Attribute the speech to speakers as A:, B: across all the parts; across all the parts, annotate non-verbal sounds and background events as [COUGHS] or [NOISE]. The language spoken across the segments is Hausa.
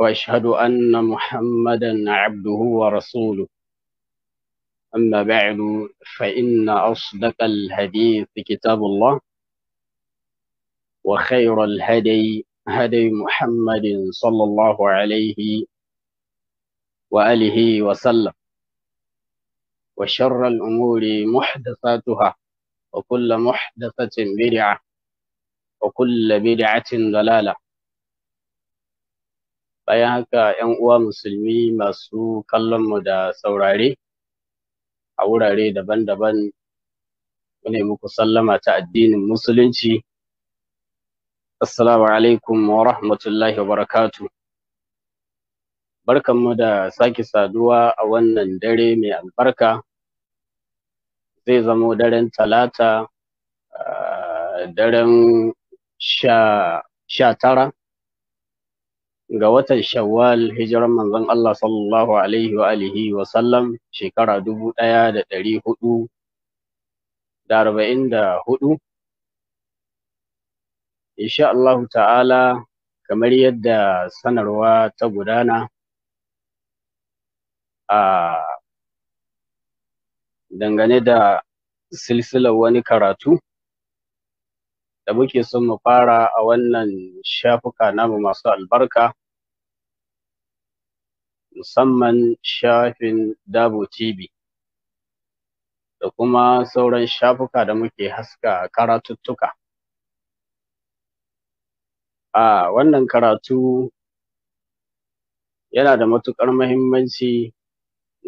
A: واشهد ان محمدا عبده ورسوله اما بعد فان اصدق
B: الحديث كتاب الله وخير الهدي هدي محمد صلى الله عليه واله
A: وسلم وشر الامور محدثاتها وكل محدثه بدعه وكل بدعه ضلاله bayan haka yan uwa musulmi masu kallon mu da saurare a wurare daban-daban ne muku sallama ta addinin musulunci assalamu alaikum wa rahmatullahi wa barakatu barkanmu da sake saduwa a wannan dare mai albarka zai zamo daren
B: talata ah, daren sha tara ga watan Shawwal hijirar manzon Allah sallallahu alaihi wa alihi wa sallam shekara dubu ɗaya da ɗari hudu da arba'in da hudu insha Allahu ta'ala kamar yadda sanarwa ta gudana
A: a dangane da silsilar wani karatu da muke son mu fara a wannan shafuka namu masu albarka musamman shafin Dabo TV da kuma sauran shafuka da muke haska karatuttuka. A wannan karatu yana da matuƙar muhimmanci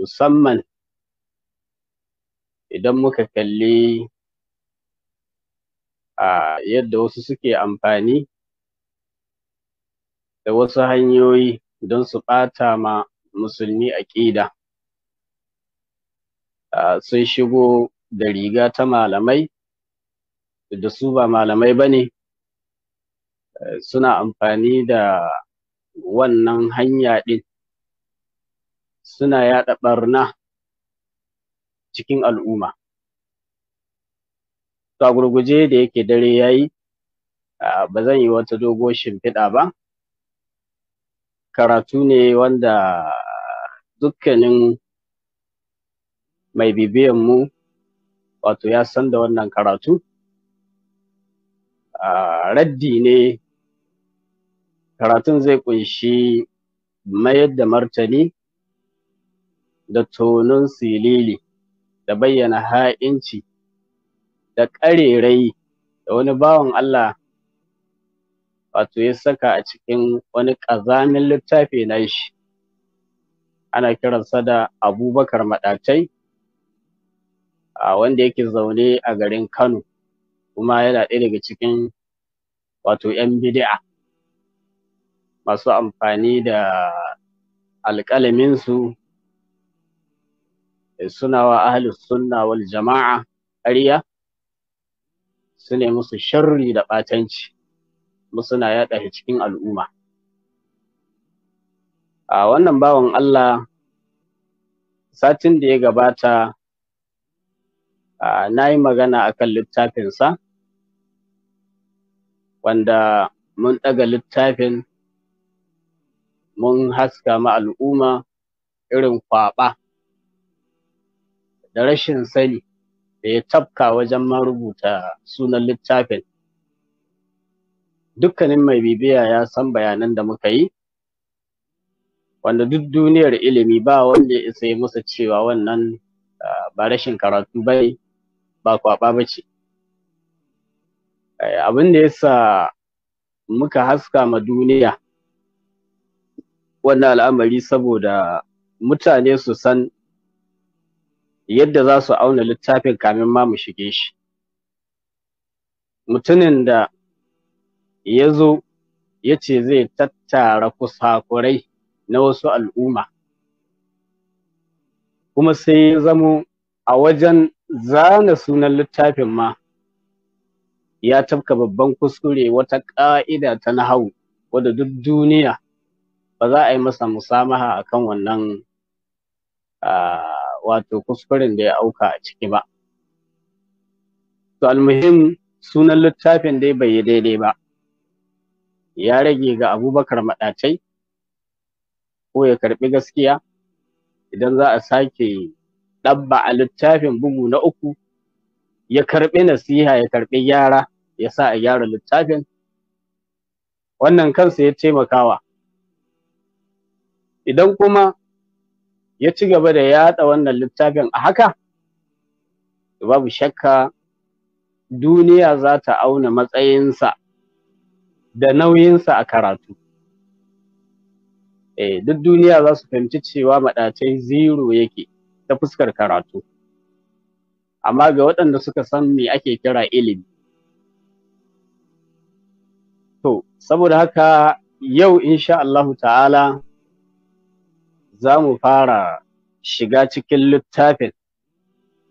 A: musamman idan muka kalli
C: yadda wasu suke amfani
A: da wasu hanyoyi don su ɓata ma musulmi aƙida sun shigo da riga ta malamai da su ba malamai ba ne e, suna amfani da wannan hanya ɗin suna yaɗa ɓarna cikin al'umma to a gurguje da yake dare ya yi ba zan yi wata dogo shimfiɗa ba karatu ne wanda dukkanin mai bibiyan mu wato ya san da wannan karatu raddi ne karatun zai ƙunshi mayar da martani da tonon silili da bayyana ha'inci da ƙarerai da wani bawan Allah wato ya saka a cikin wani ƙazamin littafi na shi, ana kiransa da abubakar maɗatai a wanda yake zaune a garin kano kuma yana ɗaya daga cikin wato 'yan bidi'a masu amfani da alƙalaminsu suna wa ahlus sunna wal jama'a ƙarya su ne musu sharri da ɓatanci kuma suna yaɗa shi cikin al'umma a wannan bawan Allah satin da ya gabata na yi magana akan kan littafinsa wanda mun ɗaga littafin mun haska ma al'umma irin kwaɓa da rashin sani da ya tafka wajen ma rubuta sunan littafin dukkanin mai bibiya ya san bayanan da muka yi wanda duk duniyar ilimi ba wanda ya isa masa cewa wannan ba rashin karatu ne, ba kwaba ba ce eh, abin da ya sa muka haska ma duniya wannan al'amari saboda mutane su san yadda za su auna littafin kamin ma mu shige shi mutumin da ya zo ya ce zai tattara kusakurai na wasu al'umma kuma sai ya zamo a wajen zana sunan littafin ma ya tafka babban kuskure wata ƙa'ida ta nahawu wadda duk duniya ba za a yi masa musamaha kan wannan ah, wato kuskuren da ya auka a ciki ba to almuhim sunan littafin dai bai yi daidai ba ya rage ga abubakar maɗacai, ko ya karɓi gaskiya idan za a sake ɗabba a littafin bugu na uku ya karɓi nasiha ya karɓi gyara ya sa a gyara littafin wannan kansa ya taimakawa idan kuma ya ci gaba da yatsa wannan littafin a haka babu shakka duniya za ta auna matsayinsa da nauyinsa a karatu eh duk duniya za su fahimci cewa maɗacai zero yake ta fuskar karatu amma ga waɗanda suka san me
B: ake kira ilimi
A: to saboda haka yau insha Allahu ta'ala za mu fara shiga cikin littafin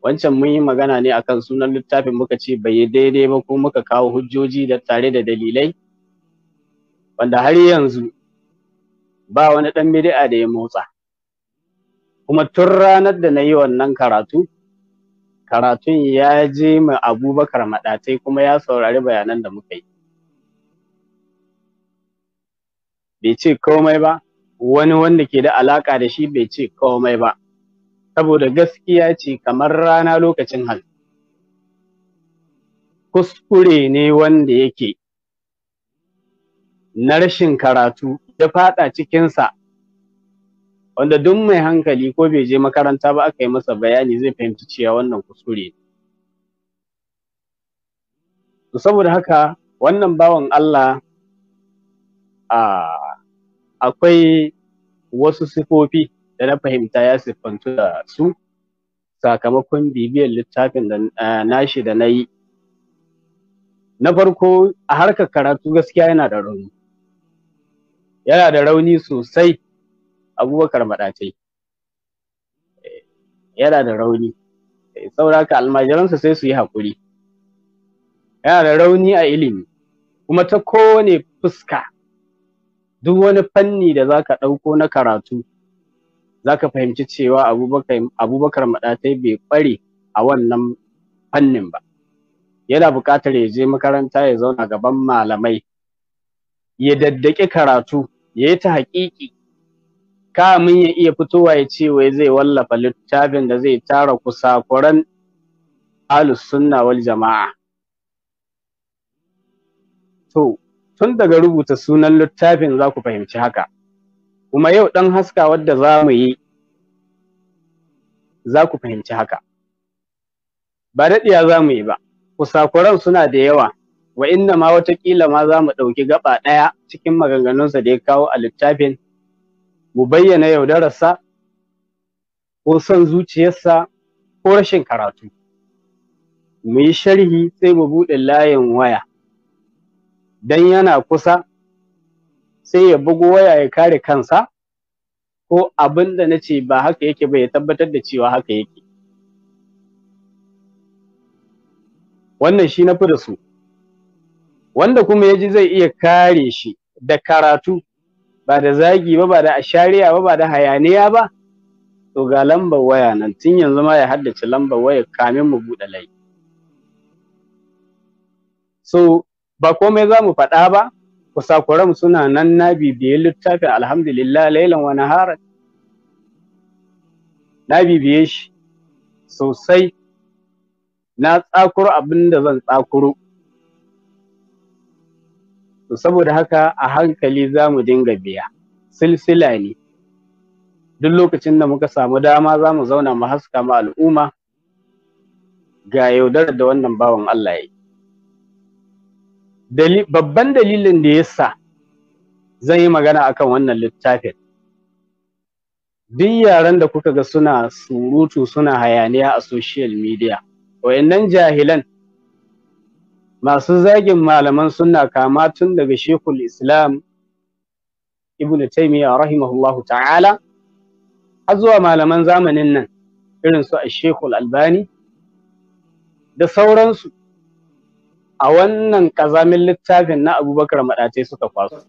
A: wancan mun yi magana ne akan sunan littafin muka ce bai yi daidai ba ko muka kawo hujjoji da tare da dalilai wanda har yanzu ba wani ɗan bid'a da ya motsa kuma tun ranar da na yi wannan karatu karatun ya je ma abubakar maɗatai kuma ya saurari bayanan da muka yi bai ce komai ba wani wanda ke da alaka da shi bai ce komai ba saboda gaskiya ce kamar rana lokacin hal kuskure ne wanda yake na rashin karatu ya fada cikinsa wanda duk mai hankali ko bai je makaranta ba aka yi masa bayani zai fahimci cewa wannan kuskure ne saboda haka wannan bawan Allah a ah, akwai wasu sifofi da na fahimta ya siffantu da su sakamakon bibiyar littafin da nashi da na yi na farko a harkar karatu gaskiya yana da rauni yana da rauni sosai abubakar maɗacai eh, yana da rauni eh, sauraka almajiransa sai su yi haƙuri yana da rauni a ilimi kuma ta kowane fuska duk wani fanni da zaka ɗauko na karatu zaka fahimci cewa abubakar abubakar bai ƙware a wannan fannin ba yana buƙatar ya je makaranta ya zauna gaban malamai ya daddake karatu ya yi ta haƙiƙi kamin ya iya fitowa ya ce wai zai wallafa littafin da zai tara kusakuran ahlus sunna wal jama'a to tun daga rubuta sunan littafin za ku fahimci haka kuma yau ɗan haska wadda za mu yi za ku fahimci haka ba daɗiya za mu yi ba kusakuran suna da yawa wa inna ma watakila ma za mu ɗauki gaba ɗaya cikin maganganunsa da ya kawo a littafin mu bayyana yaudararsa ko son zuciyarsa ko rashin karatu mu yi sharhi sai mu buɗe layin waya dan yana kusa sai ya bugo waya ya kare kansa ko abin da na ce ba haka yake ba ya tabbatar da cewa haka yake wannan shi na fi da su wanda kuma ya ji zai iya kare shi da karatu ba da zagi ba ba da ashariya ba ba da hayaniya ba to ga lambar waya nan tun yanzu ma ya haddace lambar waya kamin mu buɗe layi so ba komai za mu faɗa ba kusakuran suna nan na bibiye littafin alhamdulillah lailan wani nahara na bibiye shi sosai na tsakuro abin da zan tsakuru. to saboda haka a hankali za mu dinga biya silsila ne duk lokacin da muka samu dama za mu zauna mu haska ma al'umma ga yaudarar da wannan bawan Allah ya babban dalilin da ya sa zan yi magana akan wannan littafin duk yaran da kuka ga suna surutu suna hayaniya a social media wayannan jahilan masu zagin malaman suna kama tun daga shekul islam ibn taimiyya rahimahullahu ta'ala har zuwa malaman zamanin nan irin su a shekul albani da sauransu a wannan ƙazamin littafin na abubakar maɗace suka kwaso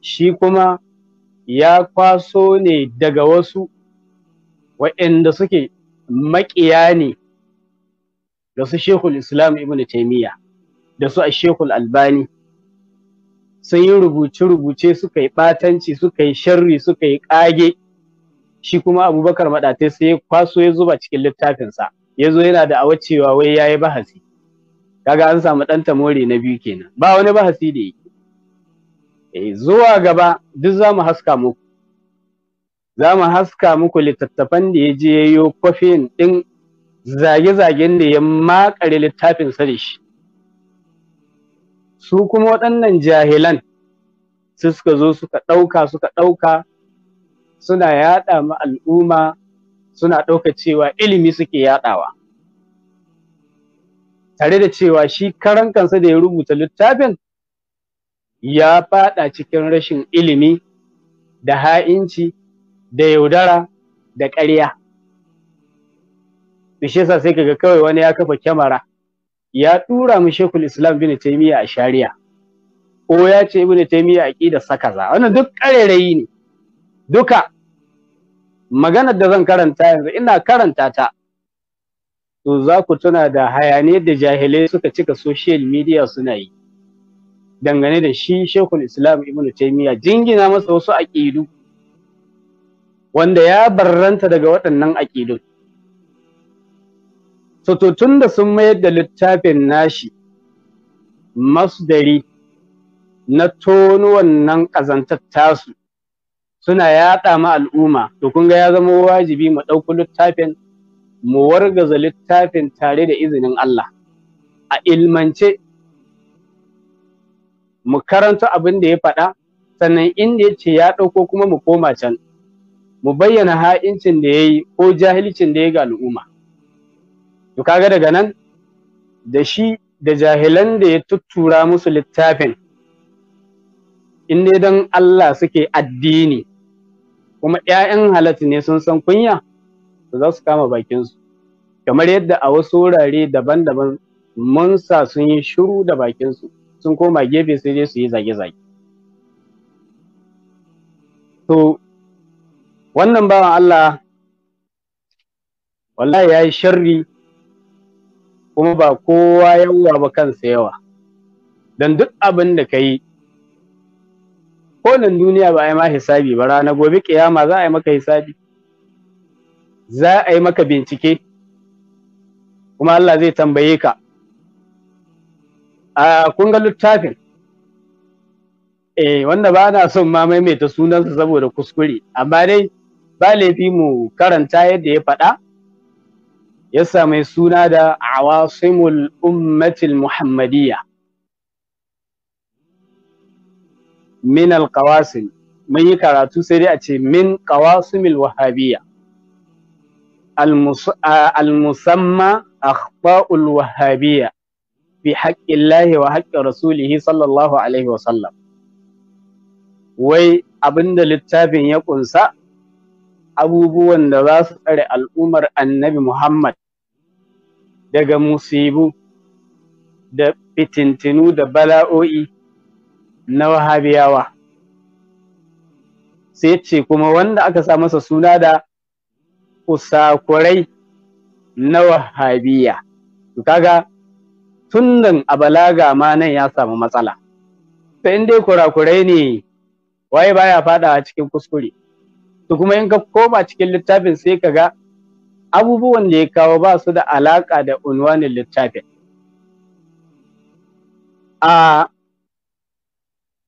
A: shi kuma ya kwaso ne daga wasu waɗanda suke maƙiya ne da su shekul islam ibn taimiyya da su a shekul albani sun yi rubuce-rubuce suka yi ɓatanci suka yi sharri suka yi ƙage shi kuma abubakar maɗatai sai ya kwaso ya zuba cikin littafinsa ya zo yana da awa cewa wai ya yi bahasi kaga an samu ɗan tamore na biyu kenan ba wani bahasi da yake eh zuwa gaba duk za mu haska muku za mu haska muku littattafan da ya je ya yi kwafin ɗin zage-zagen da ya makare littafin sa da shi su kuma waɗannan jahilan su suka zo suka ɗauka suka ɗauka suna yaɗa ma al'umma suna ɗauka cewa ilimi suke yaɗawa tare da cewa shi karan kansa da ya rubuta littafin ya fada cikin rashin ilimi da ha'inci da yaudara da ƙarya shi yasa sai kaga kawai wani ya kafa kyamara ya tura mu shekul islam bin taimiyya a shari'a ko ya ce ibn taimiyya aqida sakaza wannan duk ƙarerayi ne duka maganar da zan karanta yanzu ina karanta ta to za ku tuna da hayaniyar da jahilai suka cika social media suna yi dangane da shi shekul islam ibn taymiya jingina masa wasu aƙidu wanda ya barranta daga waɗannan aƙidun so to tun da sun mayar da littafin nashi masdari na tono wannan ƙazantar tasu suna yaɗa ma al'umma to kun ga ya zama wajibi mu ɗauki littafin mu wargaza littafin tare da izinin Allah a ilmance mu karanta abin da ya faɗa sannan inda ya ya ɗauko kuma mu koma can mu bayyana ha'incin da ya yi ko jahilcin da ya ga al'umma to kaga daga nan da shi da jahilan da ya tuttura musu littafin in dai don Allah suke addini kuma ‘ya'yan halatta ne sun san kunya to za su kama bakinsu kamar yadda a wasu wurare daban-daban mun sa sun yi shiru da bakinsu sun koma gefe sai dai su yi zage-zage to wannan bawan Allah wallahi ya yi sharri kuma ba kowa yawa ba kansa yawa don duk abin da ka yi nan duniya ba a yi ma hisabi ba rana gobe kiyama za a yi maka hisabi za a yi maka bincike kuma Allah zai tambaye ka a kun ga littafin eh wanda ba na son ma maimaita sunansa saboda kuskure amma dai ba laifi mu karanta yadda ya faɗa ya sami suna da awasimul ummatil muhammadiyya min alqawasim mun yi karatu sai dai a ce min qawasimil wahabiyya المسمى أخطاء الوهابية fi حق الله وحق رسوله صلى الله عليه وسلم wai abinda littafin ya ƙunsa abubuwan da za su tsare al'ummar annabi Muhammad daga musibu da fitintinu da bala'o'i na wahabiyawa sai ce kuma wanda aka sa masa suna da kusakurai na wahabiya kaga tun nan a balaga ma nan ya samu matsala Sai in dai kurakurai ne waye baya fada cikin kuskure to kuma in ka koma cikin littafin sai ka ga abubuwan da ya kawo ba su da alaƙa da unwanin littafin a ah,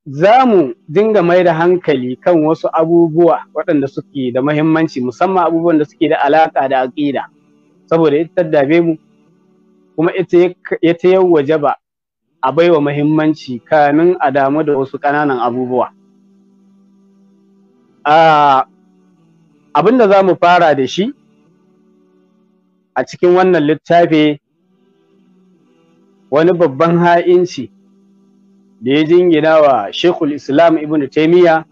A: za mu dinga mai da hankali kan wasu abubuwa waɗanda suke da mahimmanci musamman abubuwan da suke da alaƙa da aƙida saboda ita dabe mu kuma ita yau waje ba a baiwa mahimmanci kanin a damu da wasu ƙananan abubuwa abin da za mu fara da shi a cikin wannan littafi wani babban ha'inci da ya jingina wa shekul islam ibn taimiyya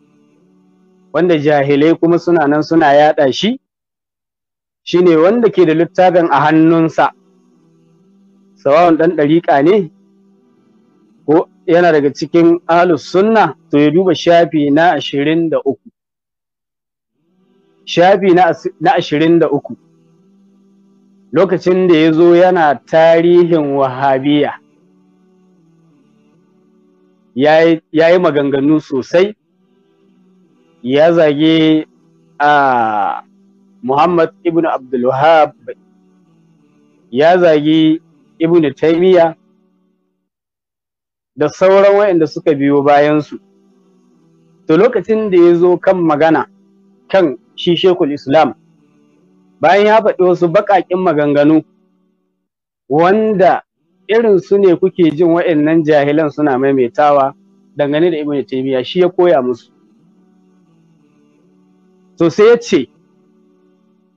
A: wanda jahilai kuma suna nan suna yada shi shine wanda ke da littafin a hannunsa sawawan ɗan ɗariƙa ne ko yana daga cikin ahlus sunna to ya duba shafi na ashirin da uku shafi na ashirin da lokacin da ya zo yana tarihin wahabiyya ya yi maganganu sosai ya zage a Muhammad ibn Abdul ya zage ibn Taymiyyah da sauran waɗanda suka biyo bayansu. To lokacin da ya zo kan magana kan shi Shekul Islam, bayan ya faɗi wasu baƙaƙin maganganu wanda irin su ne kuke jin wa'annan jahilan suna maimaitawa dangane da ibn taymiya shi ya koya musu to sai ya ce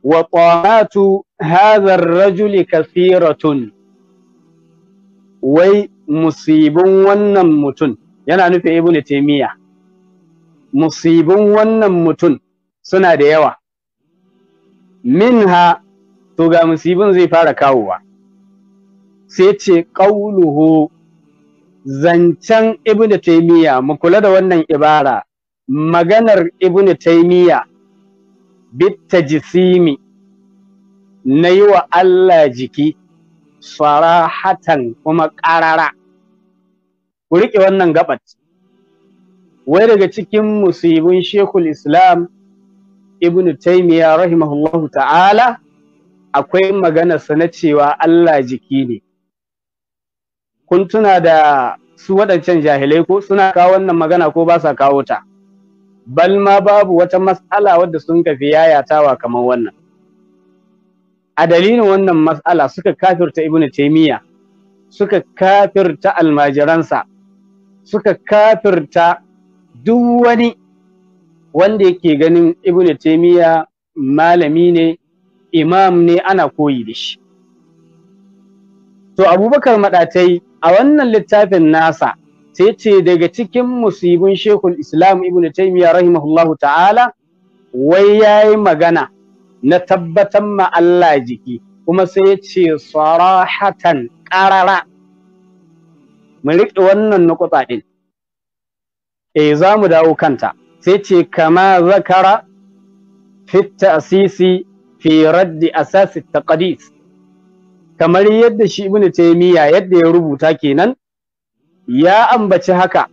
A: wa qawatu hadha ar rajul kathiratun wai musibin wannan mutum yana nufin ibn taymiya musibin wannan mutum suna da yawa minha to ga musibin zai fara kawowa sai ce ƙauluhu zancen ibn taimiyya mu kula da wannan ibara maganar ibn taimiyya bitta jisimi na yi wa Allah jiki sarahatan kuma ƙarara ku riƙe wannan gabat wai daga cikin musibin shekul islam ibn taimiyya rahimahullahu ta'ala akwai maganarsa na cewa Allah jiki ne kun tuna da su waɗancan jahilai ko suna kawo wannan magana ko ba sa kawo ta bal ma babu wata mas'ala wadda sun kafi yayatawa kamar wannan a dalilin wannan mas'ala suka kafirta ibnu taymiya suka kafirta almajiransa suka kafirta duk wani wanda yake ganin ibnu taymiya malami ne imam ne ana koyi da shi to abubakar madatai a wannan littafin nasa sai ce daga cikin musibin shekul islam ibn taimiyya rahimahullahu ta'ala wai ya yi magana na tabbatan ma Allah jiki kuma sai ce sarahatan ƙarara mu riƙe wannan nukuta ɗin e za mu dawo kanta sai ce kama zakara fit ta'sisi fi raddi asasi taqdis kamar yadda shi ibnu taymiya yadda ya rubuta kenan ya ambaci haka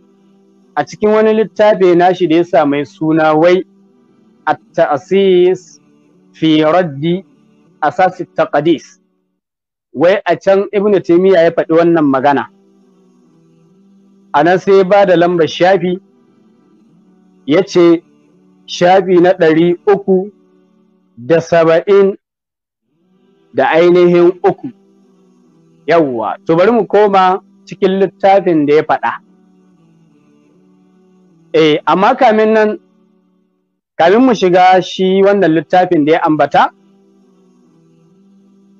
A: a cikin wani littafi nashi da ya sa mai suna wai at-ta'sis fi raddi asas taqdis wai a can ibnu taymiya ya faɗi wannan magana anan sai ba da lambar shafi ya ce shafi na ɗari uku da saba'in da ainihin uku yawwa to bari mu koma cikin littafin da ya faɗa eh amma kamin nan kamin mu shiga shi wannan littafin da ya ambata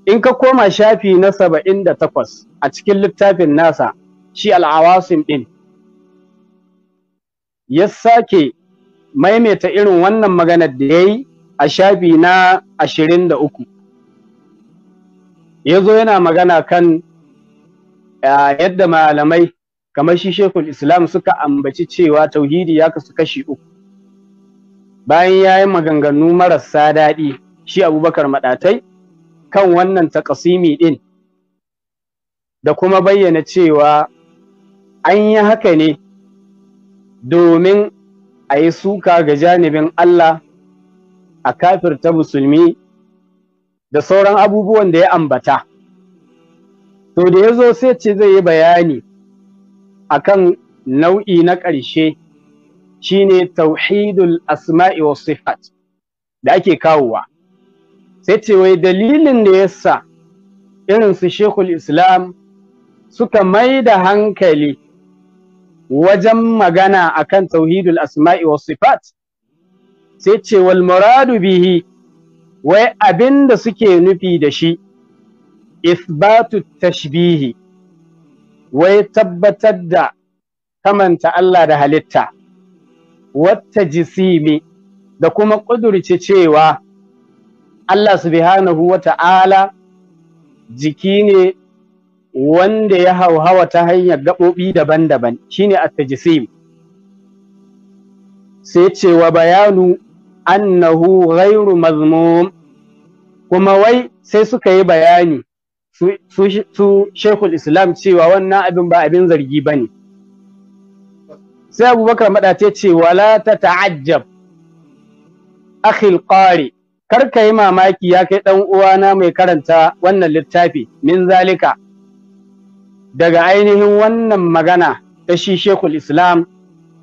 A: in ka koma shafi na saba'in da takwas a cikin littafin nasa shi al'awasin ɗin ya sake maimaita irin wannan maganar da ya yi a shafi na ashirin da uku ya zo yana magana kan yadda malamai kamar shi shekul islam suka ambaci cewa tauhidi ya kasu kashi uku bayan ya yi maganganu marasa daɗi shi abubakar maɗatai kan wannan takasimi ɗin da kuma bayyana cewa an yi haka ne domin a yi suka ga janibin Allah a kafirta musulmi da sauran abubuwan da ya ambata to da ya zo sai ce zai yi bayani akan nau'i na ƙarshe shine tauhidul asma'i wa sifat da ake kawowa sai ce wai dalilin da yasa irin su shekul islam suka mai da hankali wajen magana akan tauhidul asma'i wa sifat sai ce wal muradu bihi wai abinda suke nufi da shi isbatu tashbihi wai tabbatar da kamanta Allah da halitta wata jisimi da kuma ƙudurce cewa Allah subhanahu wa jiki ne wanda ya hauhawa ta hanyar gaɓoɓi daban-daban shine at-tajsim sai cewa bayanu annahu ghairu mazmum kuma wai sai suka yi bayani su, su, shekul islam cewa wannan abin ba abin zargi ba ne sai abubakar maɗace ce wala ta ta'ajjab akhil qari kar ka yi mamaki ya kai ɗan uwana mai karanta wannan littafi min zalika daga ainihin wannan magana ta shi shekul islam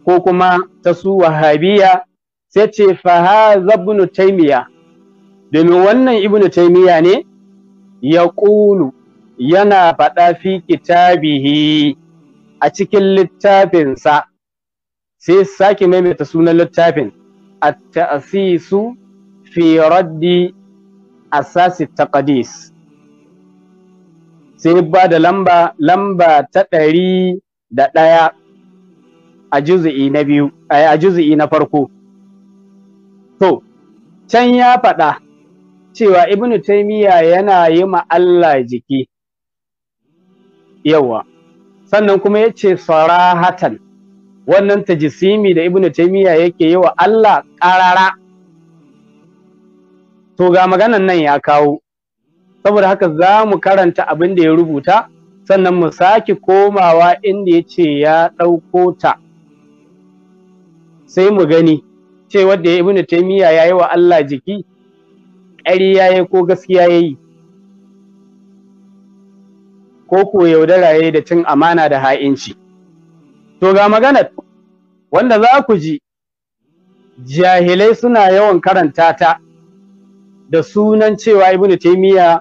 A: ko kuma ta su wahabiyya sai ce fa hadha ibn taymiya domin wannan ibn taymiya ne ya ƙulu yana faɗa fi kitabihi a cikin littafinsa sai sake maimaita sunan littafin at-ta'sisu fi raddi asasi taqdis sai ba da lamba lamba ta ɗari da ɗaya a juzu'i na biyu a juzu'i na farko To, can ya faɗa cewa Ibn Taymiyyah yana yi ma Allah jiki. Yawa. Sannan kuma ya ce sarahatan wannan tajisimi da Ibn Taymiyyah yake yi wa Allah ƙarara. To ga maganan nan ya kawo. Saboda haka za mu karanta abin da ya rubuta, sannan mu sake komawa inda ya ce ya ɗauko ta. Sai mu gani. ce wadda ya ibnu ya yi wa Allah jiki ƙari yi ko gaskiya yayi ko ko yaudara yi da cin amana da ha'inci to ga maganar wanda za ku ji jahilai suna yawan karanta ta da sunan cewa ibnu taimiyya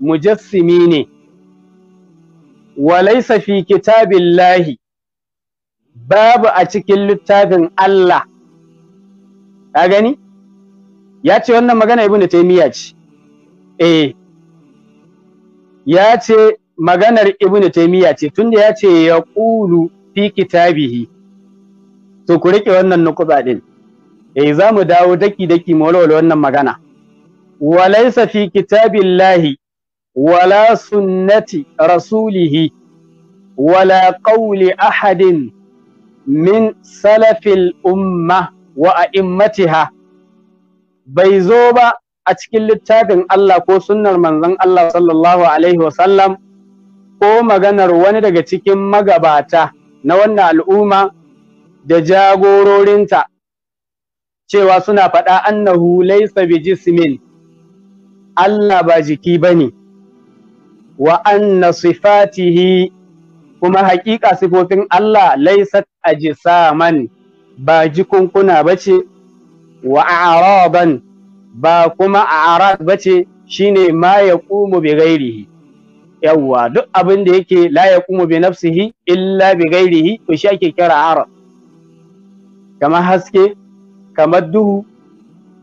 A: mujassimi ne Walaisafi, fi kitabillahi babu a cikin littafin Allah ka gani ya ce wannan magana ibnu taymiya ce eh ya ce maganar ibnu taymiya ce tunda ya ce ya qulu fi kitabihi to ku rike wannan nukuza din eh za mu dawo daki daki mu walwala wannan magana walaysa fi kitabillahi wala sunnati rasulihi wala qawli ahadin min salafil ummah wa a'immatiha bai zo ba a cikin littafin Allah ko sunnar manzon Allah sallallahu alaihi wasallam ko maganar wani daga cikin magabata na wannan al'umma da jagororinta cewa suna faɗa annahu laysa bijismin Allah ba jiki bane wa anna sifatihi kuma haƙiƙa sifofin Allah laysat ajisaman ba jikunkuna ba ce wa a'raban ba kuma a'rab ba ce shine ma ya yaqumu bi gairihi. yawwa duk abin da yake la kuma bi nafsihi illa bi gairihi to shi ake kira arab kamar haske kamar duhu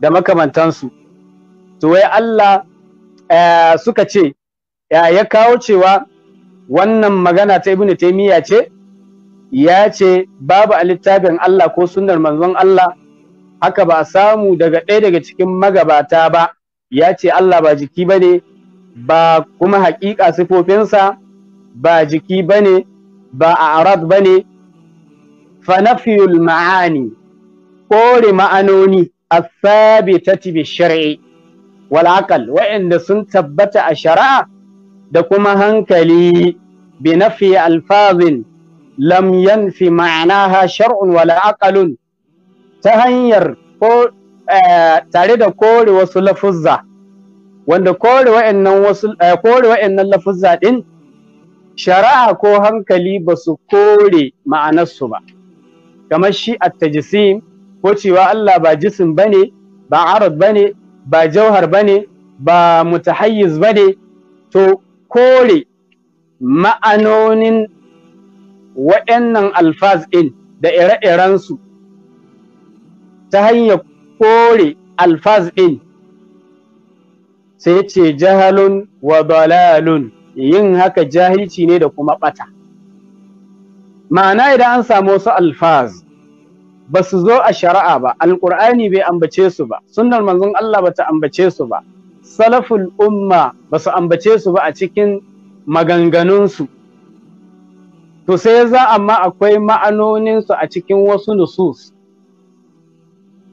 A: da makamantansu to wai Allah eh, suka ce ya kawo cewa wannan magana ta ibn taimiyya ce ya ce babu a littafin Allah ko sunnar manzon Allah haka ba a samu daga ɗaya daga cikin magabata ba ya ce Allah ba jiki ba ne ba kuma haƙiƙa sifofinsa ba jiki ba ne ba a Arab ba ne fanafiyul ma'ani kore ma'anoni a ta tibi shari'i walakal aqal wa'anda sun tabbata a shari'a da kuma hankali bi nafi alfazin lam yanfi ma'anaha shar'un wala aqalun ta hanyar ko eh, tare da kore wasu lafuzza wanda kore wa'annan wasu eh, kore wa'annan lafuzza din shari'a ko hankali ba su kore ma'anarsu ba kamar shi at-tajsim ko cewa Allah ba jisim bane ba arad bane ba jauhar bane ba mutahayyiz bane to kore ma'anonin waɗannan alfaz ɗin da ire-irensu ta hanyar kore alfaz ɗin sai ce jahalun wa dalalun yin haka jahilci ne da kuma ɓata ma'ana idan an samu wasu alfaz ba su zo a shari'a ba alƙur'ani bai ambace su ba sunnar manzon Allah ba ta ambace su ba salaful umma ba su ambace su ba a cikin maganganunsu to sai za amma akwai ma'anoninsu a cikin wasu nusus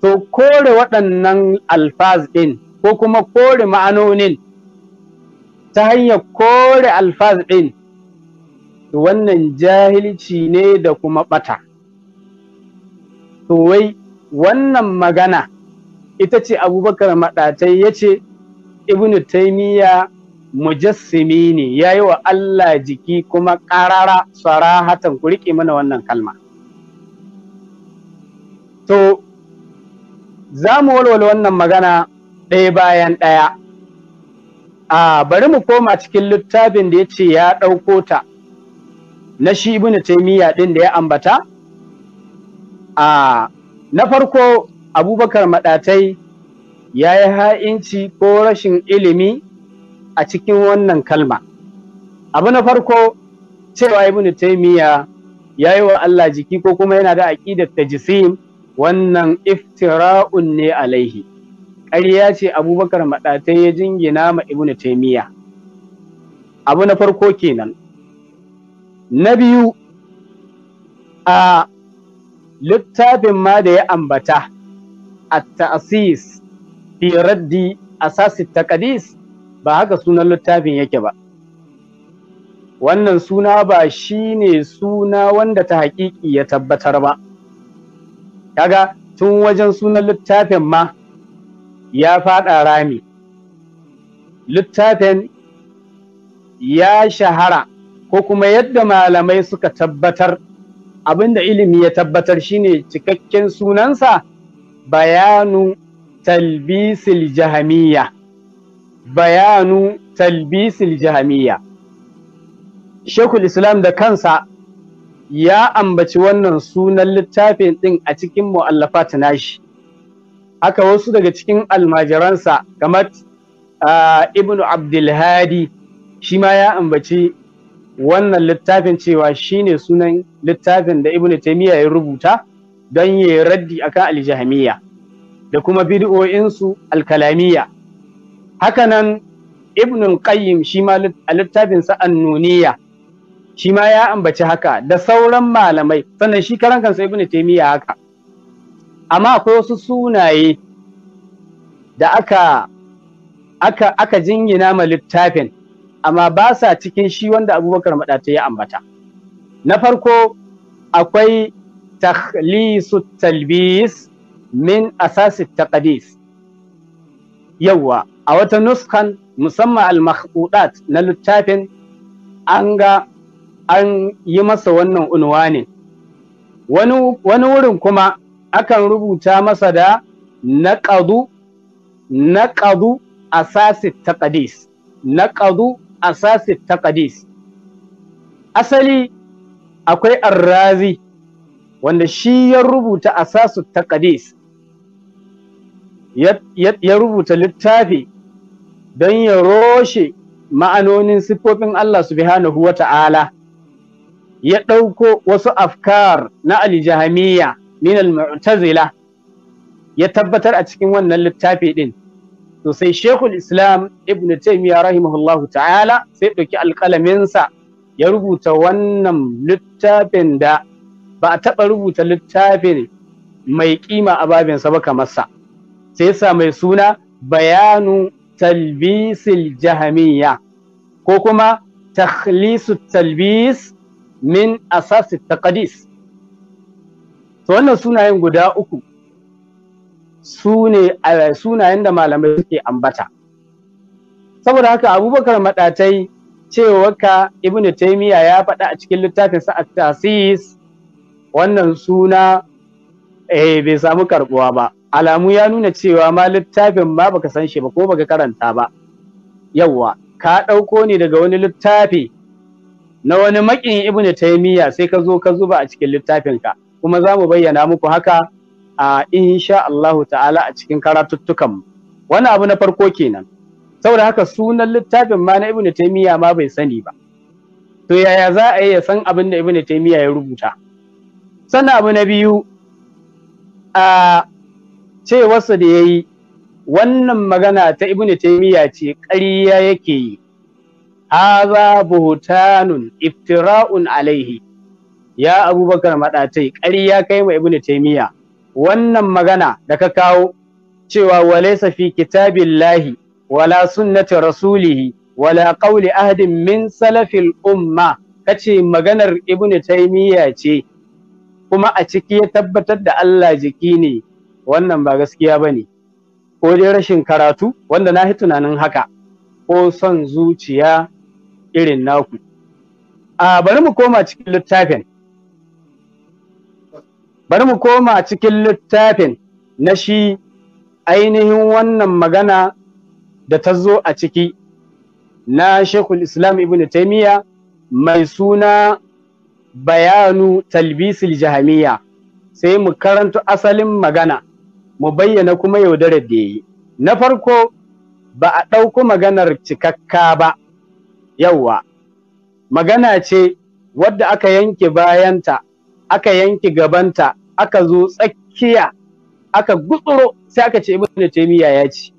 A: to kore waɗannan alfaz ɗin ko kuma kore ma'anonin ta hanyar kore alfaz ɗin wannan jahilci ne da kuma ɓata to wai wannan magana ita ce abubakar maɗatai ya ce ibnu taimiyya mujassimi ne ya yi wa Allah jiki kuma ƙarara sarahatan ku riƙe mana wannan kalma. To, za mu walwala wannan magana ɗaya bayan ɗaya. A bari mu koma cikin littafin da ya ce ya ɗauko ta na shi ibn taimiyya ɗin da ya ambata? A na farko abubakar maɗatai ya yi ha'inci ko rashin ilimi a cikin wannan kalma abu na farko cewa taimiya ya yi wa Allah jiki ko kuma yana da aqidat jisi wannan iftira'un ne alaihi ƙarya ce abubakar maɗatai ya jingina ma Ibn taimiya. abu na farko kenan na biyu a littafin ma da ya ambata a ta'asis fi raddi asasi taqdis ba haka sunan littafin yake ba wannan suna ba shi ne suna wanda ta haƙiƙi ya tabbatar ba kaga tun wajen sunan littafin ma ya faɗa rami littafin ya shahara ko kuma yadda malamai suka tabbatar abinda ilimi ya tabbatar shine cikakken sunansa bayanu talbisil jahamiyya bayanu talbisil jahamiya shekul islam da kansa ya ambaci wannan sunan littafin ɗin a cikin mu'allafat nashi haka wasu daga cikin almajiransa kamar ibnu abdulhadi shi ma ya ambaci wannan littafin cewa shine sunan littafin da ibnu taimiyya ya rubuta don ya raddi akan aljahamiya da kuma bid'o'insu alkalamiya hakanan ibnul qayyim shi ma a littafinsa annuniya shi ma ya ambaci haka da sauran malamai sannan shi karan kansa ibn taymiya haka amma akwai wasu sunaye da aka aka aka jingina ma littafin amma ba sa cikin shi wanda abubakar madata ya ambata na farko akwai takhlisu talbis min asasi taqdis yawwa a wata nuskan musamman al na littafin an ga an yi masa wannan unwani wani wurin kuma akan rubuta masa da naqadu naqadu asasi taqdis naqadu asasi taqdis asali akwai arrazi wanda shi ya rubuta asasu taqdis ya rubuta littafi don ya roshe ma'anonin siffofin Allah subhanahu wa ta'ala ya ɗauko wasu afkar na aljahamiya min al-mu'tazila ya tabbatar a cikin wannan littafi ɗin to sai shekul islam ibn taimiyya rahimahullahu ta'ala sai ɗauki alƙalaminsa ya rubuta wannan littafin da ba a taɓa rubuta littafin mai ƙima a babinsa ba kamar sa sai sa mai suna bayanu talbisil jahamiyya ko kuma takhlisu talbis min asasi taqdis to wannan sunayen guda uku su ne sunayen da malamai suke ambata saboda haka abubakar maɗatai cewarka ibnu taimiyya ya faɗa a cikin littafinsa a tasis wannan suna eh, bai samu karɓuwa ba alamu ya nuna cewa ma littafin ma baka san shi ba ko baka karanta ba yawwa ka ɗauko ne daga wani littafi na wani makin ibnu taymiya sai ka zo ka zuba a cikin littafin ka kuma za mu bayyana muku haka a insha Allah ta'ala a cikin karatuttukan wani abu na farko kenan saboda haka sunan littafin ma na ibnu taymiya ma bai sani ba to yaya za a yi ya san abin da ibnu taymiya ya rubuta sannan abu na biyu a cewarsa da ya yi wannan magana ta ibnu taimiyya ce ƙarya yake yi haza buhutanun iftira'un alaihi ya abubakar maɗatai ƙarya kai ma ibnu taimiyya wannan magana da ka kawo cewa walaysa fi kitabillahi wala sunnati rasulihi wala qawli ahadin min salafil umma kace maganar ibnu taimiyya ce kuma a ciki ya tabbatar da Allah jiki ne wannan ba gaskiya ba ne ko dai rashin karatu wanda na tunanin haka ko son zuciya irin naku a bari mu koma cikin littafin bari mu koma cikin littafin na shi ainihin wannan magana da ta zo a ciki na shekul islam ibn taimiyya mai suna bayanu talbisil jahamiya sai mu karanto asalin magana mu bayyana kuma yaudarar da ya yi na farko ba a ɗauko maganar cikakka ba yauwa magana ce wadda aka yanke bayanta aka yanke gabanta aka zo tsakiya aka gutsuro sai aka ce da taymiya ya ce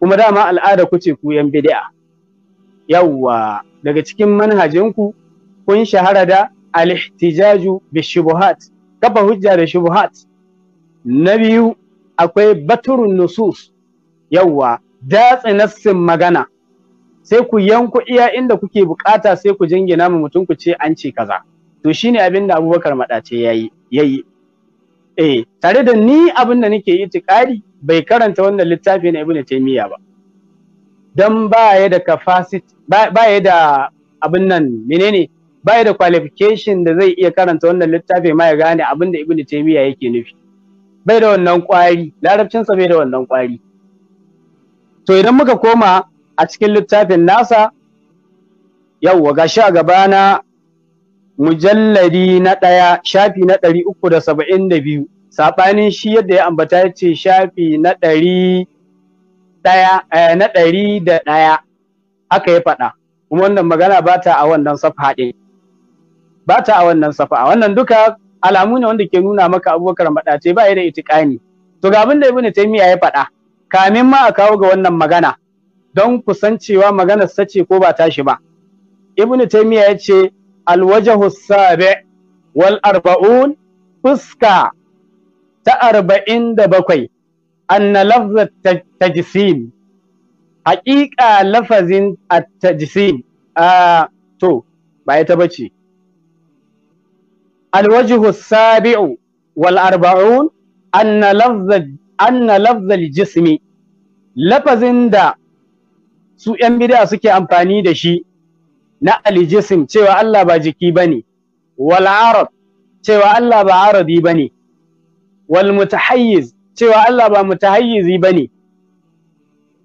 A: kuma dama al'ada ku ce yan bidi'a. yauwa daga cikin manhajinku kun shahara da al-ihtijaju bi shubuhat kafa hujja da shubuhat na biyu akwai baturun nusus yawwa datse nassin magana sai ku yanku iya inda kuke bukata sai ku jingina mu mutum ku ce an ce kaza to shine abin da Abubakar madace yayi yayi eh tare da ni abin da nake itikadi bai karanta wannan littafi na Ibn Taymiyyah ba dan ya da capacity ya da abin nan menene ya da qualification da zai iya karanta wannan littafin ma ya gane abin da Ibn Taymiyyah yake nufi bai da wannan ƙwari larabcinsa bai da wannan ƙwari to idan muka koma a cikin littafin nasa yawwa gashi a na! mujalladi na ɗaya shafi na ɗari uku da saba'in da biyu saɓanin shi yadda ya ambata ya ce shafi na ɗari ɗaya eh, na ɗari da ɗaya aka yi faɗa kuma wannan magana ba ta a wannan safa ɗin ba ta a wannan safa wannan duka alamu ne wanda ke nuna maka abubakar maɗace ba ya da itikani to ga abin da ibnu taymiya ya faɗa kamin ma a kawo ga wannan magana don kusancewa maganar sace ko ba tashi ba ibnu taymiya ya ce alwajahu sabi wal arba'un fuska ta arba'in da bakwai anna lafza tajsim haƙiƙa lafazin at tajsim to ba ya ba ce alwajihu sabi'u wal arba'un anna lafzal jismi lafazin da su ‘yan bida suke amfani da shi na aljisim cewa Allah ba jiki ba ne, wal cewa Allah ba arabi ba ne, Walmutahayyiz cewa Allah ba mutahayyizi ba ne,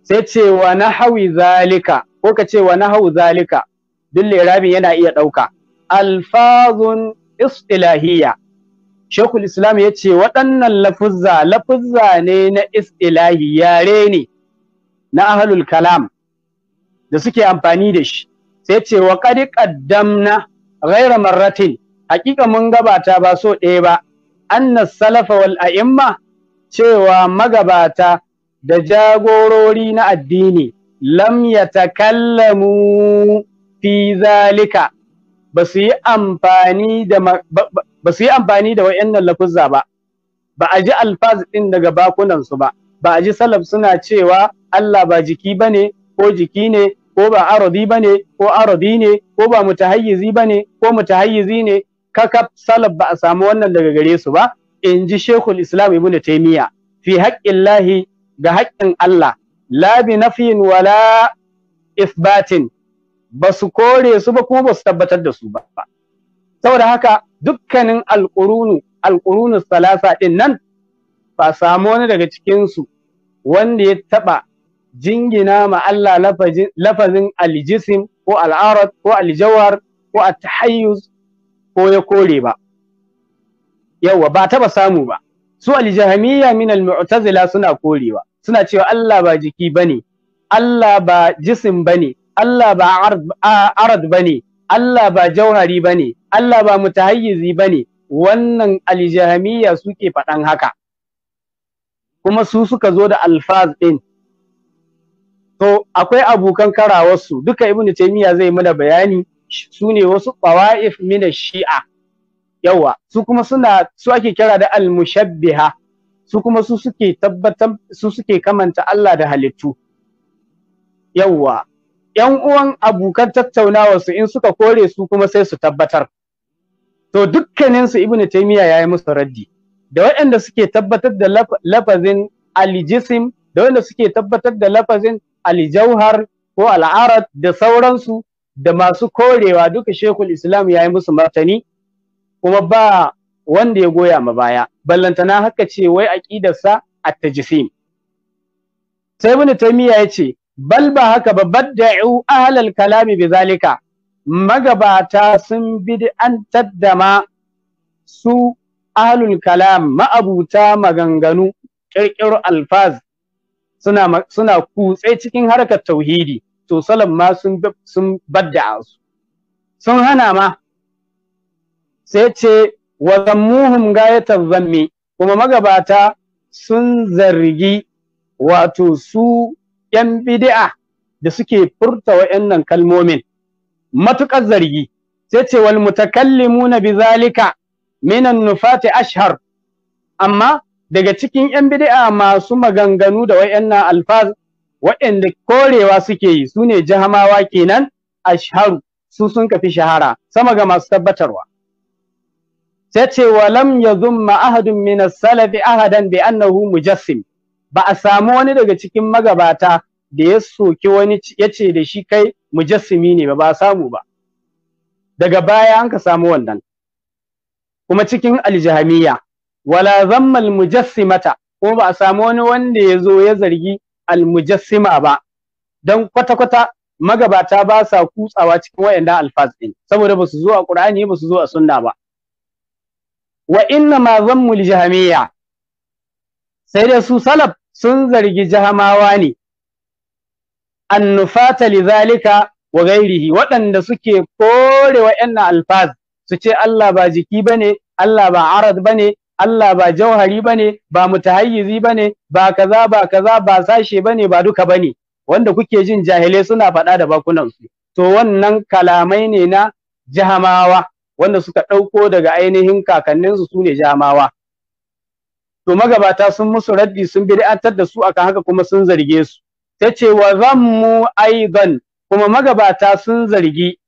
A: sai cewa na hawi zalika ko ka cewa na hau zalika duk lerabin yana iya ɗauka. Alfazun istilahiyya shekul islam ya ce waɗannan lafuzza lafuzza ne na istilahi yare ne na ahlul kalam da suke amfani da shi sai ce wa qad qaddamna ghayra marratin hakika mun gabata ba so ɗaya ba an salafa wal a'imma cewa magabata da jagorori na addini lam yatakallamu fi zalika ba su yi amfani da ba su wayannan lafuzza ba ba a ji alfaz ɗin daga bakunan su ba ba a ji salaf suna cewa Allah ba jiki ne, ko jiki ne ko ba ba ne, ko arodi ne ko ba mutahayyizi ne, ko mutahayyizi ne kaka salaf ba a samu wannan daga gare su ba in ji shekul Islam Ibn Taymiyyah fi haƙƙin ga haƙƙin Allah la bi nafyin wala isbatin ba su kore su ba kuma ba su tabbatar da su ba saboda haka dukkanin alƙurunu alƙurunu salasa ɗin nan ba samu wani daga cikinsu wanda ya taɓa jingina ma Allah lafazin aljisim ko al'arat ko aljawar ko at ko ya kore ba yawa ba taɓa samu ba su aljahamiyya min al suna korewa suna cewa Allah ba jiki bane Allah ba jisim bane Allah ba arad bane Allah ba jauhari bane Allah ba mutahayyizi bane wannan aljahamiya suke faɗan haka kuma su suka zo da alfaz ɗin to akwai abokan karawarsu duka ibnu taymiya zai mana bayani su ne wasu tawa'if mina shi'a yawa su kuma suna su ake kira da al-mushabbiha su kuma su suke tabbatar su suke kamanta Allah da halittu yawa 'yan uwan abokan tattaunawa su in suka kore su kuma sai su tabbatar to dukkanin su ibnu taymiya yayi musu raddi da waɗanda suke tabbatar da lafazin aljisim da waɗanda suke tabbatar da lafazin aljauhar ko al'arat da sauransu da masu korewa duka shekul islam yayi musu martani kuma ba wanda ya goya ma baya ballantana haka ce wai aqidarsa at-tajsim sai ibnu taymiya ce. bal ba haka ba badda'u ahlal kalami bizalika magabata sun bid'antar da ma su ahlul kalam ma'abuta maganganu ƙirƙiro alfaz suna suna kutse cikin harkar tauhidi to salam ma sun sun badda'a su sun hana ma sai ce wa zammuhum gayatan zammi kuma magabata sun zargi wato su 'yan bid'a da suke furta wa'annan kalmomin matukar zargi sai ce wal mutakallimuna bizalika minan nufati ashhar amma daga cikin 'yan bid'a masu maganganu da wa'annan alfaz waɗanda korewa suke yi sune jahamawa kenan ashharu su sun kafi shahara sama ga masu tabbatarwa sai ce wa yazum ma ahadun min as-salafi ahadan bi annahu mujassim ba a samu wani daga cikin magabata da ya soki wani ya ce da shi kai mujassimi ne ba ba samu ba daga baya an ka samu wannan kuma cikin aljahamiya wala zammal mujassimata ko ba a samu wani wanda ya zo ya zargi almujassima ba don kwata-kwata magabata ba sa kutsawa cikin wayanda alfaz din saboda ba su zo a ƙur'ani ba su zo a sunna ba wa inna ma zammul jahamiya sai da su salaf sun zargi jahamawa ne annufata lidhalika wa ghairihi waɗanda suke kore wa'annan alfaz su ce Allah ba jiki bane Allah ba arad bane Allah ba jauhari bane ba mutahayyizi bane ba kaza ba kaza ba sashe bane ba duka bane wanda kuke jin jahilai suna faɗa da bakunan su to wannan kalamai ne na jahamawa wanda suka ɗauko daga ainihin kakanninsu su ne jahamawa to magabata sun musu raddi sun bid'antar da su akan haka kuma sun zarge su Ta tace wa zammu aidan kuma magabata sun zargi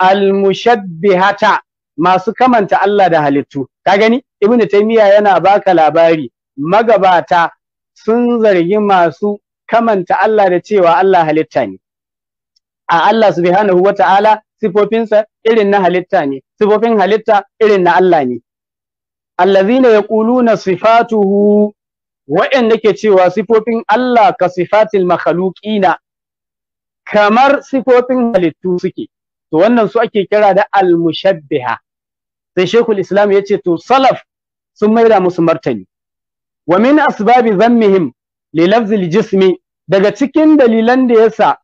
A: almushabbihata masu kamanta Allah da halittu ka gani ibnu taymiya yana baka labari magabata sun zargi masu kamanta Allah da cewa Allah halitta ne a Allah subhanahu wata'ala sifofinsa irin na halitta ne sifofin halitta irin na Allah ne allazina yaquluna sifatuhu wa'anda ke cewa sifofin Allah ka sifatil makhluqina kamar sifofin halittu suke to wannan su ake kira da almushabbiha sai shekul islam ya ce to salaf sun maida musu martani wa min asbabi zammihim li lafzil jismi daga cikin dalilan da yasa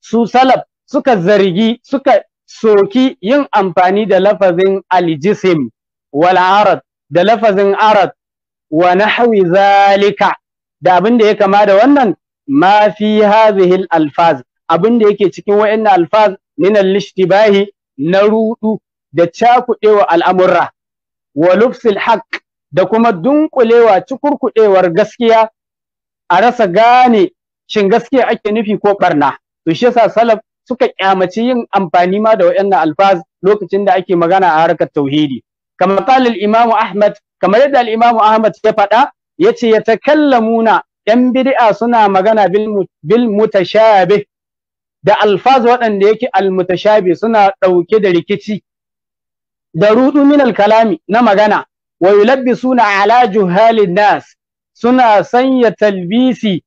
A: su salaf suka zargi suka soki yin amfani da lafazin al-jism wal arad da lafazin arad wa nahwi zalika da abinda ya kama da wannan ma fi alfaz Abinda da yake cikin wayannan alfaz min al ishtibahi na ruɗu da cakudewa al'amura. wa lufsil haqq da kuma dunkulewa cukurkuɗewar gaskiya a rasa gane shin gaskiya ake nufi ko ɓarna. to shi yasa salaf suka ƙyamaci yin amfani ma da wayannan alfaz lokacin da ake magana a harkar tauhidi kama qala al-imam ahmad ya yadda al-imam ahmad ya faɗa yace yatakallamuna yan bid'a suna magana bil bil mutashabih da alfaz waɗanda yake al-mutashabih suna ɗauke da rikici da rudu min al-kalami na magana wa yulabbisuna ala juhalin nas suna sanya talbisi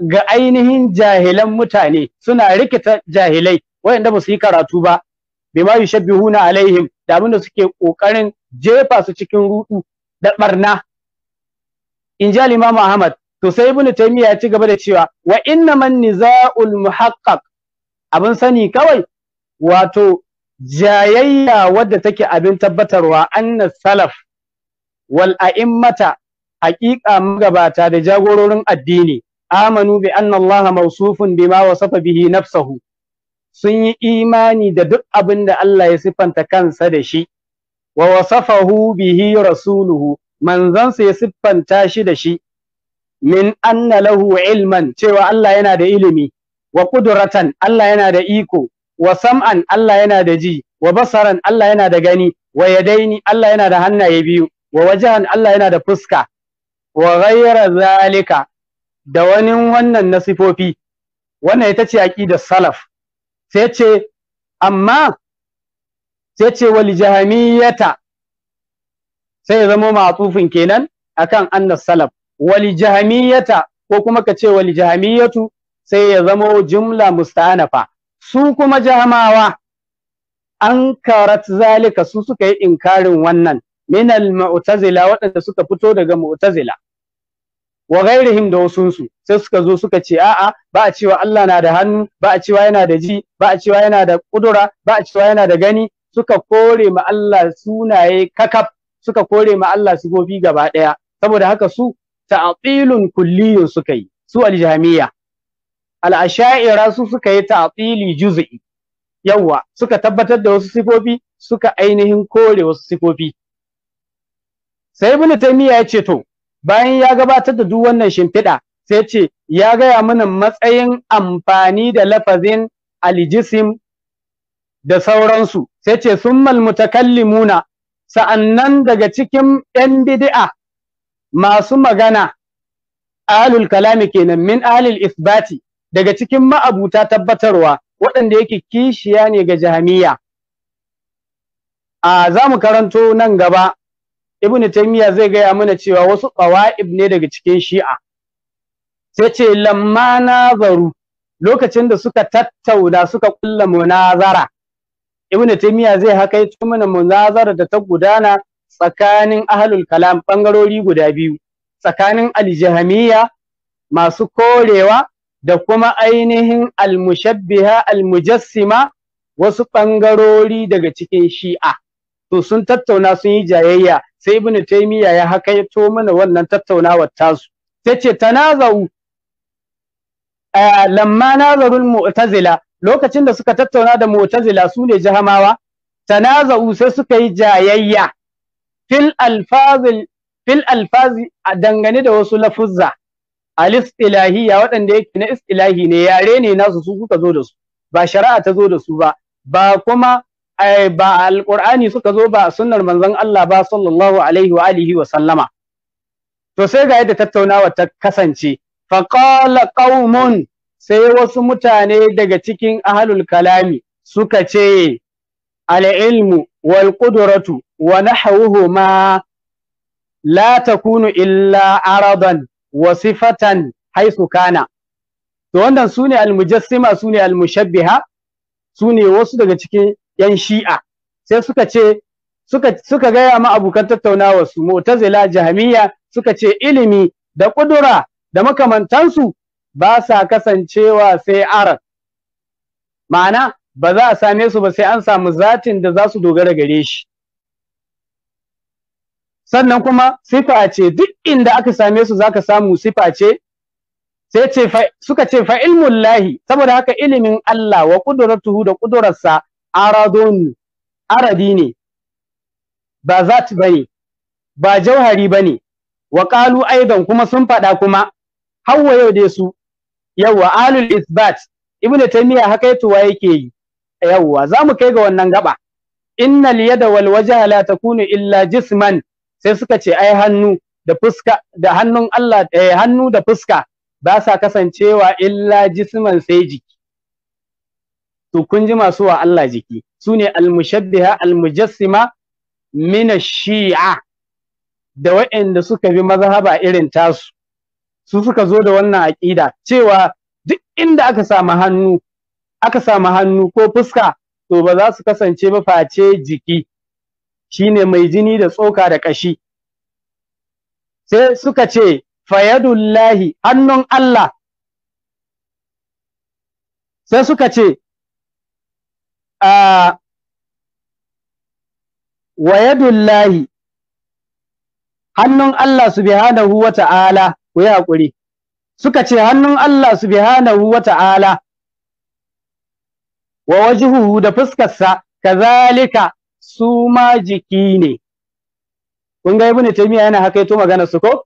A: ga ainihin jahilan mutane suna rikita jahilai wayanda ba su yi karatu ba bima yushabbihuna alaihim da abinda suke kokarin jefa su cikin rudu da barna in ji al-Imam Ahmad to sai Ibn Taymiyyah ya ci gaba da cewa wa man niza'ul muhaqqaq abin sani kawai wato jayayya wadda take abin tabbatarwa anna salaf wal a'immata haqiqa magabata da jagororin addini amanu bi anna Allah mawsufun bima wasafa bihi nafsahu sun yi imani da duk abin da Allah ya sifanta kansa da shi wa wasafahu bihi rasuluhu manzansa ya siffanta shi da shi min anna lahu ilman cewa Allah yana da ilimi wa qudratan Allah yana da iko wa sam'an Allah yana da ji wa basaran Allah yana da gani wa yadaini Allah yana da hannaye biyu wa wajahan Allah yana da fuska wa ghayra zalika da wani wannan na sifofi wannan ita ce aqidar salaf sai ce amma sai ce wal jahamiyata sai ya zama ma'tufin kenan akan annas salaf wal jahamiyata ko kuma ka ce wal jahamiyatu sai ya zama jumla musta'anafa su kuma jahamawa an karat zalika su suka yi inkarin wannan min al mu'tazila waɗanda suka fito daga mu'tazila wa ghairihim da wasunsu sai suka zo suka ce a'a ba a cewa Allah na da hannu ba a cewa yana da ji ba a cewa yana da kudura ba a cewa yana da gani suka kore ma Allah sunaye kakaf suka kore ma Allah sigobi gaba ɗaya saboda haka su ta'tilun kulliyun suka yi su aljamiya al'asha'ira su suka yi ta'tili juz'i yawwa suka tabbatar da wasu sifofi suka ainihin kore wasu sifofi sai ibnu taymiya ya ce to bayan ya gabatar da duk wannan shimfiɗa sai ce ya gaya mana matsayin amfani da lafazin aljisim da sauransu sai ce summal mutakallimuna sa'annan daga cikin ɗan bid'a masu magana alul kalami kenan min Alul isbati daga cikin ma'abuta tabbatarwa waɗanda yake kishiya ne ga jahamiya a za mu karanto nan gaba ibnu taymiya zai gaya mana cewa wasu ƙawa'ib ne daga cikin shi'a sai ce lamma nazaru lokacin da suka tattauna suka kulla munazara ibnu taymiya zai hakaito mana munazara da ta gudana tsakanin ahlul kalam bangarori guda biyu tsakanin aljahamiya masu korewa da kuma ainihin almushabbiha almujassima wasu bangarori daga cikin shi'a to sun tattauna sun yi jayayya sai ibnu taymiya ya to mana wannan tattaunawar tasu tace tanazau eh, lamma nazarul mu'tazila lokacin da suka tattauna da mu'tazila su ne jahamawa tanaza'u sai suka yi jayayya fil alfazil fil alfazi dangane da wasu lafuzza al istilahiyya waɗanda yake na is-ilahi ne yare ne nasu su suka zo da su ba shari'a ta zo da su ba ba kuma eh, ba alqur'ani suka zo ba sunnar manzon Allah ba sallallahu alaihi wa alihi wa sallama to sai ga yadda tattaunawa ta kasance faqala qaumun sai wasu mutane daga cikin ahalul kalami suka ce al'ilmu walƙuduratu wal ƙuduratu wa ma la takunu illa araban wa sifatan haisu kana to wannan sune al-mujassima sune al-mushabbiha sune wasu daga cikin yan shi'a sai suka ce suka gaya ma abokan tattaunawa su mu'tazila jahmiya suka ce ilimi da ƙudura da makamantansu ba sa kasancewa sai aran ma'ana ba za a same su ba sai an samu zatin da za su dogara gare shi sannan kuma sifa ce duk inda aka same su zaka samu sifa ce sai ce suka ce fa ilmun lahi saboda haka ilimin Allah wa qudratuhu da kudurarsa aradun aradi ne ba zat bane ba jauhari bane wa qalu aidan kuma sun faɗa kuma hawa yau dai su yawwa alul isbat ibnu taymiya hakaituwa yake yi yawwa zamu kai ga wannan gaba innal yada wal wajha la takunu illa jisman sai suka ce ai hannu da fuska da hannun Allah eh, hannu da fuska ba sa kasancewa illa jisman sai jiki to kun ji masu wa Allah jiki su ne al almujassima min shi'a da waɗanda suka bi mazhaba irin tasu su suka zo da wannan aƙida cewa duk inda aka samu hannu aka samu hannu ko fuska to ba za su kasance ba face jiki shine mai jini da tsoka da ƙashi sai suka ce fayadullahi hannun Allah sai suka ce a wayadullahi hannun Allah subhanahu wa ta'ala ku yi haƙuri suka ce hannun Allah Su subhanahu wa ta'ala wa wajhuhu da fuskarsa kazalika su ma jiki ne kun ga ibnu taymiya yana hakaito magana su ko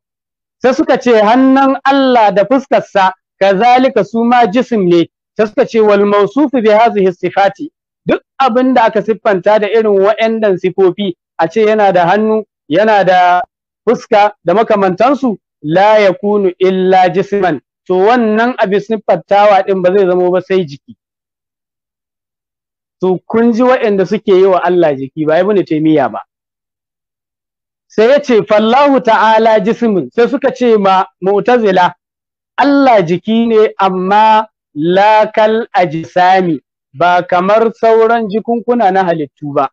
A: sai suka ce hannun Allah da fuskarsa kazalika su ma jism ne sai suka ce wal mawsufu bi hadhihi sifati duk abin da aka siffanta da irin waɗannan sifofi a ce yana da hannu yana da fuska da makamantansu la yakunu illa jisman to wannan abin siffantawa din ba zai zama ba sai jiki to kun ji waɗanda suke yi wa Allah jiki ba ibnu taymiya ba sai ya ce fallahu ta'ala jismin sai suka ce ma mu'tazila Allah jiki ne amma lakal ajisami ba kamar sauran jikunkuna na halittu ba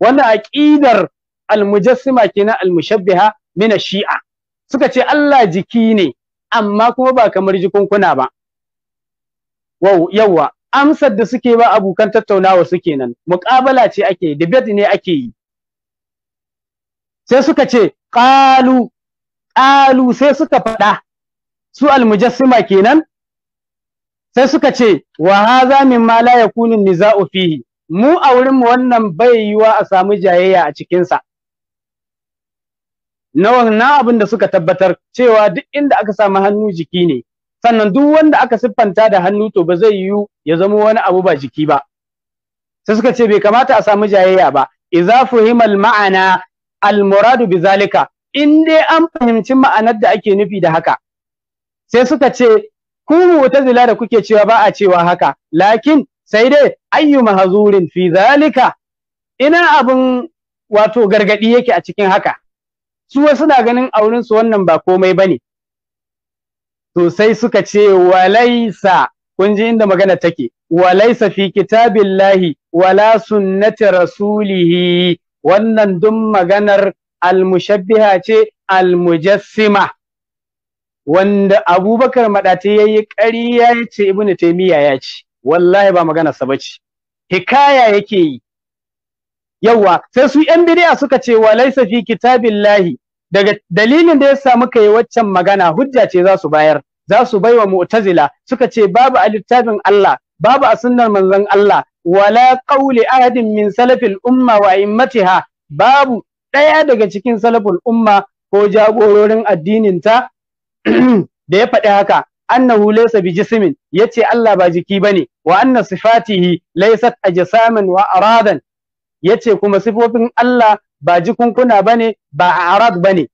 A: wannan aqidar almujassima kina almushabbiha min shi'a suka ce Allah jiki ne amma kuma ba kamar jikunkuna ba wau yawa amsar da suke ba abokan tattaunawa suke nan, muƙabala ce ake debate ne ake yi sai suka ce qalu qalu sai suka faɗa su almujassima kenan sai suka ce wa haza mimma la yakunu niza'u fihi mu a wurin mu wannan bai yiwa a samu jayayya a cikin sa na wannan abin da suka tabbatar cewa duk inda aka samu hannu jiki ne sannan duk wanda aka siffanta da hannu to ba zai yiwu ya zama wani abu ba jiki ba sai suka ce bai kamata a samu jayayya ba idza fuhimal ma'ana al muradu bizalika in dai an fahimci ma'anar da ake nufi da haka sai suka ce ku mu'tazila da kuke cewa ba a cewa haka lakin sai dai ayyu mahzurin fi zalika ina abun wato gargadi yake a cikin haka su wasu na ganin auren su wannan ba komai bane to sai suka ce walaisa kun ji inda magana take walaisa fi kitabillahi wala sunnati rasulihi wannan duk maganar almushabbiha ce almujassima wanda abubakar madati ya yi ƙarya ya ce ibnu taimiya ya ce wallahi ba maganarsa ba ce hikaya yake yi yawa sai su yan bid'a suka ce wa laisa fi kitabillahi daga dalilin da ya sa muka yi waccan magana hujja ce za su bayar za su baiwa mu'tazila suka ce babu a littafin Allah babu a sunnar manzon Allah wala ƙauli ahadin min salafil umma wa immatiha babu ɗaya daga cikin salaful umma ko jagororin addinin ta [CLEARS THROAT] da ya faɗi haka annahu laysa bi jismin yace Allah ba jiki bane wa anna sifatihi laysat ajsaman wa aradan yace kuma sifofin Allah ba jikunkuna bane ba a'rad bane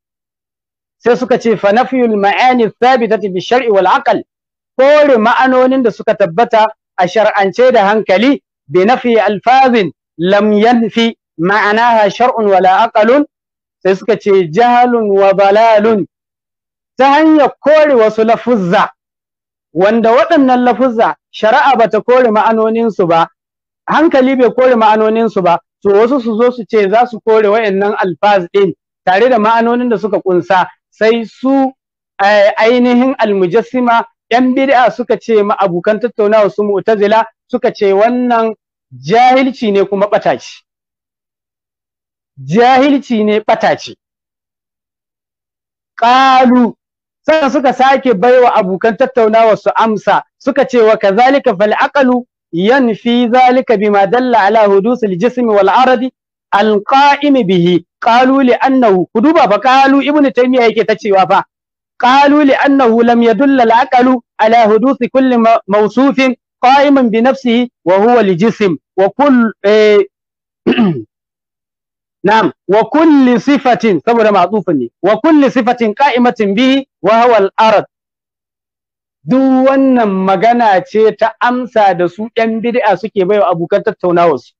A: sai suka ce fa nafyul ma'ani thabitati bi shar'i wal aql kore ma'anonin da suka tabbata a shar'ance da hankali bi nafi alfazin lam yanfi ma'anaha shar'un wala aqlun sai suka ce jahalun wa balalun ta hanyar kore wasu lafuzza wanda waɗannan lafuzza shari'a bata kore ma'anoninsu ba hankali bai kore ma'anoninsu ba to wasu su zo su ce za su kore wayannan alfaz din tare da ma'anonin da suka kunsa sai su eh, ainihin almujassima yan bid'a suka ce ma abokan tattaunawa su mu'tazila suka ce wannan jahilci ne kuma bata jahilci ne bata ce qalu sai suka sake baiwa abokan tattaunawa su amsa suka ce wa kazalika fal ينفي ذلك بما دل على حدوث الجسم والعرض القائم به قالوا لأنه كدوبا فقالوا ابن تيمية يكي تشيوا فا قالوا لأنه لم يدل العقل على حدوث كل موصوف قائما بنفسه وهو الجسم وكل إيه نعم وكل صفة سبب معطوف لي وكل صفة قائمة به وهو الأرض duk wannan magana ce ta amsa da su ƴan bid'a suke baiwa abokan tattaunawar su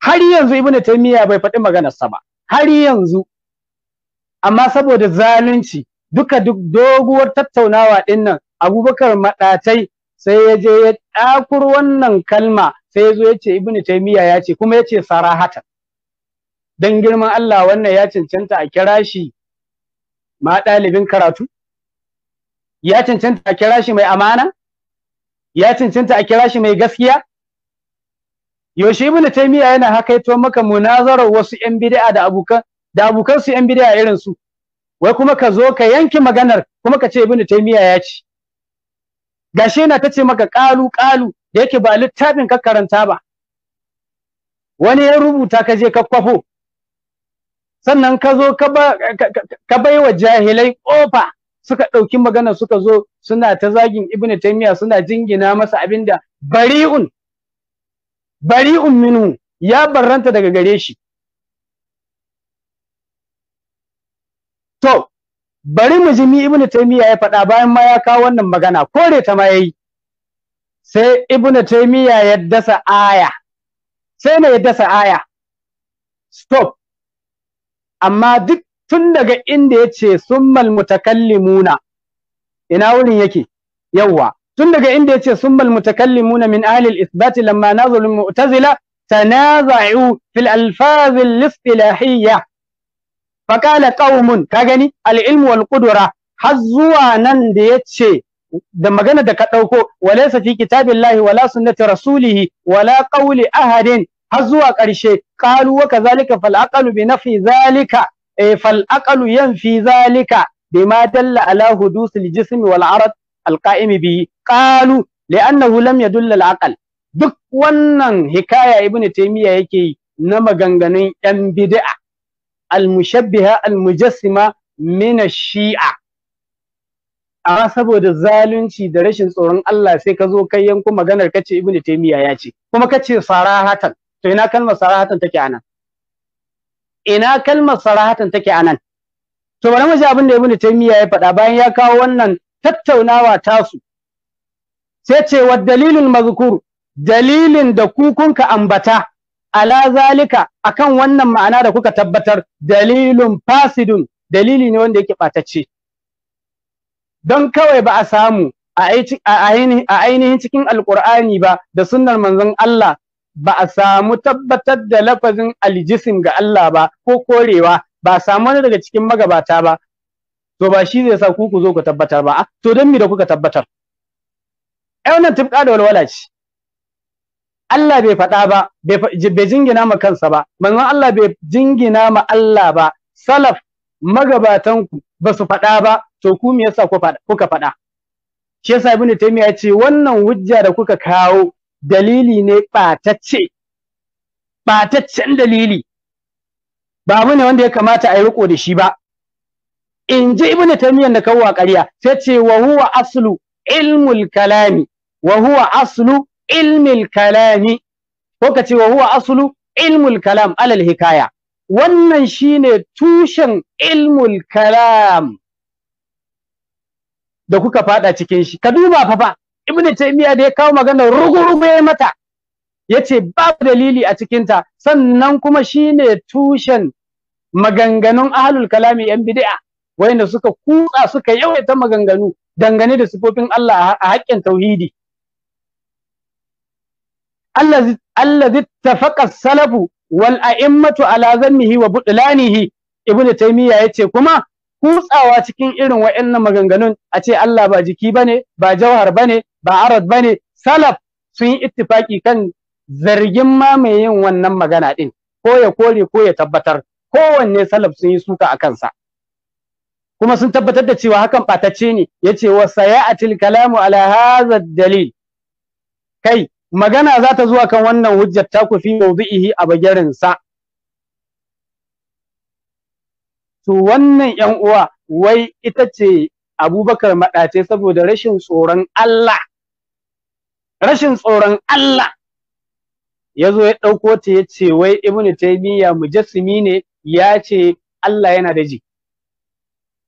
A: har yanzu ibnu taymiya bai faɗi maganar sa ba har yanzu amma saboda zalunci duka duk doguwar tattaunawa din nan abubakar maɗatai sai ya je ya ɗakur wannan kalma sai ya zo ya ce ibnu taymiya ya ce kuma ya ce sarahata dan girman Allah wannan ya cancanta a kira shi ma ɗalibin karatu ya cancanta a kira shi mai amana ya cancanta a kira shi mai gaskiya yaushe ibnu taymiya yana hakaito maka munazarar wasu yan bid'a da abukan da abukan su yan bid'a irin su wai kuma ka zo ka yanki maganar kuma ka ce ibnu taymiya ya ci gashi yana ta ce maka kalu kalu da yake ba littafin ka karanta ba wani ya rubuta ka je ka kwafo sannan ka zo ka bai wa jahilai kofa suka ɗauki magana suka zo suna ta zagin ibn taymiya suna jingina masa abinda bari'un bari'un minhu ya barranta daga gare shi to bari mu ji ibn taymiya ya faɗa bayan ma ya kawo wannan magana kore ta ma yayi sai ibn taymiya ya dasa aya sai ne ya dasa aya stop amma duk tun daga inda ya ce summal mutakallimuna ina wurin yake yawwa tun daga inda ya ce summal mutakallimuna min ahli al-ithbati lamma nazalul mu'tazila tanaza'u fil alfaz al-istilahiyya fa qala qaumun ka gani al-ilm wal qudra har zuwa nan da ya ce da magana da ka ɗauko walaysa fi kitabillahi wala sunnati rasulihi wala qawli ahadin har zuwa ƙarshe qalu wa kazalika fal aqalu bi nafi zalika E fal aqalu yanfi zalika bima dalla ala hudusil jism wal arad al qa'im bi qalu li'annahu lam yadull al aqal duk wannan hikaya ibnu taymiya yake yi na maganganun yan bid'a al mushabbiha al mujassima min shia amma saboda zalunci da rashin tsoron Allah sai ka zo kai yanku maganar kace ibnu taymiya ya ce kuma kace sarahatan to ina kalmar sarahatan take anan ina kalmar sarahatan take nan? to bari mu ji abin da ibnu Taymiyyah ya faɗa bayan ya kawo wannan tattaunawa tasu sai ce wa dalilul mazkur dalilin da ku kunka ambata ala zalika akan wannan ma'ana da kuka tabbatar dalilun fasidun dalili ne wanda yake ɓatace. don kawai ba a samu a ainihin cikin alkur'ani ba da sunnar manzon Allah ba a samu tabbatar da lafazin aljisim ga Allah ba ko korewa ba a samu wani daga cikin magabata ba to ba shi zai sa ku ku zo ku tabbatar ba ah, to don me da kuka tabbatar ai wannan tibka da walwala ce Allah bai faɗa ba bai jingina ma kansa ba manzon Allah bai jingina ma Allah ba salaf magabatan ku ba su faɗa ba to ku me yasa kuka faɗa shi yasa ibnu taymiya ce wannan hujja da kuka kawo dalili ne ɓatacce ɓataccen dalili ba mu ne wanda ya kamata a yi riko da shi ba in ji ibn taymiyyah da kawo ƙarya sai ce wa huwa aslu ilmul kalami wa huwa aslu ilmul kalami ko ka ce wa huwa aslu ilmul kalam alal hikaya wannan shine tushen ilmul kalam da kuka fada cikin shi ka duba fafa. ibnu taymiya da ya kawo maganar rugurugu mata ya mata yace babu dalili a cikinta sannan kuma shine tushen maganganun ahlul kalami yan bid'a wayanda suka kutsa suka yawaita maganganu dangane da sifofin Allah a haƙƙin tauhidi allazi allazi tafaqa salafu wal a'immatu ala zannihi wa budlanihi ibnu taymiya yace kuma kutsawa cikin irin wa'annan maganganun a ce Allah ba jiki ba ne, ba jawhar ne, ba arad ne. salaf sun yi ittifaki kan zargin ma yin wannan magana ɗin ko ya kore ko ya tabbatar kowanne salaf sun yi suka a kansa kuma sun tabbatar da cewa hakan ɓatacce ne yace wa a kalamu ala hadha dalil kai magana za ta zuwa kan wannan hujjar ta ku fi a bagarin to wannan yan uwa wai ita ce abubakar maɗace saboda rashin tsoron Allah rashin tsoron Allah ya zo ya ɗauko ta ya ce wai ibnu taymiya mujassimi ne ya ce Allah yana da ji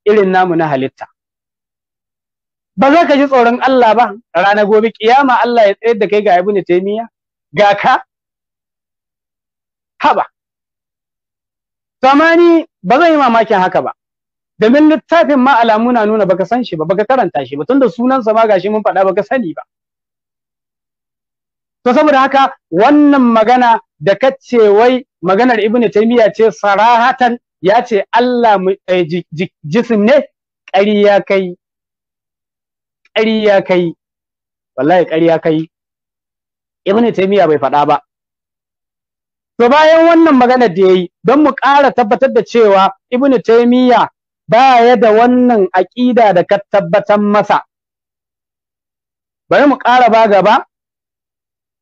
A: irin namu na halitta ba za ka ji tsoron Allah ba rana gobe kiyama Allah ya tsayar da kai ga ibnu taymiya ga ka haba to amma ni ba zan yi mamakin haka ba domin littafin ma alamu na nuna baka san shi ba baka karanta shi ba tunda sunansa ma gashi mun faɗa baka sani ba to saboda haka wannan magana da kace wai maganar Ibn taymiya ce sarahatan ya ce Allah eh, jisim ne ƙarya kai ƙarya kai wallahi ƙarya kai Ibn taymiya bai faɗa ba to bayan wannan maganar da yayi don mu ƙara tabbatar da cewa Taymiyyah ba baya da wannan aƙida da ka tabbatar masa bari mu ƙara ba gaba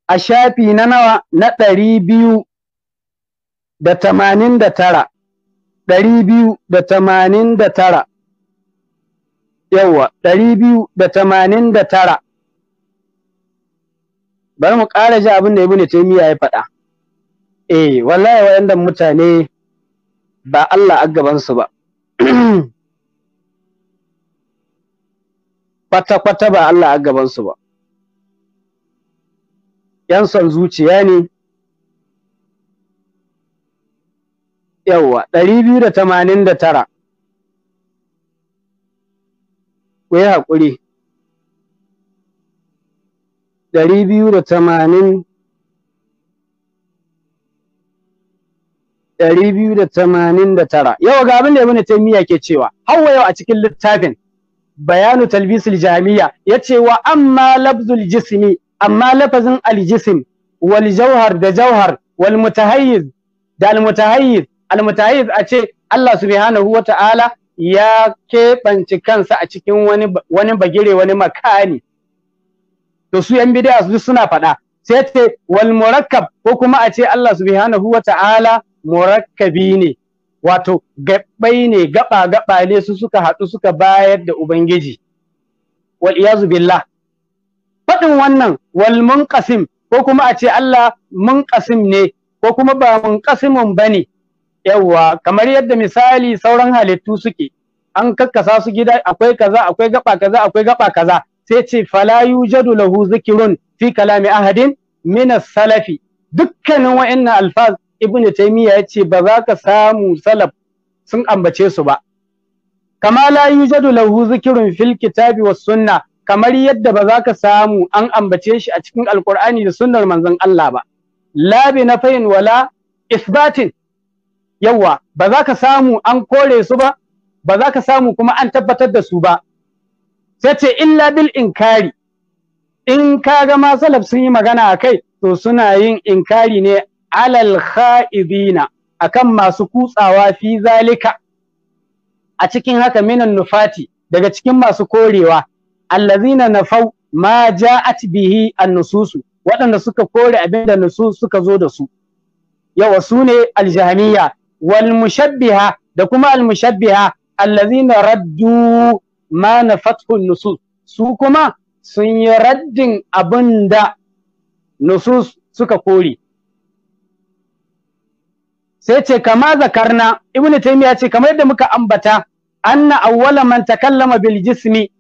A: a shafi na nawa na ɗari biyu da tamanin da tara ɗari biyu da tamanin da tara yawwa ɗari biyu da tamanin da tara bari mu ƙara ji abin da Ibn taymiya ya faɗa eh wallahi wayannan mutane ba Allah a gabansu ba [CLEARS THROAT] kwata-kwata ba Allah a gabansu ba ‘yan son zuciya ne yawwa ɗari biyu da tamanin da tara ku yi haƙuri ɗari biyu da tamanin ɗari biyu da tamanin da tara yau ga abin da ibn taymiya ke cewa hawa yau a cikin littafin bayanu talbisul jamiya ya ce wa amma labzul jismi amma lafazin aljism wal jauhar da jauhar wal mutahayyiz da al mutahayyiz al mutahayyiz a ce Allah subhanahu wa ta'ala ya keɓance kansa a cikin wani wani bagire wani makani to su yan bid'a su suna faɗa sai ce wal murakkab ko kuma a ce Allah subhanahu wa ta'ala murakkabi ne wato gabbai ne gaba gaba ne su suka haɗu suka bayar da ubangiji wal iyazu billah faɗin wannan wal munqasim ko kuma a ce Allah munqasim ne ko kuma ba munqasimun bane yawa kamar yadda misali sauran halittu suke an kakkasa su gida akwai kaza akwai gaba kaza akwai gaba kaza sai ce fala yujadu lahu zikrun fi kalami ahadin min as-salafi dukkanin wa'annan alfaz ibnu taymiya yace ba za ka samu salaf sun ambace su ba kama la yujadu lahu zikrun fil kitabi was sunna kamar yadda ba za ka samu an ambace shi a cikin alqur'ani da sunnar manzon Allah ba la bi nafayin wala isbatin yawa ba za ka samu an kore su ba ba za ka samu kuma an tabbatar da su ba sai ce illa bil inkari in ka ga ma salaf sun yi magana a kai to suna yin inkari ne alal kha'ibina akan masu kutsawa fi zalika a cikin haka minan nufati daga cikin masu korewa allazina nafau ma ja'at bihi an-nususu waɗanda suka kore abinda nusus suka zo da su yawa su ne aljahmiya wal mushabbiha da kuma al mushabbiha allazina raddu ma nafathu nusus su kuma sun yi raddin abinda nusus suka kore sai ce kama zakarna ibnu taymiya ce kamar yadda muka ambata anna awwala man takallama bil jismi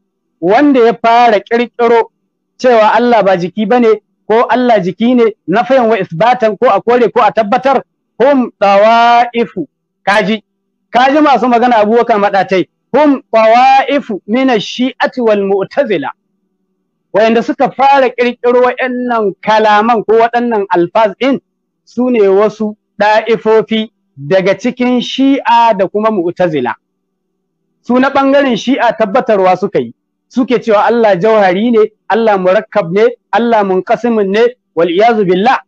A: wanda ya fara kirkiro cewa Allah ba jiki bane ko Allah jiki ne na fayan wa isbatan ko a kore ko a tabbatar hum tawaifu kaji kaji masu magana abubakar madatai hum tawaifu min ash-shi'ati wal mu'tazila wayanda suka fara kirkiro wayannan kalaman ko waɗannan alfaz din sune wasu ɗa'ifofi daga cikin shi'a da kuma mu'tazila su na ɓangaren shi'a tabbatarwa suka yi suke cewa Allah jauhari ne Allah murakkab ne Allah munqasimun ne wal iyazu billah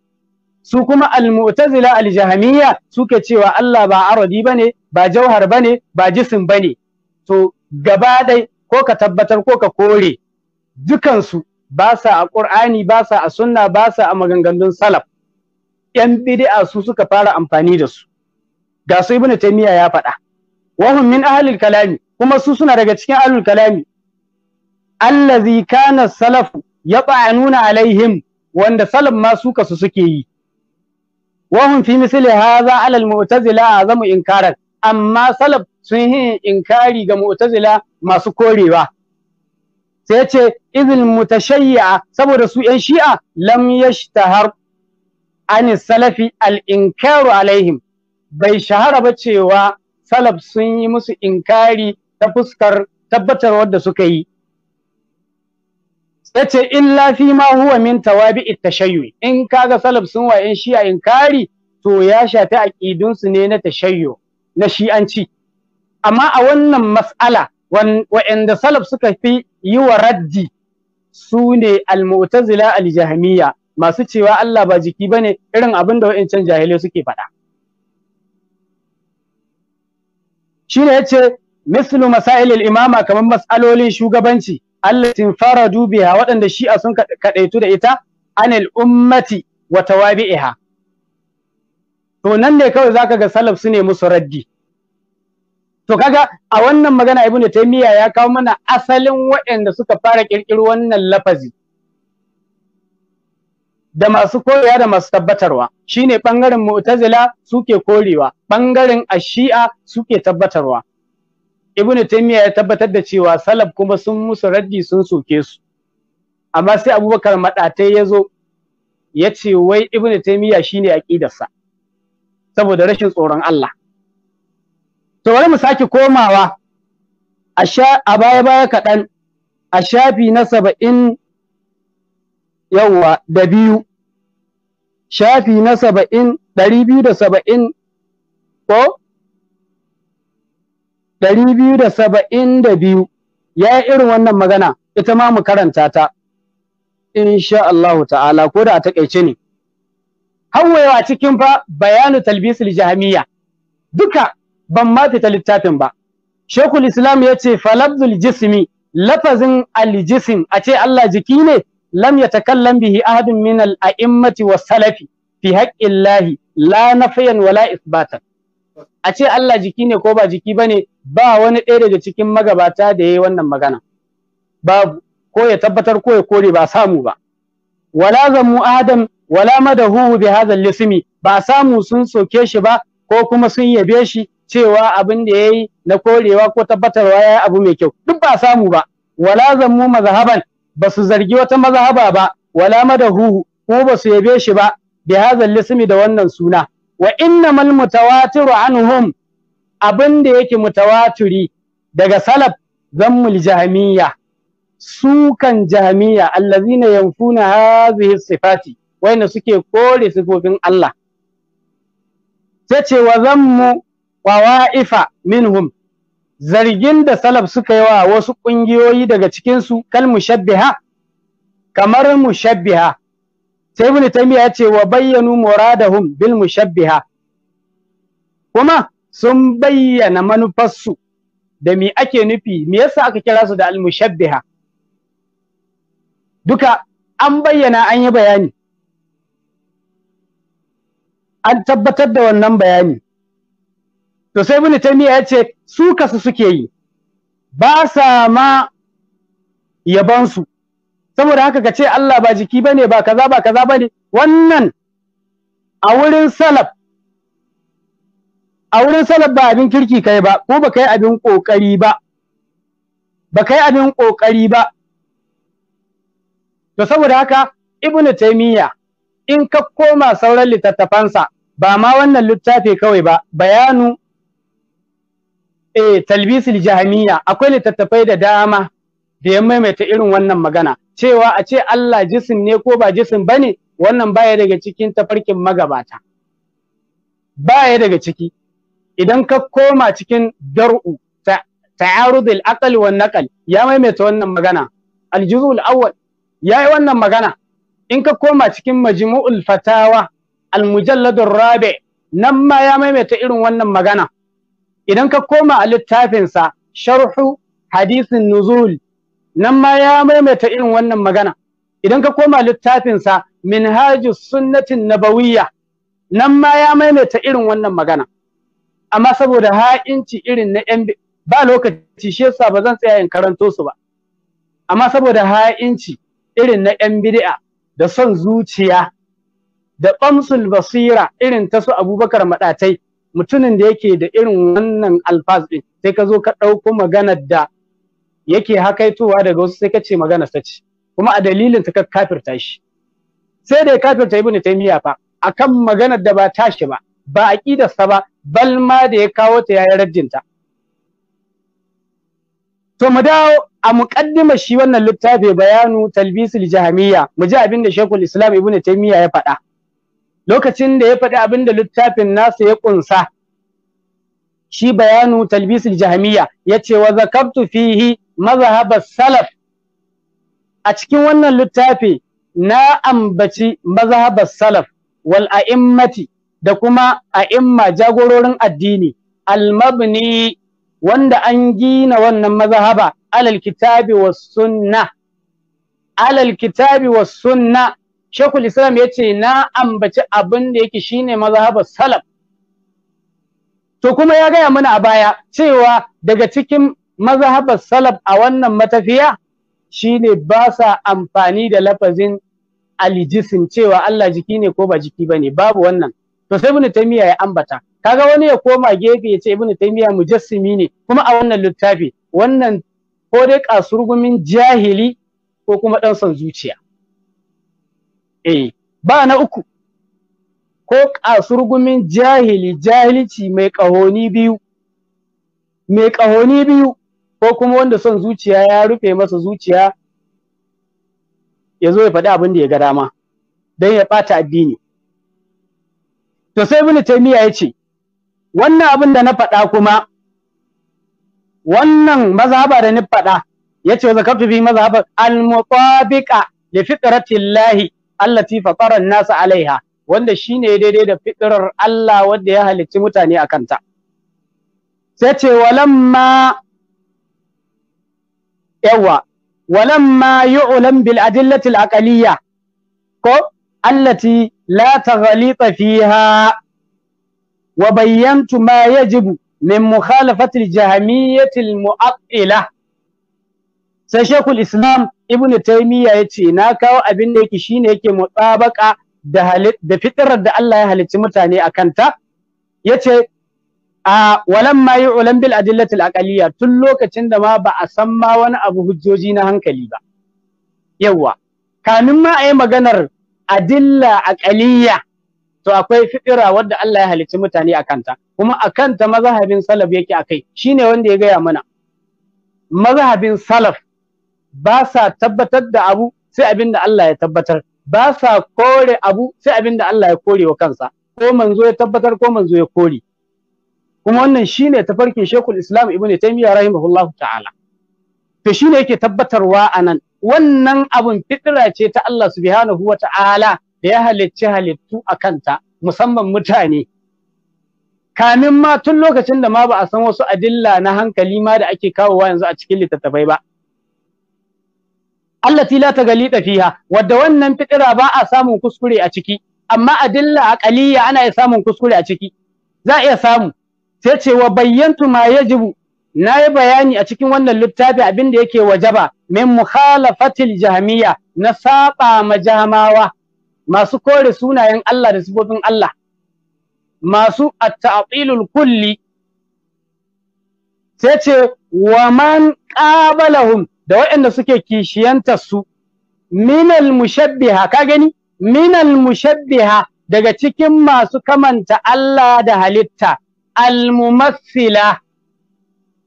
A: su kuma al-mu'tazila al jahamiyya suke cewa Allah ba aradi bane ba jauhar bane ba jisim bane to gaba dai ko ka tabbatar ko ka kore dukansu ba sa a ƙur'ani ba sa a sunna ba sa a maganganun salaf yan bid'a su suka fara amfani da su ga su ibnu taymiya ya faɗa wa min ahlil kalami kuma su suna daga cikin ahlul kalami allazi kana salafu yata'anuna alaihim wanda salaf ma su kasu suke yi wa hum fi misli hadha ala almu'tazila azamu inkaran amma salaf sun yi inkari ga mu'tazila masu korewa sai ce izil mutashayya saboda su yan shi'a lam yashtahar ani salafi al-inkaru alaihim bai shahara ba cewa salaf sun yi musu inkari ta fuskar tabbatar wadda suka yi yace in fi ma huwa min tashayyu in kaga salaf sun wa in shi'a inkari to ya shafi aƙidunsu ne na tashayyu na shi'anci amma a wannan mas'ala wa'anda salaf suka fi yi wa raddi su ne al-mu'tazila al masu cewa Allah ba jiki ba ne irin abin da wa'incan jahilai suke faɗa. Shi ne ya ce, mislu masailil imama kamar mas'alolin shugabanci, Allah sin fara dubiya waɗanda shi'a sun kaɗaitu da ita, anil ummati wa tawabi'iha. To nan ne kawai zaka ga salaf su ne musu raddi. To kaga a wannan magana Ibn Taymiyyah ya kawo mana asalin waɗanda suka fara ƙirƙiro wannan lafazi. da masu korewa da masu tabbatarwa shine ɓangaren mu'tazila suke korewa bangaren ashi'a suke tabbatarwa ibnu taymiya ya tabbatar da cewa salaf kuma sun musu raddi sun soke su amma sai abubakar maɗatai ya zo ya ce wai ibnu taymiya shine aqidarsa saboda rashin tsoron Allah to bari mu sake komawa a sha baya baya kaɗan a shafi na saba'in yawa da biyu shafi na saba'in ɗari biyu da saba'in ko ɗari biyu da saba'in da biyu ya yi irin wannan magana ita ma mu karanta ta insha Allahu ta'ala ko da a taƙaice ne hawayewa cikin fa bayanu talbisul jahamiyya duka ban ma fita littafin ba shekul islam ya ce falabzul jismi lafazin aljisim a ce Allah jiki ne lam yatakallam bihi ahadun min al-a'immati was salafi fi haqqillahi la nafiyan wala isbatan a ce Allah jiki ne ko ba jiki bane ba wani ɗaya daga cikin magabata da ya yi wannan magana babu ko ya tabbatar ko ya kore ba samu ba wala zamu adam wala madahu bi hadha al-ismi ba samu sun soke shi ba ko kuma sun yabe shi cewa abin da yayi na korewa ko tabbatarwa ya yi abu mai kyau duk ba samu ba wala zammu mazhaban ba su zargi wata mazhaba ba wala madahu ko ba su yabe shi ba bi hadhal lismi da wannan suna wa innamal mutawatiru anhum abin da yake mutawatiri daga salaf zammul jahmiya sukan jahmiya allazina yanfuna hadhihi sifati wayanda suke kore sifofin Allah sai ce wa zammu qawaifa minhum zargin da salaf suka yi wa wasu ƙungiyoyi daga cikinsu kal mushabbiha kamar mushabbiha sai ibn taymiya ya ce wa bayyanu muradahum bil mushabbiha kuma sun bayyana manufarsu da me ake nufi me yasa aka kira su da al mushabbiha duka an bayyana an yi bayani an tabbatar da wannan bayani to sai ibn taymiya ya ce su kasu suke yi ba sa ma yabansu saboda haka ka ce Allah ba jiki bane ba kaza ba kaza bane wannan a wurin salaf a wurin salaf ba abin kirki kai ba ko ba kai abin kokari ba ba kai abin kokari ba to saboda haka ibnu taymiya in ka koma sauran littattafansa ba ma wannan littafi kawai ba bayanu eh talbisul jahmiya akwai littattafai da dama da ya maimaita irin wannan magana cewa a ce Allah jisim ne ko ba jisim bane wannan baya daga cikin tafarkin magabata baya daga ciki idan ka koma cikin dar'u ta'arudul aqal wan naqal ya maimaita wannan magana aljuzul awwal yayi wannan magana in ka koma cikin majmu'ul fatawa almujalladur rabi nan ma ya maimaita irin wannan magana idan ka koma a littafinsa sharhu hadisin nuzul nan ma ya maimaita irin wannan magana idan ka koma littafinsa minhajus sunnatin nabawiyya nan ma ya maimaita irin wannan magana amma saboda ha'inci irin na yan ba lokaci shi yasa ba zan tsaya in karanto su ba amma saboda ha'inci irin na yan bid'a da son zuciya da bamsul basira irin ta su abubakar maɗatai mutumin da yake da irin wannan alfaz din sai ka zo ka ɗauko maganar da yake hakaitowa daga wasu sai ka ce magana ta ce kuma a dalilin ta ka kafirta shi sai da ya kafirta ibnu taymiya fa akan maganar da ba tashi ba ba aqidarsa ba bal ma da ya kawo ta yayin rajinta. to mu dawo a muqaddima shi wannan littafin bayanu talbisul jahmiya mu ji abin da shekul islam ibnu taymiya ya faɗa lokacin da ya faɗi abin da littafin nasa ya ƙunsa shi bayanu talbisul jahmiya ce wa Zakabtu fihi mazhab salaf a cikin wannan littafi na ambaci mazhab salaf wal a'immati da kuma a'imma jagororin addini al mabni wanda an gina wannan mazhaba alal kitabi was sunna alal kitabi was sunna shekul islam ya ce na ambaci abin da yake shine mazhabar salaf to kuma ya gaya mana a baya cewa daga cikin mazhabar salaf a wannan matafiya shine ba sa amfani da lafazin alijisin cewa Allah jiki ne ko ba jiki bane babu wannan to sai Ibn taymiya ya ambata kaga wani ya koma gefe ya ce Ibn taymiya mujassimi ne kuma a wannan littafi wannan ko dai kasurgumin jahili ko kuma dan son zuciya eh ba na uku ko kasurgumin jahili jahilci mai kahoni biyu mai kahoni biyu ko kuma wanda son zuciya ya rufe masa zuciya ya zo ya faɗi abin da ya ga dama don ya ɓata addini to sai ibn taymiya ya ce wannan abin da na faɗa kuma wannan mazhaba da ni faɗa yace zakatu bi mazhaba al-mutabiqa li fitratillahi allati fatara nasa alaiha wanda shine daidai da fitirar Allah wanda ya halicci mutane a kanta sai ce walamma yawa walamma yu'lam bil adillati al ko allati la taghlita fiha wa bayyantu ma yajibu min mukhalafati al jahmiyyati al mu'attila sai shekul islam ibn taymiya ya ce na kawo abin da yake shine yake mutabaka da da fitirar da Allah ya halicci mutane a kanta yace a walan ma yi ulan bil adillatil aqaliyya tun lokacin da ma ba a san ma wani abu hujjoji na hankali ba yawa kamin ma a yi maganar adilla aqaliyya to akwai fitira wadda Allah ya halicci mutane a kanta kuma a kanta mazhabin salaf yake akai shine wanda ya gaya mana mazhabin salaf ba sa tabbatar da abu sai abin da Allah ya tabbatar ba sa kore abu sai abin da Allah ya kore wa kansa ko manzo ya tabbatar ko manzo ya kore kuma wannan shine tafarkin Sheikhul Islam Ibn Taymiyyah rahimahullahu ta'ala to shine yake tabbatarwa anan wannan abun fitira ce ta Allah subhanahu wa ta'ala da ya halicci halittu a kanta musamman mutane kamin ma tun lokacin da ma ba a san wasu adilla na hankali ma da ake kawowa yanzu a cikin littattafai ba allati la tagalita fiha wadda wannan fitira ba a samun kuskure a ciki amma adilla aqaliya ana samun kuskure a ciki za a iya samu sai ce wa bayyantu ma yajibu nayi bayani a cikin wannan littafi abin da yake wajaba min mukhalafatil jahmiya na saba ma jahmawa masu kore sunayen Allah da sifofin Allah masu at-ta'tilul kulli sai ce wa man qabalahum da waɗanda suke kishiyanta su minal mushabbiha ka gani minal mushabbiha daga cikin masu kamanta Allah da halitta almumassila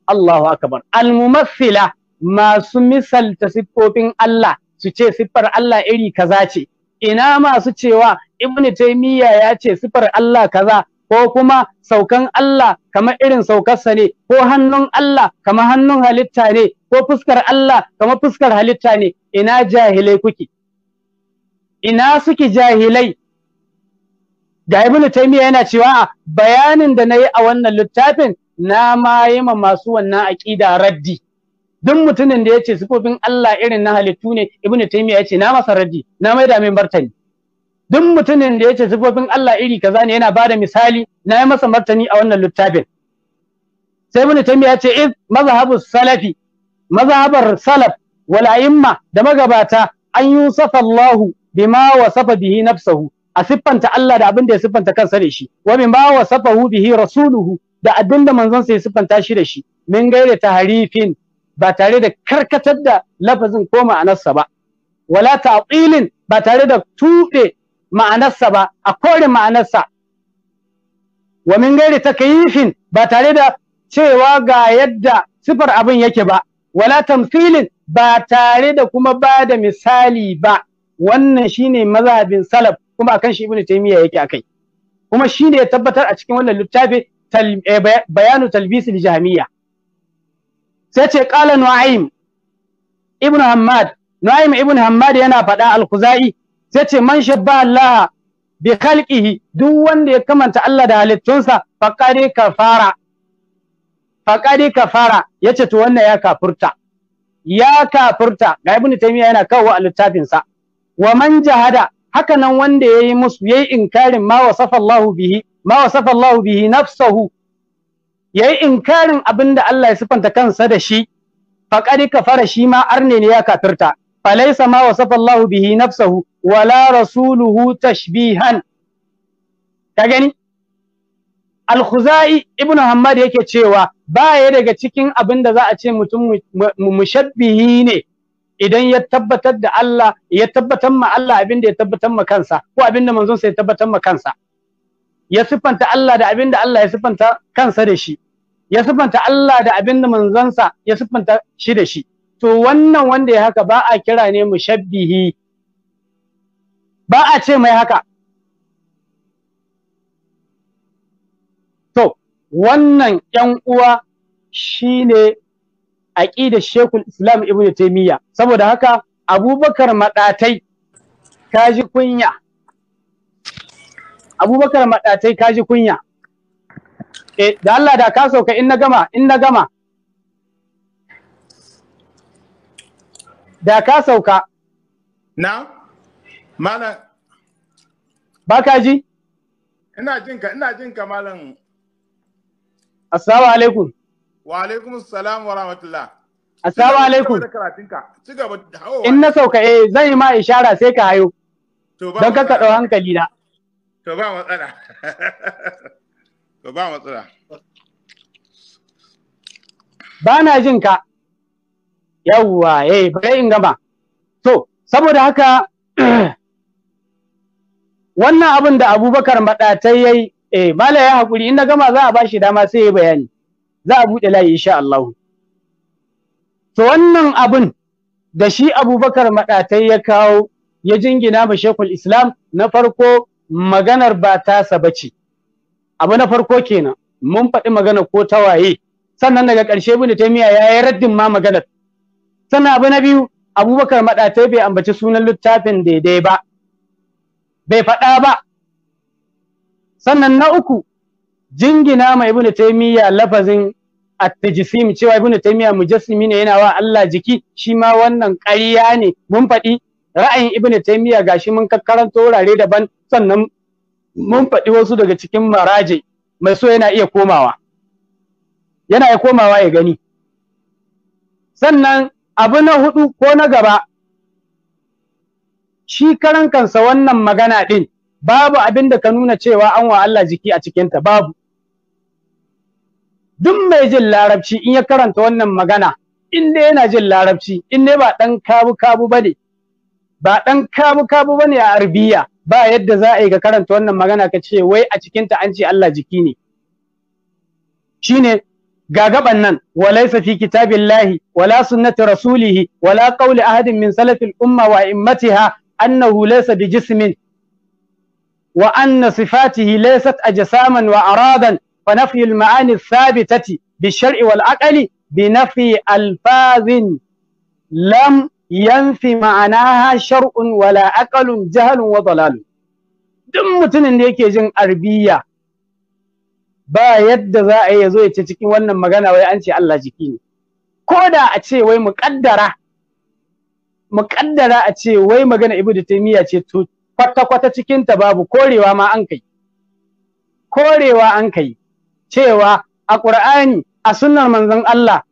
A: Allahu akbar almumassila masu misalta siffofin Allah su ce siffar Allah iri kaza ce ina masu cewa ibnu taymiya ya ce siffar Allah kaza ko kuma saukan Allah kamar irin saukarsa ne ko hannun Allah kamar hannun halitta ne ko fuskar Allah kamar fuskar halitta ne ina jahilai kuke ina suke jahilai ga ibnu taymiya yana cewa bayanin da nayi a wannan littafin na ma ma masu wannan aqida raddi duk mutumin da yace sifofin Allah irin na halittu ne ibnu taymiya yace na masa raddi na mai maida min martani duk mutumin da ya ce sifofin Allah iri kaza ne yana ba da misali na yi masa martani a wannan littafin sai ibn ya ce iz mazhabu salafi mazhabar salaf wal a'imma da magabata an yusafa Allahu bima wasafa bihi nafsahu a siffanta Allah da abin da ya siffanta kansa da shi wa bima wasafahu bihi rasuluhu da abin da manzon sa ya siffanta shi da shi min gaire taharifin ba tare da karkatar da lafazin ko ma'anarsa ba wala ta'tilin ba tare da tuɗe ma'anarsa ba a kore ma'anarsa wa min gairi takyifin ba tare da cewa ga yadda sifar abin yake ba wala tamthilin ba tare da kuma ba da misali ba wannan shine mazhabin salaf kuma akan shi ibnu taymiya yake akai kuma shine ya tabbatar a cikin wannan littafi eh, bayanu talbisil jahmiya sai ce qala nu'aym ibnu hammad nu'aym ibnu hammad yana faɗa al-khuzai sai ce man shabba Allah bi khalqihi duk wanda ya kamanta Allah da halittunsa faqari kafara faqari kafara yace to wannan ya kafurta ya kafurta ga ibnu taymiya yana kawo a littafin sa wa man jahada haka nan wanda yayi musu yayi inkarin ma wasafa Allah bihi ma wasafa Allah bihi nafsuhu yayi inkarin abinda Allah ya sifanta kansa da shi faqari kafara shi ma arne ne ya kafirta falaisa ma wasafa Allahu bihi nafsahu wala rasuluhu tashbihan ka gani Al-Khuzai Ibn Hammad yake cewa baya daga cikin abin da za a ce mutum mushabbihi ne idan ya tabbatar da Allah ya tabbatar ma Allah abinda ya tabbatar ma kansa ko abinda da manzon sa ya tabbatar ma kansa ya sifanta Allah da abinda Allah ya sifanta kansa da shi ya sifanta Allah da abinda da manzon sa ya sifanta shi da shi to wannan wanda ya haka ba a kira ne mushabbihi ba a ce mai haka to wannan yan uwa shine aqidar shekul Islam Ibn Taymiyyah saboda haka Abubakar madatai kaji kunya Abubakar madatai kaji kunya eh da Allah da ka sauka in na gama in na gama
D: da ka sauka na malam ba ka ji ina jin ka ina jin ka malam
A: assalamu alaikum
D: wa alaikum assalam wa rahmatullah assalamu alaikum in na
A: sauka eh zan yi ma ishara sai ka hayo don ka ɗau hankali na
D: to ba matsala [LAUGHS] to ba matsala
A: ba na jin ka yawwa eh bare in gama to saboda haka [CLEARS THROAT] wannan abin da abubakar maɗatai yayi yi eh mala ya hakuri in na gama za a bashi dama sai ya bayani za a bude layi insha Allah to wannan abin da shi abubakar maɗatai ya kawo ya jingina ma shekul islam na farko maganar ba tasa bace abu na farko kenan mun faɗi magana ko ta waye sannan daga ƙarshe bin taimiya ya yi raddin ma maganar sannan abu na biyu abubakar maɗatai bai ambaci sunan littafin daidai ba bai faɗa ba sannan na uku jingina ma ibn taymiya lafazin at-tajsim cewa ibn taymiya mujassimi ne yana wa Allah jiki shi ma wannan ƙarya ne mun faɗi ra'ayin ibn ga shi mun kakkaranto wurare daban sannan mun faɗi wasu daga cikin maraje mai so yana iya komawa yana iya komawa ya gani sannan abu na hudu ko na gaba shi karan kansa wannan magana din babu abin da ka nuna cewa an wa Allah jiki a cikinta babu duk mai jin larabci in ya karanta wannan magana in dai yana jin larabci in dai ba dan kabu kabu bane ba dan kabu kabu bane a arabiya ba yadda za a yi ga karanta wannan magana ka ce wai a cikinta an ce Allah jiki ne shine ga gaban nan walaysa fi kitabillahi wala sunnati rasulihi wala qawli ahadin min salafil umma wa immatiha annahu laysa bijismin wa anna sifatihi laysat ajsaman wa aradan fa nafyi al ma'ani thabitati بالشرع والعقل بنفي ألفاظ لم ينفي معناها شرع ولا عقل duk mutumin da yake jin arbiya ba yadda za a yi ya zo ya ce cikin wannan magana wai an ce Allah jiki ne ko da a ce wai muƙaddara muƙaddara a ce wai magana ibnu taymiya ce to kwata kwata cikin babu korewa ma an kai korewa an kai cewa a ƙur'ani, a sunnar manzon Allah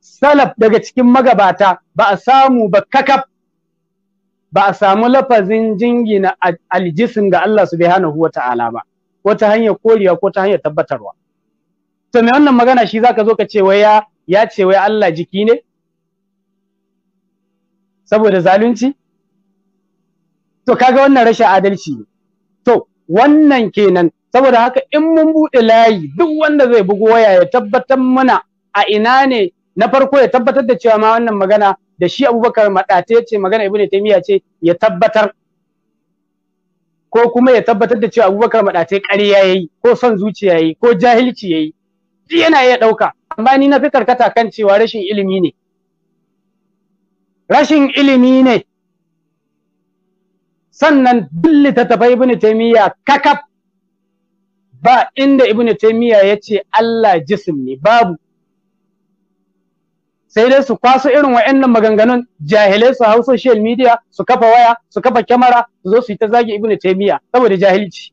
A: salaf daga cikin magabata ba a samu ba kakaf ba a samu lafazin jingina aljisin ga Allah subhanahu wa ta'ala ba ko ta hanyar koriya ko ta hanyar tabbatarwa to me wannan magana shi zaka zo ka ce wai ya ya ce wai Allah jiki ne saboda zalunci to kaga wannan rashin adalci ne to wannan kenan saboda haka in mun bude layi duk wanda zai bugo waya ya tabbatar mana a ina ne na farko ya tabbatar da cewa ma wannan magana da shi Abubakar Madate ce magana Ibn Taymiyyah ce ya tabbatar ko kuma ya tabbatar da cewa abubakar maɗatai ƙarya ya yi ko son zuciya ya yi ko jahilci ya yi duk yana iya ɗauka amma ni na fi karkata kan cewa rashin ilimi ne rashin ilimi ne sannan duk littattafai ibn taymiya kakaf ba inda ibn taymiya ya ce Allah jism ne babu sai dai su kwaso irin wa'annan maganganun jahilai su hau social media su kafa waya su kafa kyamara su zo su yi ta zagi ibnu taymiya saboda jahilci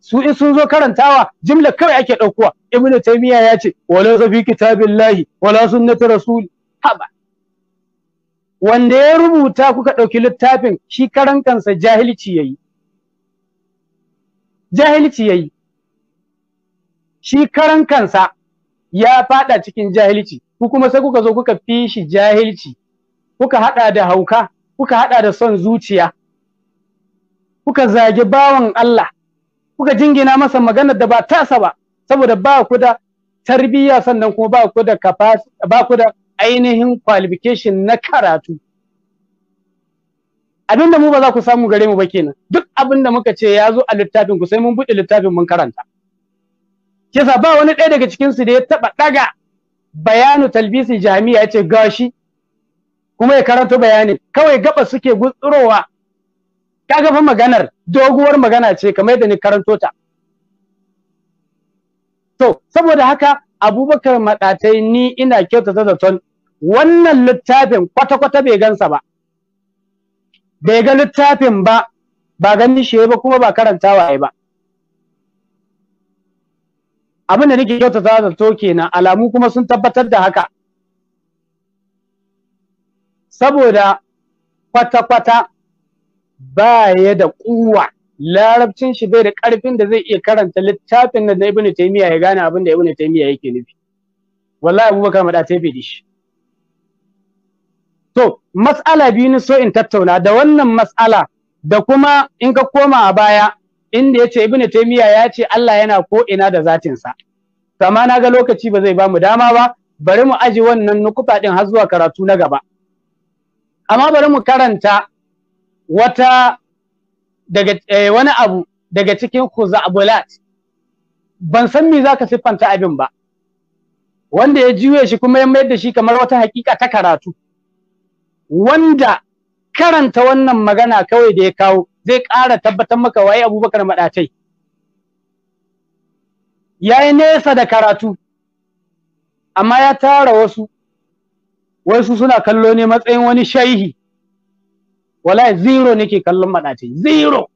A: su in sun zo karantawa jimla kawai ake ɗaukowa ibnu taymiya ya ce wala zafi kitabillahi wala sunnati rasul haba wanda ya rubuta kuka ɗauki littafin shi karan kansa jahilci yayi jahilci yayi shi karan kansa ya fada cikin jahilci ku kuma sai kuka zo kuka fi shi jahilci kuka hada da hauka kuka hada da son zuciya kuka zage bawan Allah kuka jingina masa maganar da ba tasa ba saboda ba ku da tarbiyya sannan kuma ba ku da ba ku da ainihin qualification na karatu abin da mu ba za ku samu gare mu ba kenan duk abin da muka ce ya zo a littafin ku sai mun buɗe littafin mun karanta kisa ba wani ɗaya daga cikin su da ya taɓa ɗaga bayanu talbisi jami'a yace gashi kuma ya karanto bayanin. kawai gaba suke gutsurowa kaga fa maganar doguwar magana ce kamar yadda ni karanto ta to saboda haka abubakar maɗatai ni ina kyautata zaton wannan littafin kwata-kwata bai gansa ba bai ga littafin ba ba ganin shi ba kuma ba karantawa ba abin da nake kyautata zato kenan alamu kuma sun tabbatar da haka saboda kwata-kwata ba ya da kuwa larabcin shi bai da karfin da zai iya karanta littafin da ibn taymiya ya gane abin da ibn taymiya yake nufi wallahi abubakar mada ta yi shi to mas'ala biyu ni so in tattauna da wannan matsala, da kuma in ka koma a baya inda yace ibn taymiya ya ce Allah yana ko ina da zatin sa amma na ga lokaci ba zai ba mu dama ba bari mu aji wannan nukuta din har zuwa karatu na gaba amma bari mu karanta wata daga eh, wani abu daga cikin khuzabulat ban san me zaka siffanta abin ba wanda ya juye shi kuma ya mayar da shi kamar wata hakika ta karatu wanda karanta wannan magana kawai da ya kawo zai ƙara tabbatar maka waye abubakar maɗatai ya yi nesa da karatu amma ya tara wasu wasu suna kallo ne matsayin wani shaihi Wala zero nake kallon maɗatai zero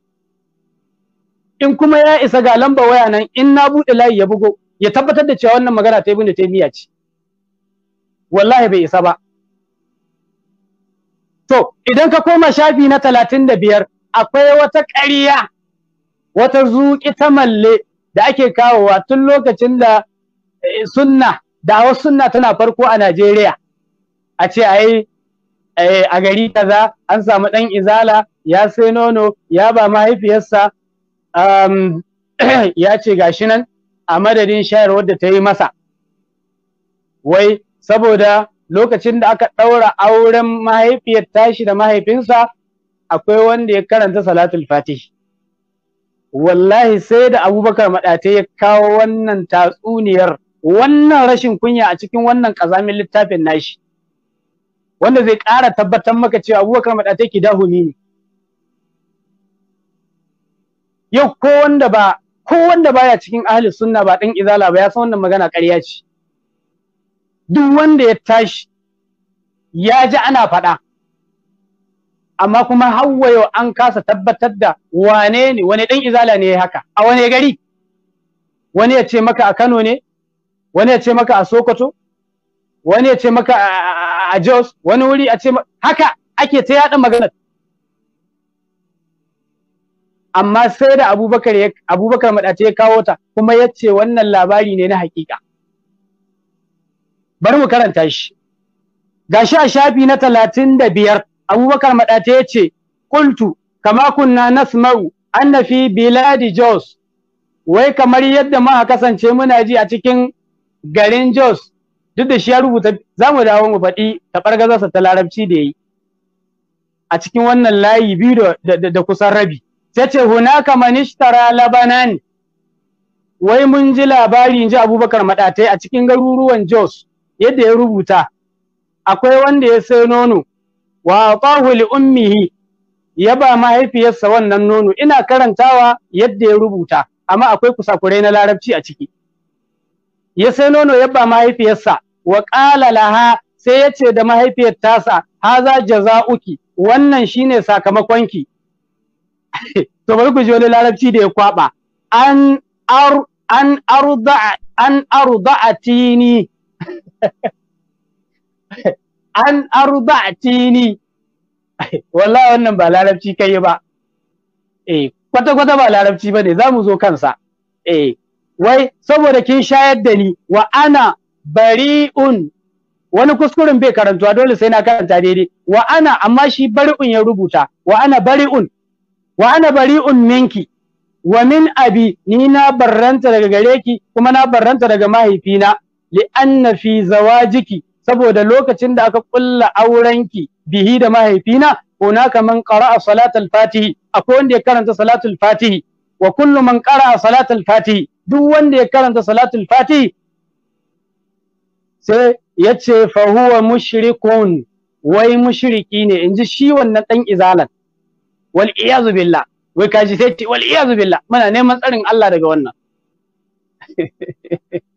A: in kuma ya isa ga lamba waya nan in na buɗe layi ya bugo ya tabbatar da cewa wannan magana ta yi da yi miya ce wallahi bai isa ba To, idan ka koma shafi na talatin da biyar, akwai wata ƙarya, wata zuƙi ta malle da ake kawowa tun lokacin da eh, sunna, da hawa sunna tana farko a Najeriya. A ce a yi eh, a gari kaza an samu ɗan izala ya sai nono ya ba mahaifiyarsa [CLEARS THROAT] ya ce gashi nan a madadin shayar wadda ta yi masa. Wai saboda lokacin da aka ɗaura auren mahaifiyar tashi da mahaifinsa akwai wanda ya karanta salatul fatih wallahi sai da abubakar maɗate ya kawo wannan tatsuniyar wannan rashin kunya a cikin wannan ƙazamin littafin nashi wanda zai ƙara tabbatar maka cewa abubakar maɗate ki dahumi ne yau ko wanda ba ko baya cikin ahli sunna ba ɗan izala ba ya san wannan magana ƙarya ce duk wanda ya tashi ya ji ana faɗa amma kuma hawa yau an kasa tabbatar da wane ne wani ɗan izala ne ya haka a wani gari wani ya ce maka a Kano ne wani ya ce maka a Sokoto wani ya ce maka a Jos wani wuri a ce haka ake ta yaɗa magana amma sai da Abubakar Abubakar ya kawo ta kuma ya ce wannan labari ne na hakika bari mu karanta shi gashi a shafi na talatin da biyar abubakar madate ya ce kultu kama kunna nasma'u anna fi biladi jos wai kamar yadda mu aka kasance muna ji a cikin garin jos duk da shi ya rubuta za mu dawo mu faɗi taɓargazarsa ta larabci da ya yi a cikin wannan layi biyu da kusan rabi sai ce hunaka manishtara labanan wai mun ji labari in ji abubakar maɗatai a cikin garuruwan jos yadda ya rubuta akwai wanda ya sai nono wa atahu li ummihi ya ba mahaifiyarsa wannan nono ina karantawa yadda ya rubuta amma akwai kusakurai na larabci a ciki ya sai nono ya ba mahaifiyarsa wa qala laha sai ya ce da mahaifiyar tasa haza jaza'uki wannan shine sakamakonki [LAUGHS] to bari ku ji wani larabci da ya kwaba an ar an arda an arda'atini an tini. wallahi wannan ba larabci kai ba eh kwata kwata ba larabci bane zamu zo kansa eh wai saboda kin shayar da ni wa ana bari'un wani kuskuren bai karantuwa dole sai na karanta daidai wa ana amma shi bari'un ya rubuta wa ana bari'un wa ana bari'un minki wa min abi ni na barranta daga gareki kuma na barranta daga mahaifina li'anna fi zawajiki saboda lokacin da aka kulla aurenki bihi da mahaifina hunaka man qara'a salatul fatihi akwai wanda ya karanta salatul fatihi wa kullu man qara'a salatul fatihi duk wanda ya karanta salatul fatihi sai yace fa huwa mushrikun wai mushriki ne inji shi wannan dan izalan wal iyazu billah wai kaji sai ce wal iyazu billah muna neman tsarin Allah daga wannan [LAUGHS]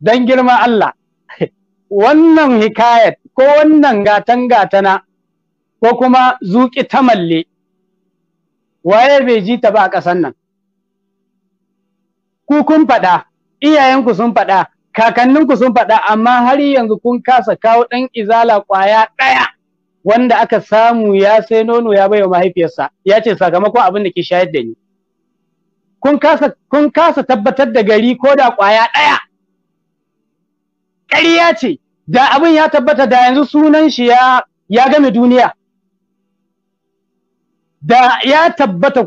A: don girma Allah [LAUGHS] wannan hikayat ko wannan gatan gatana ko kuma zuƙi ta malle waye bai ji ta ba a ƙasan nan ku kun faɗa iyayenku sun faɗa kakanninku sun faɗa amma har yanzu kun kasa kawo ɗan izala ƙwaya ɗaya wanda aka samu ya sai nono ya baiwa mahaifiyarsa ya ce sakamakon abin da ke shayar da ni kun kasa kun kasa tabbatar da gari ko da ƙwaya ɗaya ƙarya ce da abin ya tabbata da yanzu sunan shi ya ya game duniya da ya tabbata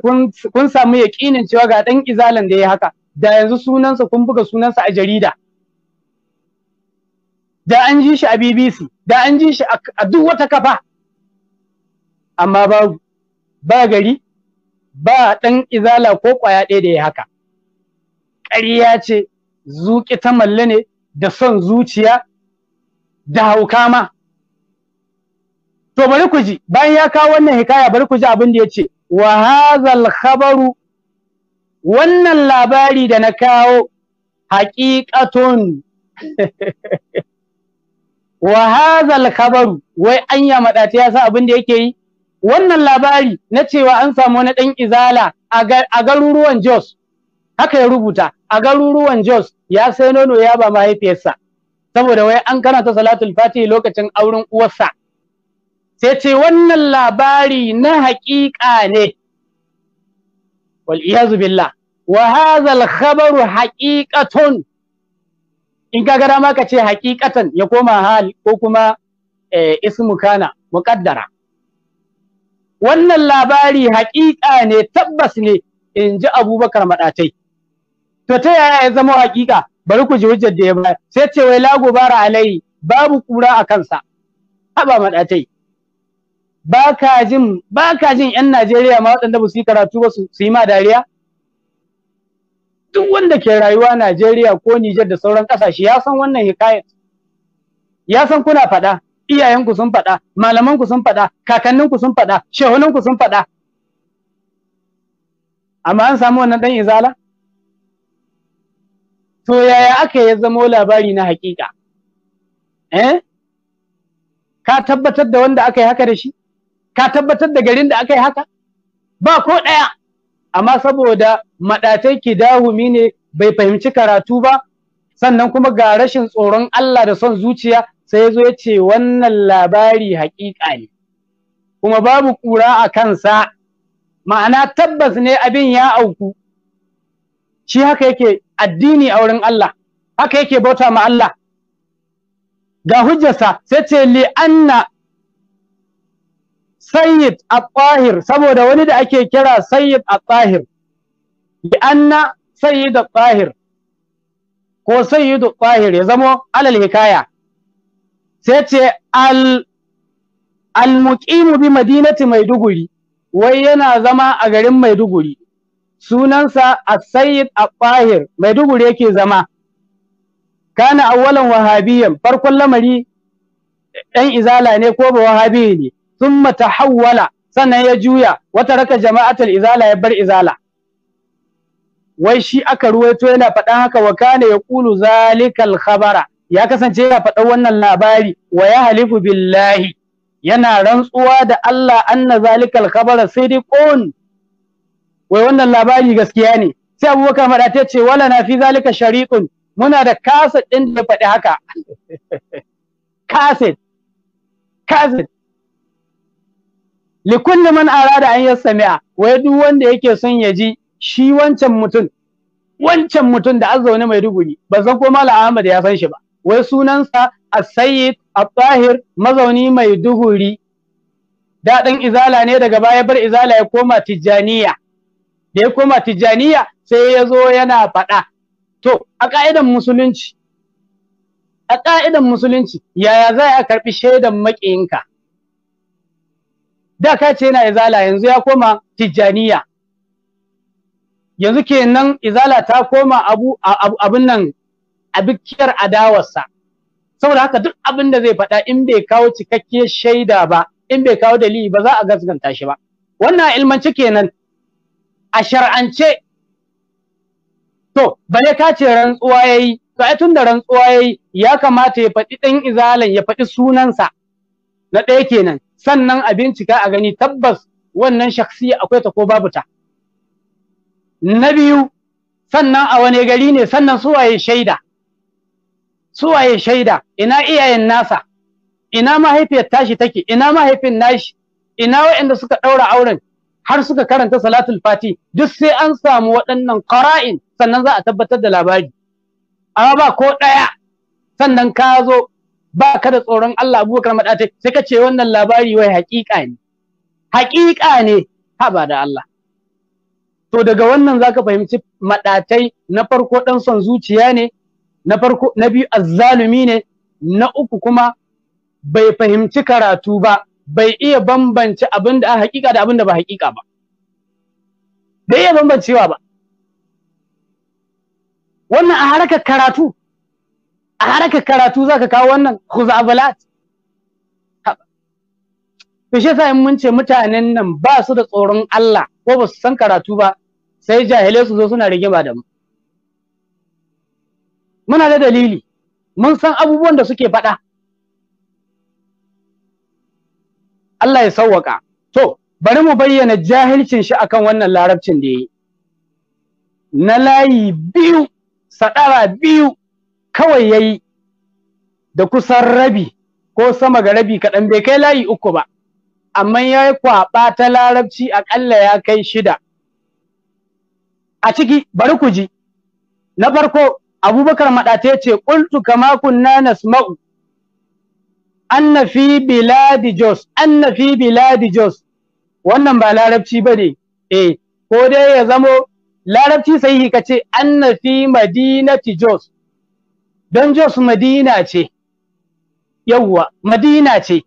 A: kun samu yaƙinin cewa ga ɗan izalan da ya haka da yanzu sunansa kun buga sunansa a jarida da an ji shi a BBC da an ji shi a duk wata kafa amma ba ba gari ba ɗan izala ko ƙwaya ɗaya da ya haka ƙarya ce zuƙi ta malle ne da son zuciya da hauka ma to bari ku ji bayan ya kawo wannan hikaya bari ku ji abin da ya ce wa hazal khabaru wannan labari da na kawo haƙiƙatun [LAUGHS] wa hazal khabaru wai anya madati ya sa abin da yake yi wannan labari na cewa an samu wani ɗan izala a garuruwan Jos haka ya rubuta a garuruwan Jos ya sai nono ya ba mahaifiyarsa saboda wai an karanta salatul fatihi lokacin auren uwarsa sai ce wannan labari na haƙiƙa ne wal iyazu billah wa hadha khabaru haqiqatun in ka ga dama ka ce haqiqatan ya koma hal ko kuma eh, ismu kana muqaddara wannan labari haƙiƙa ne tabbas ne in ji abubakar maɗatai to ta yaya ya zama hakika bari ku ji hujjar da ya bayar sai ce wai lagu bara alai babu kura a kansa haba madatai ba ka jin ba jin yan Najeriya ma waɗanda ba su yi karatu ba su yi ma dariya duk wanda ke rayuwa Najeriya ko Nijar da sauran kasashe ya san wannan hikayat ya san kuna faɗa iyayenku sun faɗa malamanku sun faɗa kakanninku sun faɗa shehunanku sun faɗa amma an samu wannan dan izala to yaya aka ya zamo labari na haƙiƙa eh ka tabbatar da wanda aka yi haka da shi ka tabbatar da garin da aka yi haka ba ko ɗaya amma saboda maɗatai kidahumi ne bai fahimci karatu ba sannan kuma ga rashin tsoron Allah da son zuciya sai ya zo ya ce wannan labari haƙiƙa ne kuma babu ƙura a kansa ma'ana tabbas ne abin ya auku shi haka yake addini a wurin Allah haka yake bauta ma Allah ga hujjarsa sai ce li anna sayyid at-tahir saboda wani da ake kira sayyid at-tahir li anna sayyid at-tahir ko sayyid at-tahir ya zamo alal hikaya sai ce al al bi madinati maiduguri wai yana zama a garin maiduguri sunansa as-sayyid at maiduguri yake zama kana awwalan wahabiyyan farkon lamari ɗan izala ne ko ba wahabi ne thumma tahawwala sannan ya juya wata raka jama'atul izala ya bar izala wai shi aka ruwaito yana faɗan haka wa kana yaqulu zalikal khabara ya kasance yana faɗan wannan labari wa ya halifu billahi yana rantsuwa da Allah anna zalikal khabara sidqun wai wannan labari gaskiya ne sai abubakar mada ta ce wala na fi zalika shariqun muna da kaset din da ya faɗi haka kaset [LAUGHS] kaset likulli man arada an wai duk wanda yake son ya ji shi wancan mutum wancan mutum da azzaune mai duguri ba zan ko malam Ahmad ya san shi ba wai sunansa as-sayyid at-tahir mazauni mai duguri da izala ne daga baya bar izala ya koma tijjaniya da ya koma tijjaniya sai ya zo yana faɗa to a ƙa'idan musulunci a ƙa'idan musulunci yaya za a karɓi shaidan maƙiyinka da ka ce yana izala yanzu ya koma tijjaniya yanzu kenan izala ta koma abu nan nan bikiyar adawarsa saboda haka duk abin da zai faɗa in bai kawo cikakkiyar shaida ba in bai kawo dalili ba za a gaskanta shi ba wannan ilmanci kenan a shar'ance to bane ka ce rantsuwa yayi to ai tunda rantsuwa yayi ya kamata ya faɗi ɗan izalan ya faɗi sunansa na ɗaya kenan sannan a bincika a gani tabbas wannan shaksiya akwai ta ko babu ta na biyu sannan a wane gari ne sannan suwaye shaida suwaye shaida ina iyayen nasa ina mahaifiyar tashi take ina mahaifin nashi ina waɗanda suka ɗaura auren har suka karanta salatul fati duk sai an samu waɗannan qara'in sannan za a tabbatar da labari amma ba ko ɗaya sannan ka zo ba ka da tsoron Allah abubakar maɗatai sai ka ce wannan labari wai haƙiƙa ne haƙiƙa ne ba da Allah to daga wannan zaka fahimci maɗatai na farko ɗan son zuciya ne na farko na biyu azzalumi ne na uku kuma bai fahimci karatu ba bai iya bambance abin da hakika da abin da ba hakika ba bai iya bambancewa ba wannan a harkar karatu a harkar karatu zaka kawo wannan khuzabalat to shi yasa in mun ce mutanen nan ba su da tsoron Allah ko ba su san karatu ba sai jahilai su zo suna rigima da mu muna da dalili mun san abubuwan da suke faɗa Allah ya sauwaka to bari mu bayyana jahilcin shi akan wannan larabcin da yayi na layi biyu sadara biyu kawai yayi da kusan rabi ko sama ga rabi kaɗan bai kai layi uku ba amma ya yi kwaɓa ta larabci aƙalla ya kai shida a ciki bari ku ji na farko abubakar maɗata ya ce ƙultu kama kunna nasma'u anna fi biladi jos anna fi biladi jos wannan ba larabci bane eh ko dai ya zamo larabci sahihi kace anna fi madinati jos don jos madina ce yawwa madina ce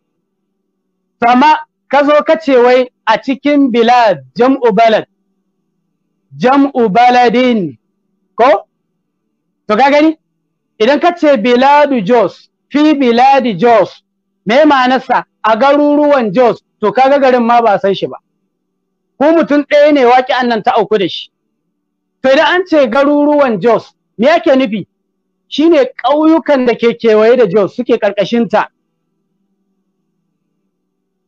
A: sama kazo kace wai a cikin bilad jam'u balad jam'u baladin ko to ka gani idan kace ce biladu jos fi biladi jos me ma'anarsa a garuruwan Jos to kaga garin ma ba san shi ba ko mutum ɗaya ne waki annan ta auku da shi to idan an ce garuruwan Jos me yake nufi shine ƙauyukan da ke kewaye da Jos suke ƙarƙashin ta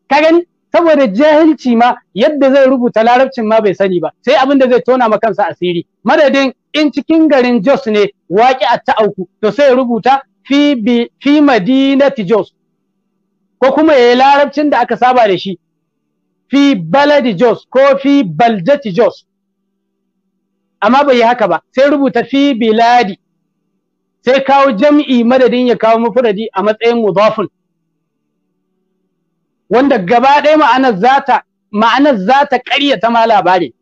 A: ka gani saboda jahilci ma yadda zai rubuta larabcin ma bai sani ba sai abin da zai tona ma kansa asiri madadin in cikin garin Jos ne waki a ta auku to sai rubuta fi bi fi madinati Jos ko kuma ya yi larabcin da aka saba da shi fi baladi jos ko fi baljati jos amma bai yi haka ba sai rubuta fi biladi sai kawo jam'i madadin ya kawo mafuradi a matsayin mudafun wanda gaba ɗaya ma'anar zata ma'anar zata ta ma labari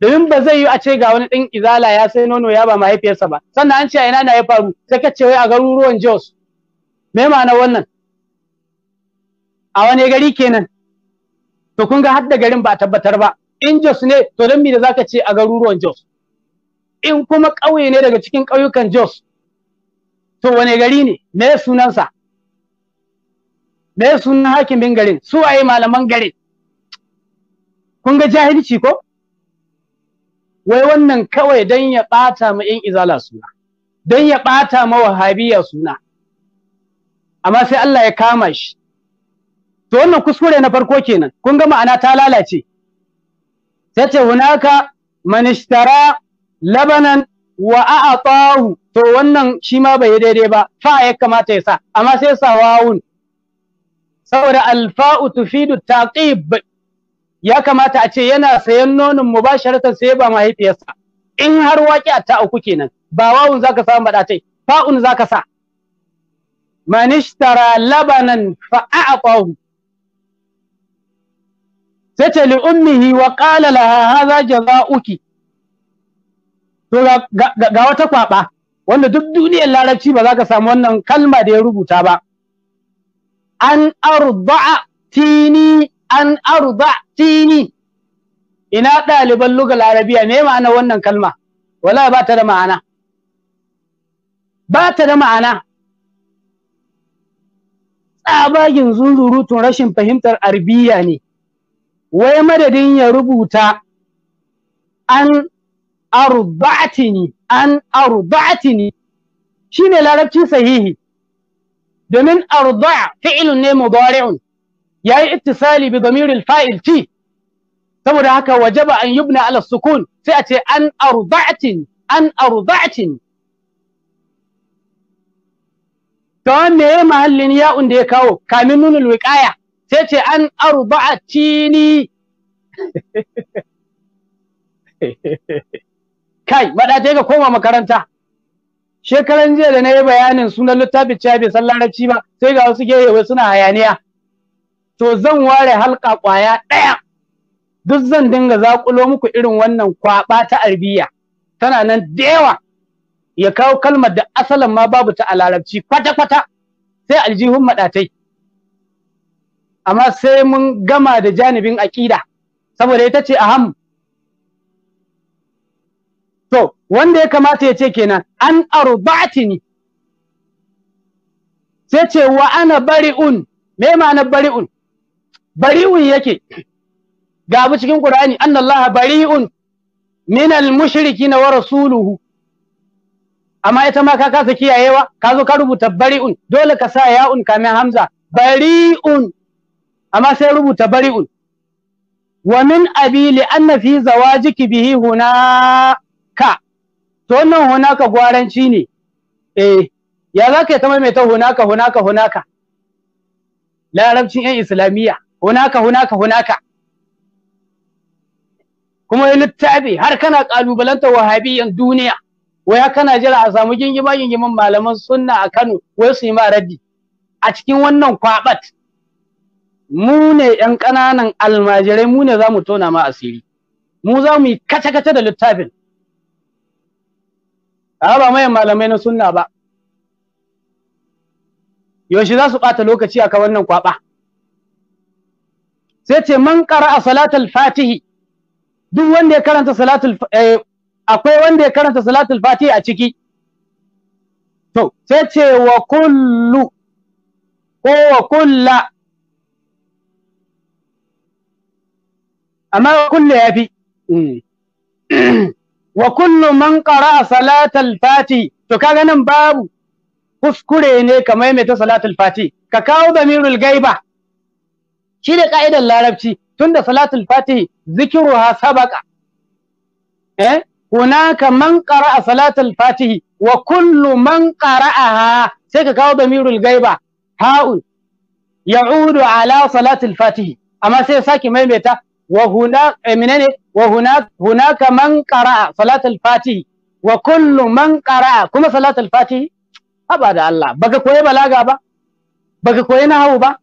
A: domin ba zai yi a ce ga wani ɗin izala ya sai nono ya ba mahaifiyarsa ba sannan an ce a ina na ya faru sai ka ce wai a garuruwan jos me ma'anar wannan a wani gari kenan to kun ga har da garin ba tabbatar ba in Jos ne to don me da zaka ce a garuruwan Jos in kuma ƙauye ne daga cikin ƙauyukan Jos to wani gari ne me sunansa me sunan hakimin garin su waye malaman garin kun ga jahilci ko wai wannan kawai don ya ɓata ma ‘yan izala suna, don ya ɓata ma wahabiya suna, amma sai Allah ya kama shi, to wannan kuskure na farko kenan kun ga ma'ana ta lalace sai ce hunaka man ishtara labanan wa a'tahu to wannan shi ma bai daidai ba fa ya kamata ya sa amma sai sa wawun saboda alfa'u tufidu taqib ya kamata a ce yana sayan nonon mubasharatan sai ba mahaifiyarsa in har waki a ta uku kenan ba wawun zaka sa ba tai fa'un zaka sa man ishtara labanan fa a'tahu sai ce li ummihi wa qala laha hadha jazauki to ga wata kwaba wanda duk duniyar larabci ba za ka samu wannan kalma da ya rubuta ba an arda'a tini an arda tini ina ɗaliban lugar larabiya me ma'ana wannan kalma wala ba ta da ma'ana ba ta da ma'ana tsabagin zunzurutun rashin fahimtar arbiya ne wai madadin ya rubuta an arba'atini an arba'atini shine larabci sahihi domin arba fi'ilun ne mudari'un yayi ittisali bi damiril fa'il ti saboda haka wajaba an yubna ala sukun sai a ce an arba'atin an arba'atin to me mahallin ya'un da ya kawo kamin nunul wiqaya sai ce an arba'a tini [LAUGHS] kai maɗa ga koma makaranta shekaran jiya da na yi bayanin sunan littafin cewa bai san larabci ba sai ga wasu gehewa suna hayaniya to zan ware halka kwaya ɗaya duk zan dinga zaƙulo muku irin wannan kwaɓa ta arbiya tana nan da yawa ya kawo kalmar da asalin ma babu ta a larabci kwata-kwata sai aljihun maɗatai amma sai mun gama da janibin aƙida saboda ita ce aham to wanda ya kamata ya ce kenan an arba'atini sai ce wa ana bari'un me ma'ana bari'un bari'un yake ga abu cikin Qur'ani annallaha bari'un min al-mushrikin wa rasuluhu amma ita ma ka kasa kiyayewa ka zo ka rubuta bari'un dole ka sa ya'un kamin hamza bari'un amma sai rubuta bari'un wa min abi li'anna fi zawajiki bihi hunaka to wannan hunaka gwaranci ne eh ya za ka ta maimaita hunaka hunaka hunaka larabcin yan islamiyya hunaka hunaka hunaka kuma yi littafi har kana kalubalanta wahabiyyan duniya waya kana jira a samu gingima gingimin malaman sunna a Kano wai su yi ma raddi a cikin wannan kwabat mu ne ‘yan ƙananan almajirai mu ne za mu tona ma asiri mu za mu yi kace-kace da littafin a ba mayan malamai na sunna ba yaushe za su ɓata lokaci a wannan kwaɓa sai ce man ƙara a salatul fatihi duk wanda ya karanta salatul eh, akwai wanda ya karanta salatul fatihi a ciki to sai ce wa kullu ko wa kulla amma ya fi. Mm. [CLEARS THROAT] wa kullu man qara'a salatal fati to kaga nan babu kuskure ne ka maimaita salatul fati ka kawo damirul gaiba shi da ka'idar larabci tunda salatul fati zikiruha sabaqa eh hunaka man qara'a salatul fati wa kullu man qara'aha sai ka kawo damirul gaiba ha'u ya'udu ala salatul fati amma sai saki maimaita wa hunaka eh, menene wa man qara'a salatul fatih wa kullu man qara'a kuma salatul fatih haba da Allah baka koyi balaga ba baka koyi nahwu ba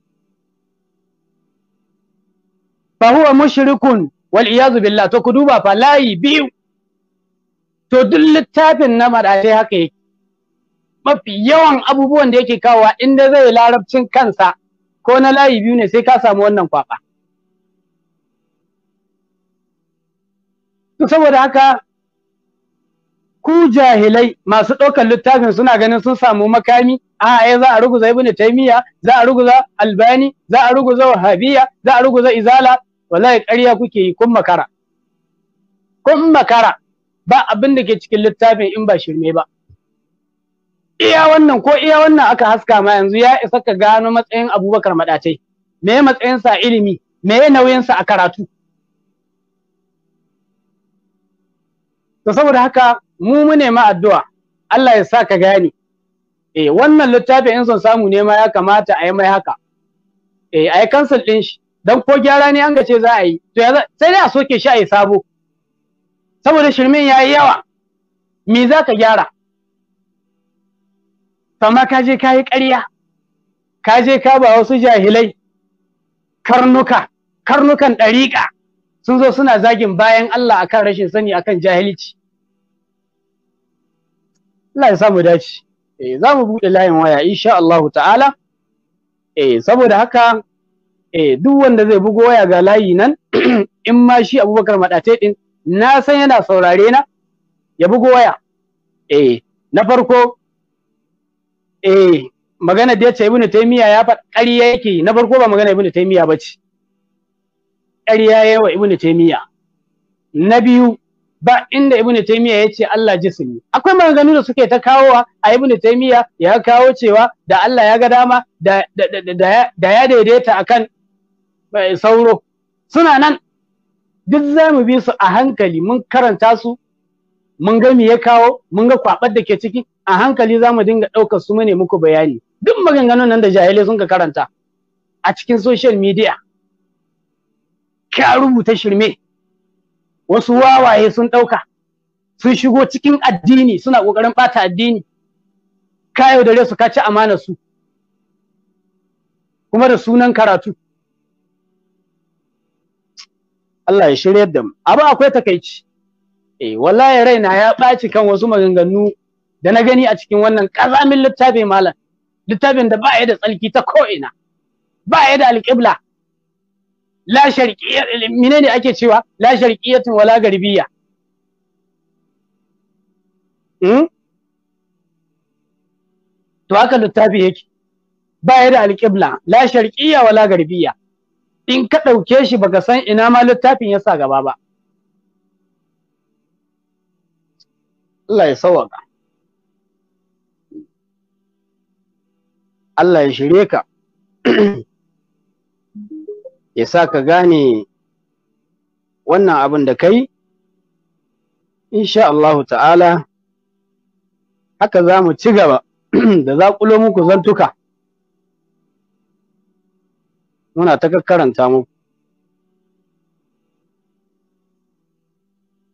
A: fa huwa mushrikun wal iyazu billah to ku duba fa layi biyu to duk littafin na madace haka yake mafi yawan abubuwan da yake kawowa inda zai larabcin kansa ko na layi biyu ne sai ka samu wannan kwafa to saboda haka ku jahilai masu ɗaukar littafin suna ganin sun samu makami a ai eh, za a ruguza ibn taymiya za a ruguza albani za a ruguza wahabiya za a ruguza izala wallahi ƙarya kuke yi kun makara kun makara ba abin da ke cikin littafin in ba shirme ba iya wannan ko iya wannan aka haska ma yanzu ya isa ka gano matsayin abubakar madatai me matsayin sa ilimi me nauyinsa a karatu to saboda haka mu mune ma addu'a Allah ya sa ka gane eh wannan littafin in son samu ne ma ya kamata a yi mai haka eh a cancel din shi dan ko gyara ne an ce za a yi to sai dai a soke shi a yi sabo saboda shirmin yayi yawa me za ka gyara amma ka je ka yi ƙarya ka je ka ba wasu jahilai karnuka karnukan ɗariƙa sun zo suna zagin bayan Allah akan rashin sani akan jahilci Allah ya samu dace eh za mu buɗe layin waya insha Allah ta'ala eh saboda haka eh duk wanda zai bugo waya ga layi nan [CLEARS THROAT] in ma shi Abubakar maɗate din na san yana saurare na ya bugo waya eh na farko eh magana da ya ce Ibn Taymiyyah ya faɗa ƙarya yake na farko ba magana Ibn Taymiyyah ce. ƙarya yayi wa ibnu na biyu ba inda ibn ya ce Allah jisimi akwai maganganu da suke ta kawowa a ibn taymiya ya kawo cewa da Allah ya ga dama da, ya daidaita akan eh, sauro suna nan duk za mu bi su a hankali mun karanta su mun ga me ya kawo mun ga kwabar da ke ciki a hankali za mu dinga ɗaukar su mu ne muku bayani duk maganganun nan da jahilai sun ka karanta a cikin social media ka rubuta shirme wasu wawaye sun ɗauka sun shigo cikin addini suna ƙoƙarin ɓata addini kayo da su ka ci amana su kuma da sunan karatu Allah ya shirya da mu abu akwai takaici eh wallahi raina ya ɓaci kan wasu maganganu da na gani a cikin wannan ƙazamin littafin malam littafin da ba ya da tsalki ta ko'ina ba ya da alƙibla la sharqiyya menene ake cewa la sharqiyyatun wala garbiya hmm? to haka littafi yake ba ya da alƙibla la sharqiyya wala garbiya in ka ɗauke shi baka san ina ma littafin ya sa gaba ba Allah ya sawaka Allah ya shirye ka [CLEARS THROAT] ya sa ka gane wannan abin da kai insha Allahu ta'ala haka za mu ci gaba [CLEARS THROAT] da ƙulo muku zantuka muna ta karanta mu.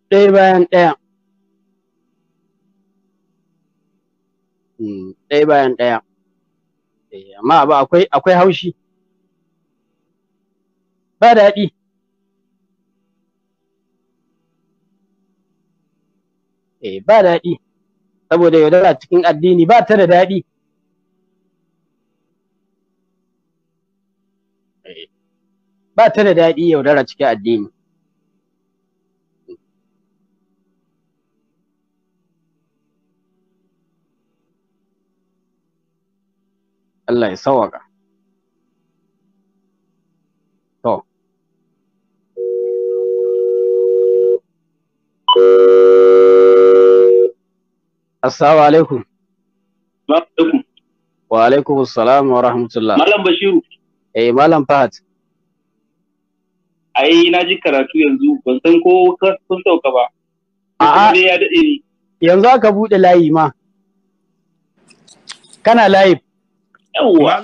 A: ɗaya bayan ɗaya hmm, ɗaya bayan ɗaya eh, amma akwai haushi ba daɗi eh ba daɗi saboda yaudara cikin addini ba ta da daɗi eh, ba ta da daɗi yaudara cikin
C: addini Allah ya sawaka
A: Assalamu alaikum. alaikum. Wa alaikum assalam wa rahmatullah. Malam Bashiru. Eh Malam Fahad.
C: Ai na ji karatu yanzu ban san ko kun sauka ba. A'a.
A: Yanzu aka bude layi ma. Kana live. Yawwa.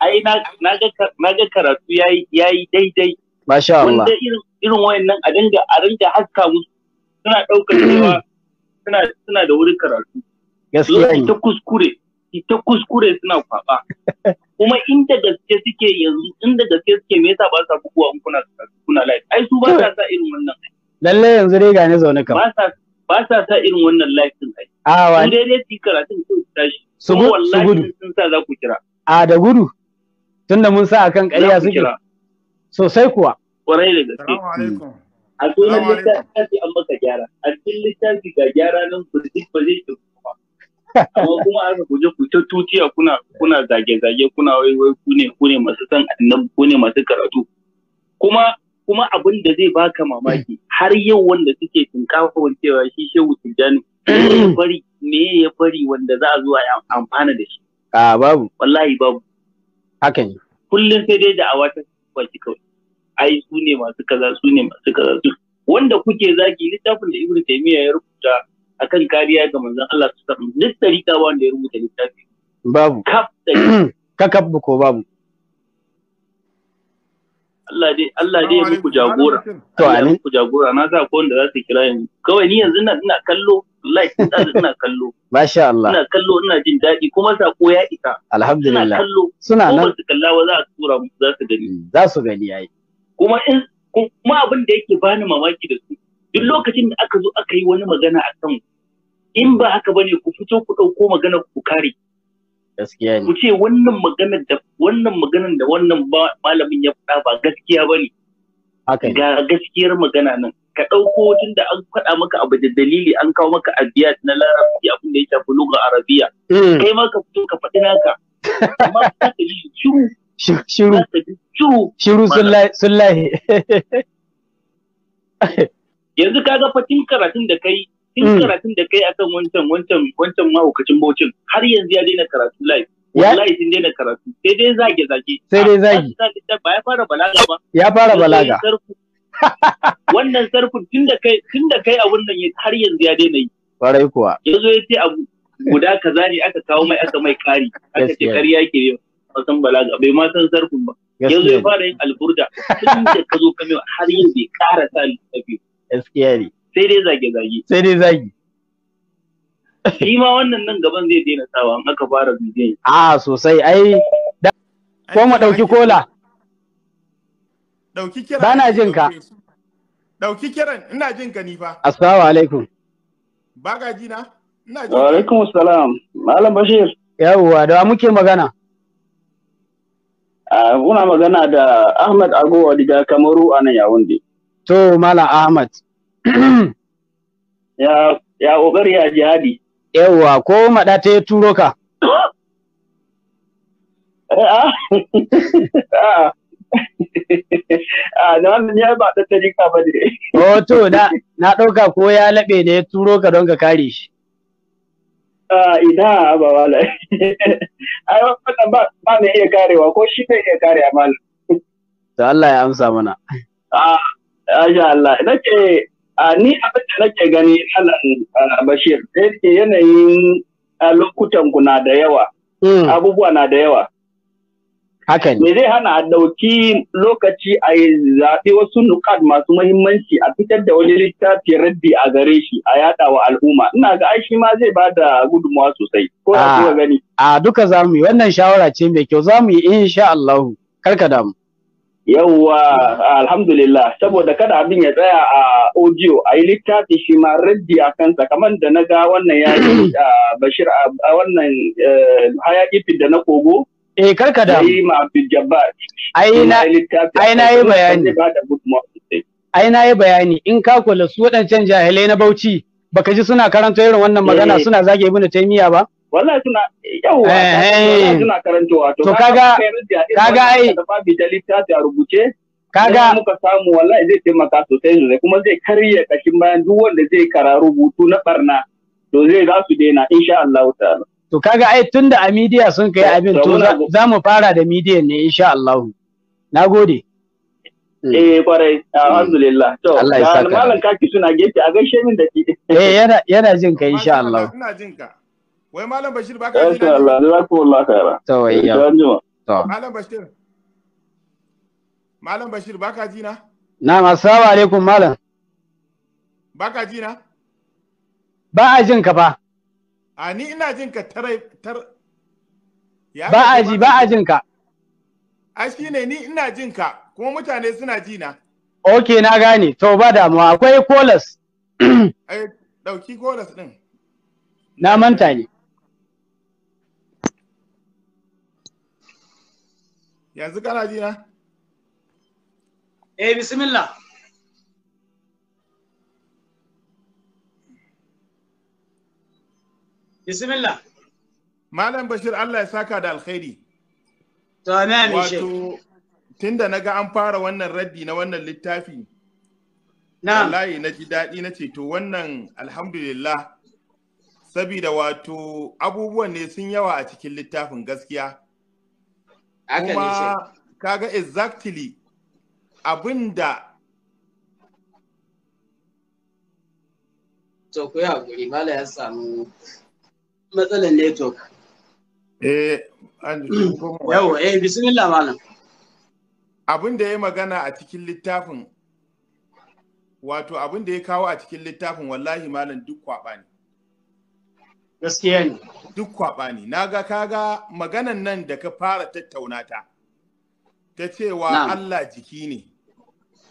A: Ai na ga karatu yayi yayi daidai. Masha Allah. Wanda irin irin wayannan a dinga a dinga haska musu suna ɗaukar cewa suna
C: suna da wurin karatu
A: gaskiya ta kuskure
C: ita kuskure suna kwaba [LAUGHS] kuma inda gaske suke yanzu inda gaske suke me yasa ba sa buguwa in kuna kuna live ai su ba sa sa irin wannan
A: lalle yanzu dai gane zaune kam
C: ba sa sa irin wannan live din ai
A: a ah, wani dai
C: dai su karatun su tashi su gudu sun sa za ku kira
A: a ah, da gudu tunda mun sa akan ƙarya suke sosai kuwa
C: ƙwarai da gaske a sunan littafi an maka gyara a cikin littafi ga gyara nan burjik ba zai kirku ba amma [LAUGHS] kuma aka guje ku ta tutiya kuna kuna zage-zage kuna wai wai ku ne ku ne masu san annan ku ne masu karatu kuma kuma abin da zai baka mamaki har yau wanda suke tunkafon cewa shi shehu tijjani ya [CLEARS THROAT] fari me ya fari wanda za a zuwa amfana da shi a babu wallahi babu hakan kullum sai dai da awa ta baki kawai ai su ne masu kaza su ne masu kaza su wanda kuke zagi littafin da Ibn Taymiyyah ya rubuta akan kariya ga manzon Allah su sallallahu alaihi duk tarika wanda ya rubuta littafi
D: babu
A: kaf [CLEARS THROAT] kakab ko babu
C: Allah dai Allah dai ya muku jagora to ani muku jagora na za ko wanda za su kira yanzu kawai ni yanzu ina ina kallo wallahi ina ina kallo
A: masha Allah ina
C: kallo ina jin daɗi kuma sa ko ya isa alhamdulillah suna nan su
A: kallawa za su tura mu za su gani za su gani yayi kuma in kuma abin da yake bani mamaki da su duk lokacin da aka zo aka yi wani magana a kan in ba haka bane ku fito ku ɗauko magana ku kare gaskiya ne ku ce wannan maganar da wannan maganar da wannan malamin ya faɗa ba gaskiya bane haka ga gaskiyar magana nan ka ɗauko tun da an faɗa maka abu da dalili an kawo maka abiyat
C: na larabci abin da ya shafi a arabiya hmm. kai ma ka fito ka faɗi naka [LAUGHS] amma ka yi shiru shiru shiru sun lahi
A: [LAUGHS] yanzu kaga fa tun karatun da kai tun mm. karatun da kai akan wancan wancan wancan ma'aukacin baucin har yanzu ya daina karatu live wallahi sun daina karatu sai dai zage zage sai dai zage ba ya fara balaga ba ya fara balaga [LAUGHS] wannan sarfin tun da kai tun da kai abun nan har yanzu ya daina yi kwarai kuwa yanzu ya ce abu guda kaza ne aka kawo mai aka mai kari aka ce ƙarya ke yau
C: kasan balaga bai ma san sarkun ba yanzu ya fara yin alburda tun da ka zo kamewa har yin bai ƙara sa lissafi gaskiya ne sai dai zage zage
A: sai dai zage
C: shi ma wannan nan gaban zai daina sawa an aka fara bidiyon
A: a ah, sosai ai ko mu ɗauki kola
D: dauki kira na jin ka dauki kiran ina jin ka ni fa
A: assalamu alaikum
D: ba ga jina
A: ina jin wa alaikum assalam malam bashir yawwa da muke magana Ah, kuna magana da Ahmad Agowa daga Kamaru a nan de. To, Mala Ahmad.
B: ya ƙoƙari ya jihadi.
A: Yawwa, ko maɗa ta turo ka? A
C: ah, ah. [LAUGHS] na wannan ya ba ta tarika ba da ya.
A: Oh, to na ɗauka ko ya laɓe da ya turo ka don ka kare shi. Ah, ina ba wala [LAUGHS] ai wannan ba ba mai iya karewa ko shi ne iya kare amma to Allah ya amsa mana a ah, insha Allah nake ah, ni abin da nake gani Alan Bashir yake yanayin lokutan ku na da yawa hmm. abubuwa na da yawa Me zai hana a ɗauki lokaci a zaɓi wasu nukat
B: masu mahimmanci a fitar da wani littafi raddi a gare shi a yada wa al'umma. Ina ga ai shi ma zai ba da gudunmawa sosai. Ko da kuka ah, gani.
A: A ah, duka za mu yi wannan shawara ce mai kyau za mu yi insha Allahu. Karka damu. Yawwa alhamdulillah saboda kada abin ya tsaya a audio a yi littafi shi ma raddi a kansa kamar da na ga wannan a ah, Bashir a wannan eh, hayaƙi da na kogo eh karka da yi ma Abdul Jabbar ai na ai na yi bayani ai na yi bayani in ka kula su waɗancan jahilai na Bauchi baka ji suna karanta irin wannan magana eh. suna zage Ibn Taymiyyah ba wallahi suna yawa eh, suna
B: eh. wato. to kaga kaga ai da babu da littafi a rubuce kaga muka samu wallahi
A: zai taimaka sosai sosai kuma zai karya kashin bayan duk wanda zai kara rubutu na barna to zai za su daina insha Allah ta'ala To kaga ai tunda a media sun kai eh, abin to za mu fara da media ne insha Allah. Na gode.
B: Eh kwarai,
D: alhamdulillah. To, Allah ya saka. Malam kaki suna gefe a gaishe min da ke. [LAUGHS]
A: Eh yana yana jin ka insha Allah.
D: Ina jin ka. Wai Malam Bashir baka jin. Insha Allah,
B: zaka jazakumullah khaira. To wayya. Eh,
A: to.
D: Malam Bashir. Malam Bashir baka ji na?
A: Na'am, assalamu alaikum malam.
D: Baka ji na?
A: Ba a jin ka fa.
D: A ni ina jin ka tarai tar Ba a ji ba a jin ka. A shi ne ni ina jin ka kuma mutane suna ji na.
A: Ok na gane to ba damuwa akwai kolas.
D: Dauki [CLEARS THROAT] kolas din.
A: Na manta ne.
D: Yanzu kana ji na? Eh bismillah. Bismillah. Malam Bashir Allah ya saka da alkhairi. To amin Wato tunda ga an fara wannan raddi na wannan littafi. Na. Wallahi na ji daɗi na ce to wannan alhamdulillah sabida wato abubuwan ne sun yawa a cikin littafin gaskiya. Kuma kaga exactly abinda to ku yi haƙuri mala ya samu matsalar network. Eh, [CLEARS THROAT] yau, eh, bismillah malam. Abin da ya magana a cikin littafin, wato abin da ya kawo a cikin littafin wallahi malam duk kwaɓa ne. Gaskiya ne. Duk kwaɓa ne. Na ga kaga maganan nan da ka fara tattauna ta, ta cewa Allah jiki ne.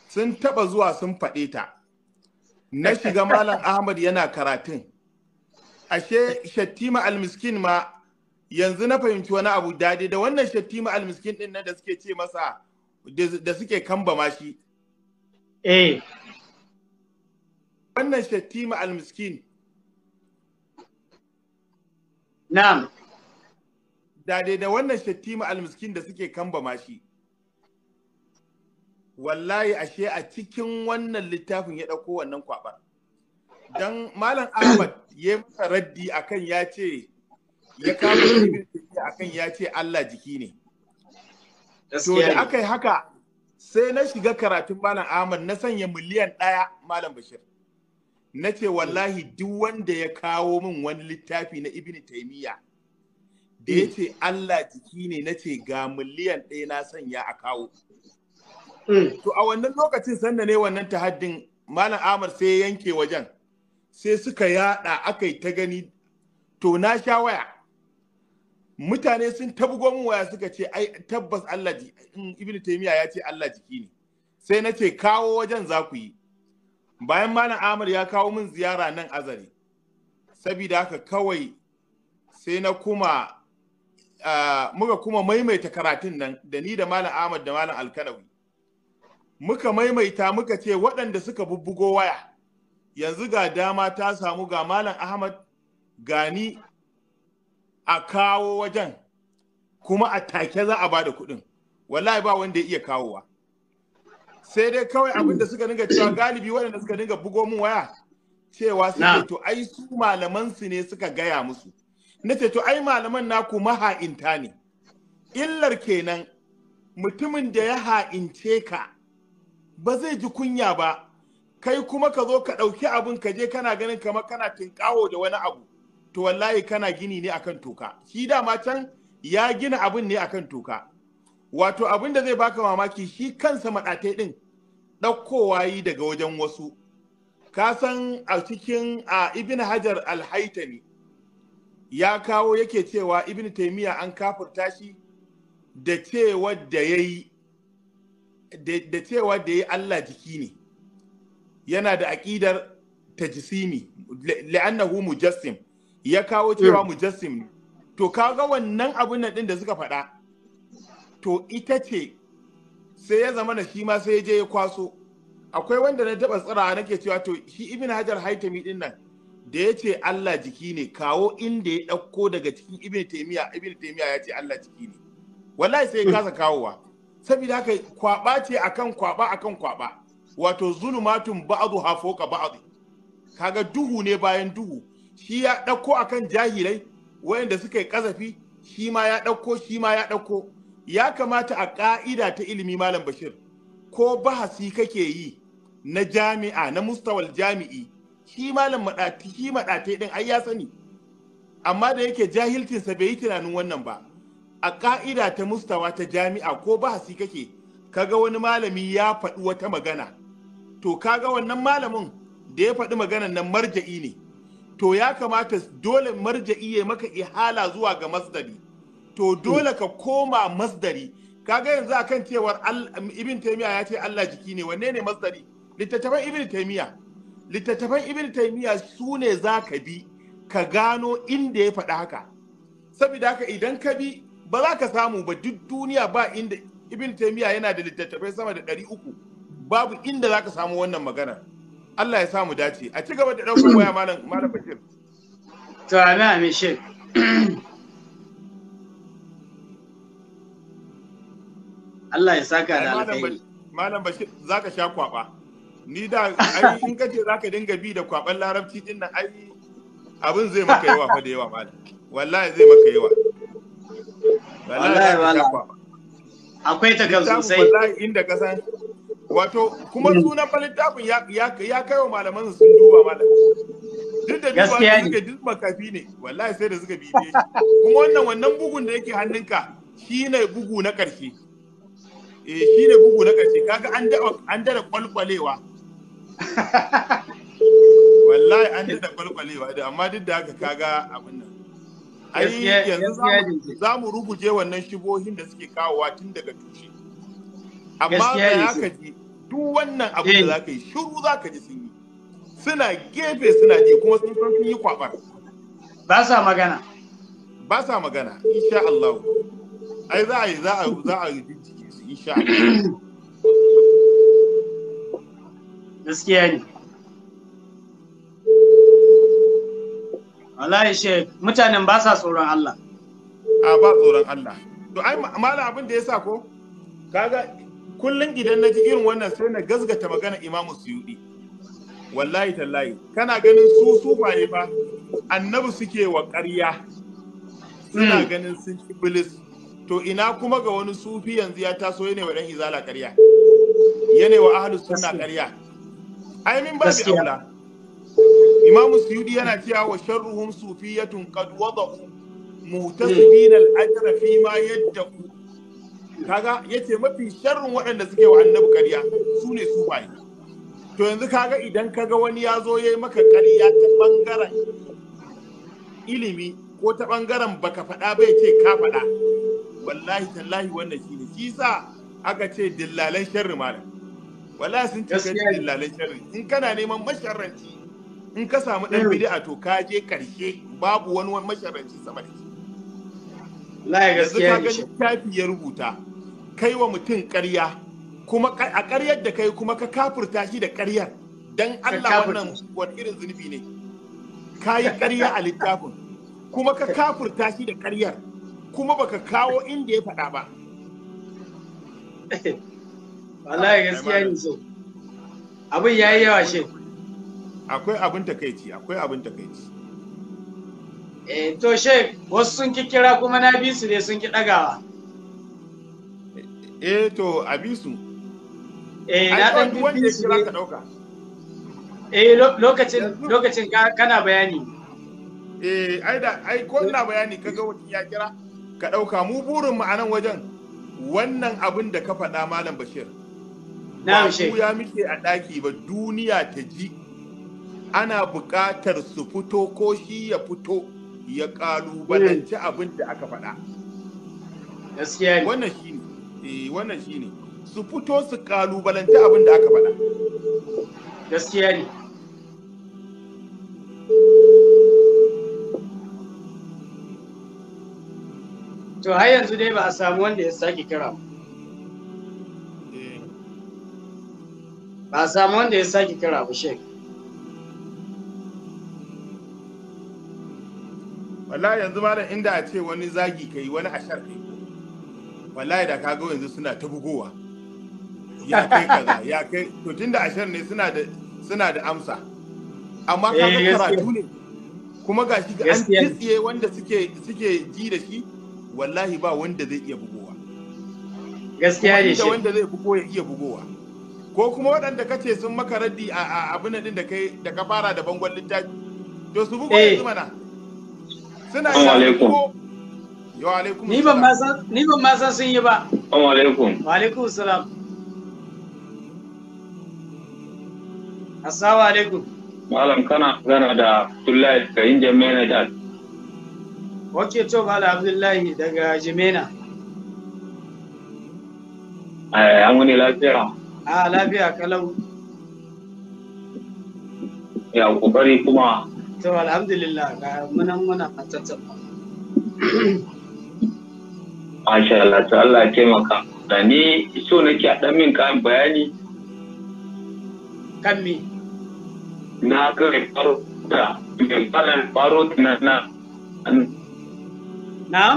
D: Sun taɓa zuwa sun faɗe ta. Na [LAUGHS] shiga Malam Ahmad yana karatun. ashe shattima almiskin ma yanzu na fahimci wani abu dade da wannan shattima almiskin din nan da suke ce masa da suke kambama shi eh wannan shattima almiskin na'am dade da wannan shattima almiskin da suke kambama shi wallahi ashe a cikin wannan littafin ya dauko wannan kwabar don malam ahmad ya masa raddi akan ya ce ya kawo akan ya ce Allah jiki ne to da aka yi haka sai na shiga karatun malam ahmad na sanya miliyan ɗaya malam bashir na ce wallahi duk wanda ya kawo min wani littafi na ibn taimiyya da ya ce Allah jiki ne na ce ga miliyan ɗaya na sanya a kawo hmm. to a wannan lokacin sanda ne wannan tahaddin malam ahmad sai ya yanke wajen sai suka yada aka yi ta gani to na sha waya mutane sun tabgo min waya suka ce ai tabbas Allah ibnu taymiya ya ce Allah jiki ne sai na ce kawo wajen za ku yi bayan malam Amir ya kawo min ziyara nan azari saboda haka kawai sai na kuma muka kuma maimaita karatun nan da ni da malam Ahmad da malam Alkanawi muka maimaita muka ce waɗanda suka bubbugo waya yanzu ga dama ta samu ga malam ahmad gani a kawo wajen kuma a take za a bada kuɗin wallahi ba wanda ya iya kawowa sai dai kawai abin da suka dinga cewa galibi waɗanda suka dinga bugo min waya cewa suke to ai su malaman su ne suka gaya musu na ce to ai malaman na naku maha'inta ne illar kenan mutumin da ya ha'ince ka ba zai ji kunya ba kai kuma ka zo ka ɗauki abin ka je kana ganin kamar kana tinkawo da wani abu to wallahi kana gini ne akan toka shi dama can ya gina abin ne akan toka wato abin da zai baka mamaki shi kansa maɗatai ɗin ɗaukowa yi daga wajen wasu ka san a cikin a ibn hajar alhaitami ya kawo yake cewa ibn taimiya an kafurta shi da cewa da ya yi Allah jiki ne yana da aƙidar tajisimi la'annahu mujassim ya kawo hmm. cewa mujassim to kaga wannan abun nan din da suka faɗa to ita ce sai ya zama na shi ma sai ya je ya kwaso akwai wanda na taɓa tsira nake cewa to shi ibn hajar haitami din nan da ya ce Allah jiki ne kawo inda ya ɗauko daga cikin ibn taimiya ibn taimiya ya ce Allah jiki ne wallahi sai ya hmm. kasa kawowa saboda haka kwaba ce akan kwaba akan kwaba wato zulumatun ba'dha ka ba'adu kaga duhu ne bayan duhu shi ya ɗauko akan jahilai wayanda suka yi kazafi shi ma ya ɗauko shi ma ya ɗauko ya kamata a ka'ida ta ilimi malam bashir ko bahasi kake yi na jami'a na mustawal jami'i shi malam maɗati shi madate ɗin ai ya sani amma da yake jahilcinsa bai yi tunanin wannan ba a ƙa'ida ta mustawa ta jami'a ko bahasi kake kaga wani malami ya faɗi wata magana to kaga wannan malamin da ya faɗi maganan nan marja'i ne to ya kamata dole marja'i ya maka ihala zuwa ga masdari to dole ka koma masdari kaga yanzu akan cewar ibn taymiya ya ce Allah jiki ne wanne ne masdari littattafan ibn taymiya littattafan ibn taymiya su ne za ka bi ka gano inda ya faɗi haka saboda haka idan ka bi ba za ka samu ba duk duniya ba inda ibn taymiya yana da littattafai sama da ɗari uku babu inda zaka samu wannan magana Allah ya samu dace a ci gaba da ɗaukar waya malam malam Bashir to ana mi shek Allah ya saka da alkhairi malam Bashir zaka sha kwaba ni da ai in kace zaka dinga bi da kwaban larabci din nan ai abin zai maka yawa fa da yawa malam wallahi zai maka yawa wallahi wallahi akwai ta sosai wallahi inda ka san wato kuma mm. sunan fa littafin ya kai wa malaman sun duba malam duk da duk da suke duk makafi ne wallahi sai da suka bibe shi kuma wannan wannan bugun da yake hannunka shine bugu na ƙarshe eh shine bugu na ƙarshe kaga an da an da kwalkwalewa [LAUGHS] wallahi an da kwalkwalewa da amma duk da haka kaga abin nan
B: ai yanzu
D: za mu ruguje wannan shibohin da suke kawowa tun daga tushe amma ya ka ji duk wannan abu da eh. za ka yi shiru za ka ji sun yi suna gefe suna je kuma sun san sun yi kwabar ba sa magana ba sa magana insha Allah ai za a yi za a za a bincike su insha Allah gaskiya ne wallahi shek mutanen ba sa tsoron Allah a ba tsoron Allah to ai mallam abin da yasa ko kaga kullum idan na ji irin wannan sai na gazgata magana imamu suyudi wallahi tallahi kana ganin su su ne fa annabi suke wa ƙarya suna hmm. ganin sun ci bilis to ina kuma ga wani sufi yanzu ya taso yana wa ɗan izala ƙarya yana wa ahlus sunna ƙarya ai min ba bi aula imamu suyudi yana cewa wa sharruhum sufiyatun qad wada'u hmm. muhtasibina al-ajra fi ma ku. kaga yace mafi sharrin waɗanda suke wa annabi ƙarya su ne su baye to yanzu kaga idan kaga wani ya zo yayi maka ƙarya ta bangaren ilimi ko ta bangaren baka faɗa ba yace ka faɗa wallahi tallahi wannan shine shi sa aka ce dillalan sharri malam wallahi sun ce kai dillalan sharri in kana neman masharranci in ka samu dan bid'a to ka je karshe babu wani masharranci sama da shi yanzu ka ga littafi ya rubuta kai wa mutum ƙarya kuma a ƙaryar da kai kuma ka kafurta shi da ƙaryar don Allah wannan wani irin zunubi ne ka yi ƙarya a littafin kuma ka kafurta shi da ƙaryar kuma baka kawo inda ya faɗa ba wallahi gaskiya ne so abin yayi yawa shi akwai abin takaici. akwai abin takeici
A: eh to shek wasu sun kira kuma na bi su ne sun ki dagawa
D: eh to a eh na dan wanda ya kira ka dauka eh lokacin lokacin kana bayani eh ai da ai ko ina bayani kaga wani ya kira ka dauka mu burin mu a nan wajen wannan abin da ka faɗa malam bashir na ku ya muke a daki ba duniya ta ji ana buƙatar su fito ko shi ya fito ya ƙalubalanci hmm. abin da aka faɗa. Gaskiya ne. Wannan shi ne. Eh, wannan wannan ne. su fito su kalubalanta abin da aka faɗa gaskiya ne
A: to har yanzu dai ba a samu wanda ya sake kira ba eh. a samu
D: wanda ya sake kira ba shek wallahi yanzu malam inda a ce wani zagi kai wani ashar kai wallahi da kaga yanzu suna ta bugowa ya kai kaza ya kai to tunda ashirin ne suna da suna da amsa amma ga eh, karatu ne kuma gashi ga an tsiye wanda suke suke ji da shi wallahi ba wanda zai iya bugowa
A: gaskiya ne shi wanda
D: zai bugo ya iya bugowa ko kuma waɗanda kace sun maka raddi a abin din da kai da ka fara da bangon littafi to su bugo eh. yanzu mana suna iya bugo ni ban ma san sun
A: yi ba
B: wa alaikum
A: wa alaikum salam assalamu alaikum malam kana gana da abdullahi daga yin jami'a da wace to malam abdullahi daga jimena
B: eh, an wani lafiya
A: a ah, lafiya kalau
C: ya kokari kuma
A: to alhamdulillah ga munan muna tattauna
B: Masha Allah, ta Allah taimaka. Da ni so nake a ɗan min kan bayani. Kan me? Na ga faro da mai falon na na. Na?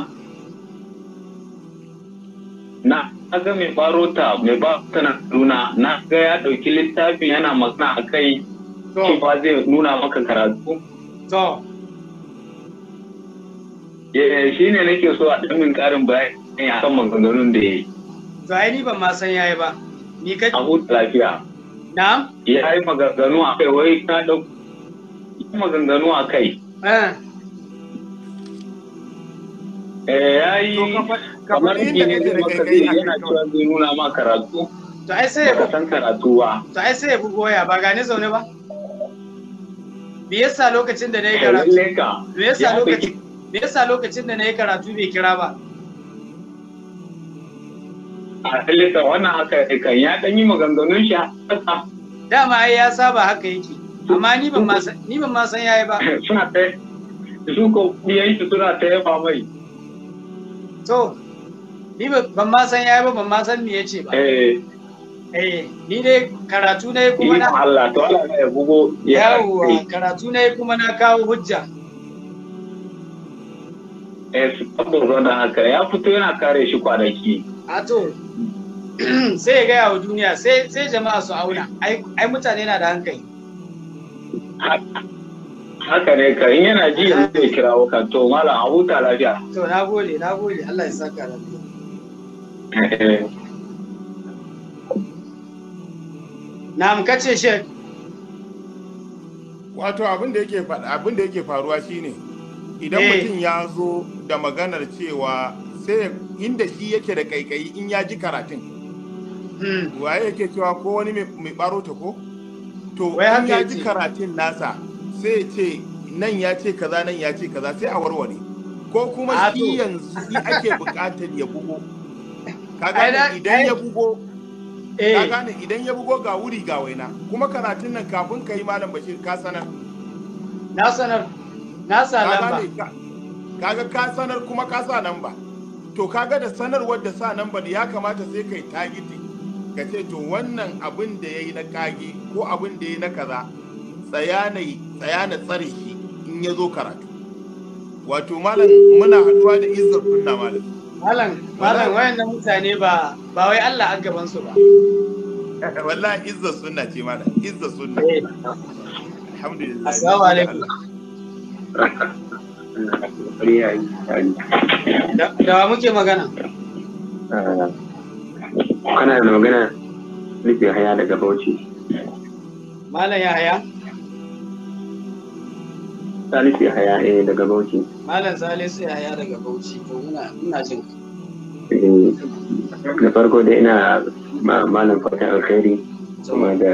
B: Na ga mai faro ta mai ba ta na nuna na ga ya ɗauki littafin yana magana a kai. Cewa zai nuna maka karatu. To. Eh, shi ne nake so a ɗan ƙarin bayani a kan maganganun da ya yi. To ai ni ban ma san yayi ba. Ni ka A huta lafiya. Na'am? Ya yi maganganu a kai wai na ɗau. maganganu a kai. Eh Eh ya yi kamar ki ne da maka zai yana cewa zai nuna ma karatu. To ai sai ya Baka san karatu ba.
A: To ai sai ya fi goya ba gane zaune ba. Me yasa lokacin da na yi eh, karatu? Me yasa lokacin me yasa lokacin da na yi karatu bai kira ba
B: a halitta wannan haka kan ya ɗan yi maganganun shi
A: dama ai ya saba haka yake amma ni ban ma san ni ban ma san yayi ba [LAUGHS] suna ta
B: su ko biyan shi suna ta yaba mai
A: to ni ban ma san yayi ba ban ma san me yace ba eh. eh ni dai karatu na kuma na
B: Allah to Allah ya bugo ya
A: karatu na kuma na kawo hujja
B: eh su tabbar da haka ya fito yana kare shi kwanaki
A: a to [CLEARS THROAT] sai ya gaya wa duniya sai jama'a su auna ai mutane na da hankali
B: haka ne ka in yana ji yanzu zai kirawo ka to malam a huta lafiya
A: to na gode na gode Allah ya saka lafiya [LAUGHS]
D: Na'am kace shek wato abin da yake faruwa shine idan eh. mutum ya zo da maganar cewa sai inda shi yake da kaikayi in ya ji karatun hmm. waye yake cewa ko wani mai baro ta ko to in ya ji karatun nasa sai ce nan ya ce kaza nan ya ce kaza sai a warware ko kuma ah, shi yanzu shi ake bukatar ya bugo kaga idan ya bugo ka eh. gane idan ya bugo ga wuri ga waina kuma karatun nan kafin ka yi malam bashir ka sanar na sanar na sa lamba kaga ka sanar kuma ka sa namba to kaga da sanarwar da sa namba ya kamata sai kai tagiti ka ce to wannan abin da yayi na kage ko abin da yayi na kaza tsaya na tsare shi in ya zo karatu wato malam muna haduwa da izzar kunna malam malam malam wayannan mutane ba ba wai Allah an gaban su ba [LAUGHS] wallahi izzar sunna ce malam izzar sunna eh. alhamdulillah assalamu alaikum
B: da muke magana ah, kana da magana haya daga bauchi malam ya haya salisu ya haya eh daga bauchi
A: malam salisu ya haya daga bauchi to muna jin
B: eh, farko dai ina malam fatan alkhairi kuma da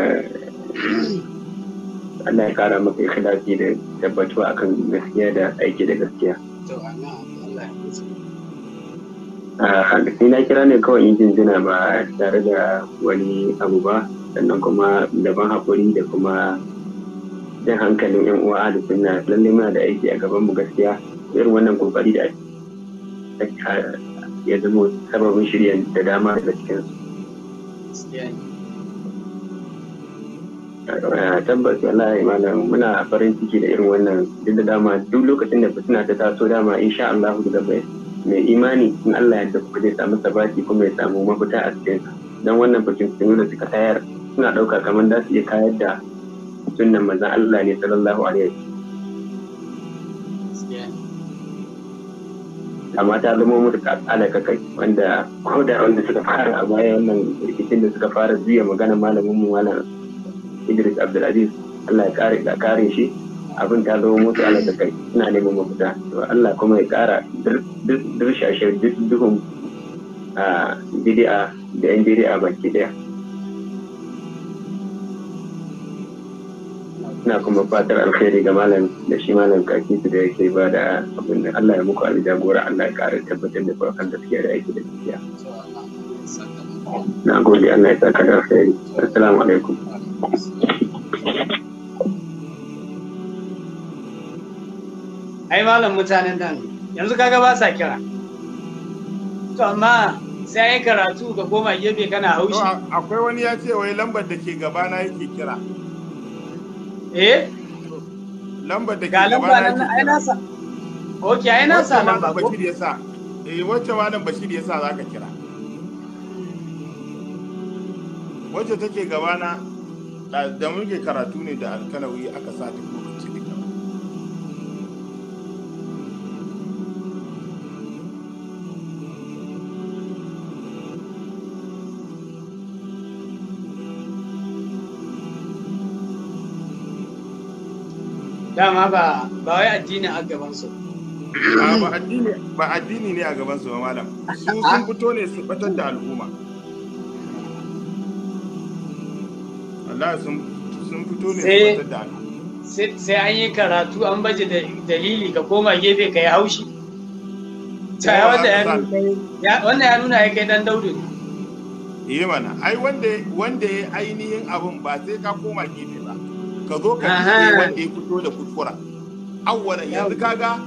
B: Allah ya kara maka ikhlasi da tabbatuwa akan gaskiya da aiki da gaskiya sai ah, na kira ne kawai yin jinjina ba tare da wani abu ba sannan kuma daban haƙuri da kuma jan hankalin yan uwa da suna lalle muna da aiki a gaban mu gaskiya irin wannan kokari da ya zama sababin shirya da dama daga cikinsu. tabbas wallahi malam muna farin ciki da irin wannan duk da dama duk lokacin da fitina ta taso dama insha Allah daga bai mai imani in Allah ya tafi zai samu sabaki kuma ya samu mafita a cikin dan wannan fitintunu da suka tayar suna dauka kamar za su iya kayar da sunnan manzon Allah ne sallallahu alaihi wasallam amma ta zama mutu alaka kai wanda ko da wanda suka fara a baya wannan rikicin da suka fara juya magana malamin mu malam idris abdulaziz allah ya kare ka kare shi abin ta zama mutu ala da kai ina neman mafita to allah kuma ya kara dirshashe duhun a bidi'a da yan bidi'a baki daya ina kuma fatar alkhairi ga malam da shi malam kaki da yake ba da abin da Allah ya muku gora Allah ya kare tabbatar da farkon gaskiya da aiki da gaskiya na gode Allah ya saka da alkhairi assalamu alaikum
A: ai malam mutanen nan yanzu kaga ba sa kira to amma sai
D: ya karatu ka koma gefe kana haushi akwai wani ya ce wai lambar da ke gaba na yake kira eh lambar da ke gaba na yake kira ok ai na sa lamba ko bashir ya sa eh wacce malam bashir ya sa zaka kira wacce take gaba na da muke karatu ne da alkalawi aka sa ta kowace da dama ba ba wai addini a su. ba addini ne a su ba malam su sun fito ne su batar da al'umma wallahi
A: sun fito ne da al'umma sai an yi karatu an baje da dalili ka koma
D: gefe ka yi haushi
A: wannan
D: ya nuna ya kai dan daudu ne eh mana ai wanda ya ainihin abin ba sai ka koma gefe ba ka zo ka ce wanda ya fito da kuskura awwalan yanzu kaga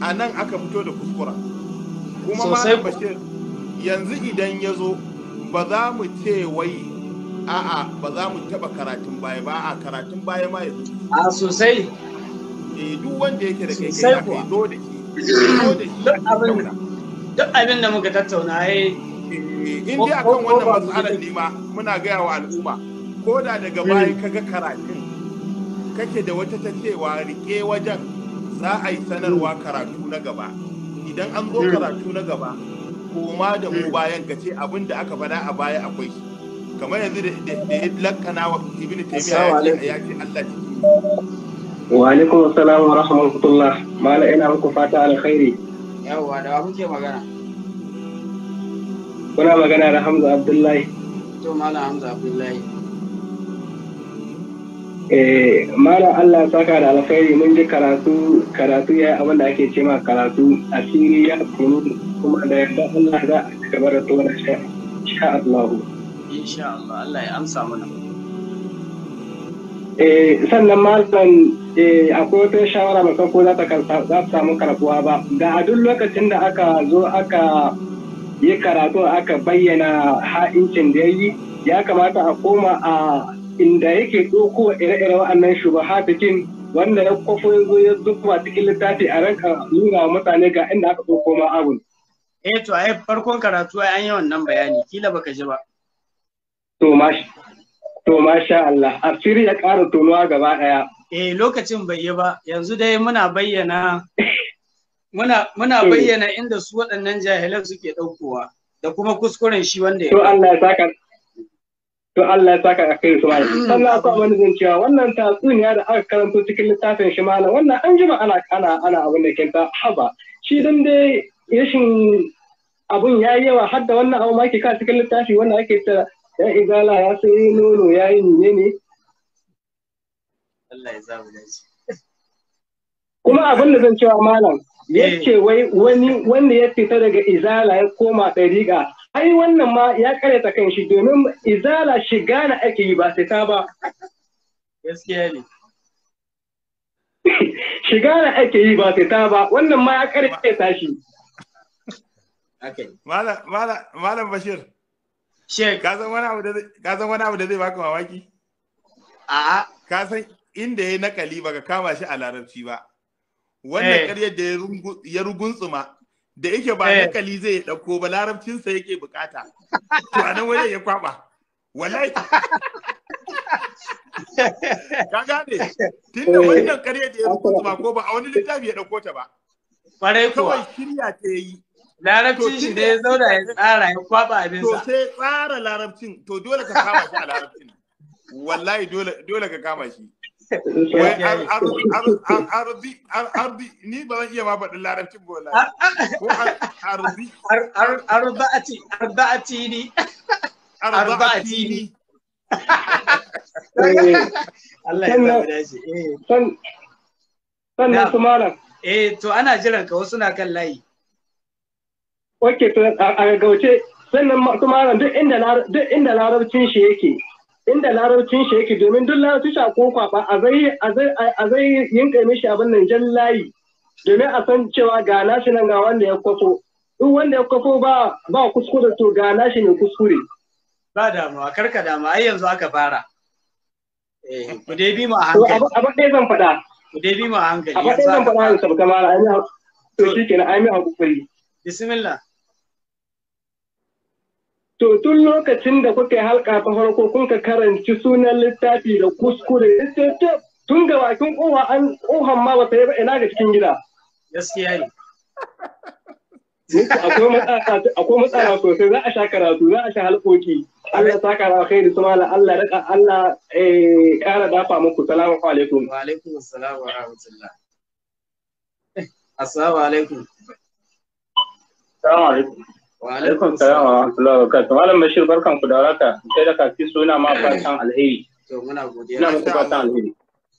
D: a nan aka fito da kuskura kuma ma bashir yanzu idan ya zo ba za mu ce wai a'a ba za mu taɓa karatun baya ba a karatun baya ma yanzu a sosai eh duk wanda yake da kai kai ka zo da shi duk abin da muka tattauna ai eh, in dai akan wannan matsalar ne ma muna gaya wa al'umma ko da daga baya hmm. kaga karatun kake da wata ta cewa rike wajen za a yi sanarwa hmm. karatu na gaba idan an zo hmm. karatu na gaba koma da mu bayan ka ce abin da aka faɗa a baya akwai shi kamar yanzu da ya lakana wa ibn taymiya ya ce Allah
B: wa alaikum assalam wa rahmatullah mala ina muku fata alkhairi
A: Yawwa da wa muke magana kuna magana da
B: Hamza Abdullahi
A: to mala Hamza Abdullahi
B: Eh, Malam Allah saka da alkhairi mun ji karatu karatu ya abin da ake cewa karatu asiri ya kuma da yadda Allah za a gaba da tona sha Allah.
A: insha Allah Allah ya amsa mana
B: eh sannan malam eh akwai wata shawara ba ko za ta samu karbuwa ba da a duk lokacin da aka zo aka yi karatu aka bayyana ha'incin da yi, ya kamata a koma a inda yake ɗauko ire-ire wa'annan shubahatikin wanda na kwafo ya zo ya zuba cikin littafi a
A: ranka nuna wa mutane ga inda aka ɗauko ma abun. Eh to ai farkon karatu ai an yi wannan bayani kila baka ji ba. To masha Allah, asiri ya ƙara tonuwa gaba ɗaya. Eh lokacin bai yi ba, yanzu dai muna bayyana [LAUGHS] muna muna bayyana inda su waɗannan jahilan suke ɗaukowa da kuma kuskuren shi wanda ya. To Allah ya
B: saka to Allah ya saka akai su malam. Sannan akwai wani
A: zan cewa wannan tatsuniya da aka karanto cikin littafin shi malam wannan an jima ana ana ana abin da ke ta haba. Shi dan dai rashin abun ya yi yawa har da wannan abu ma ke kawo cikin littafi wannan ake ta ya igala ya sai nono ya yi ne ne Allah ya zamu kuma abin da zan cewa malam yace eh. wai wani wanda ya fita daga izala ya koma ɗariƙa. ai wannan ma ya karyata kan shi domin izala shiga na ake yi ba sai ta ba
D: gaskiya ne [LAUGHS] shiga na ake yi ba sai ta ba wannan ma ya karyata shi Malam Bashir, Sheikh. Ka san wani abu da zai baka mamaki? A'a. Ka san inda ya nakali ba ka kama shi a larabci ba. Wannan karyar eh. da ya rugunsuma da yake ba eh. nakali zai ɗauko ba larabcinsa yake bukata. To a nan wajen ya kwaba. Wallahi. [LAUGHS] Ka gane. Tunda eh. wannan karyar da ya rugunsuma ko ba a wani littafi ya ɗauko ta ba. Kawai shirya ta yi. larabcin shi ne zaura ya tsara ya kwaba sa. To sai tsara larabcin to dole ka kama shi a larabcin. Wallahi dole ka kama shi. Arzi ni ba zan iya ma faɗin larabcin ba wallahi. Arba'ati arba'ati ni. Arba'ati ni.
A: Allah ya dace. Sannan su malam. Eh to ana jiran ka wasu na kan layi. ok a gauce, sannan kuma duk inda larabcin shi yake inda larabcin shi yake domin duk larabcin shi a ko ba, a zai yinka mishi abin nan jan layi domin a san cewa ga nashi nan ga wanda ya kwafo duk wanda ya kwafo ba ba kuskure to ga nashi ne kuskure ba damuwa karka damuwa ai yanzu aka fara eh, ku dai bi mu a hankali abin ɗaya zan faɗa ku dai bi mu a hankali abin ɗaya zan faɗa yanzu kamar ai to shikenan ai mai hakuri bismillah To tun lokacin da kuka halka ta farko kun ka karanci sunan littafi da kuskure tun ga bakin kowa an kohan ma bata yi ba ina ga cikin gida. Gaskiya ne. Akwai matsala sosai za a sha karatu za a sha halkoki. Allah ta kara kai da sumala Allah raka Allah
C: kara eh, dafa muku salamu alaikum. Wa alaikum assalam wa rahmatullah.
B: Assalamu alaikum. Assalamu alaikum. Alaikum salam wa rahmatullahi wa barakatuh. Malam Bashir barkan ku da waraka. Sai da kafi suna ma fatan alheri.
A: To muna godiya.
B: Ina muku fatan
C: alheri.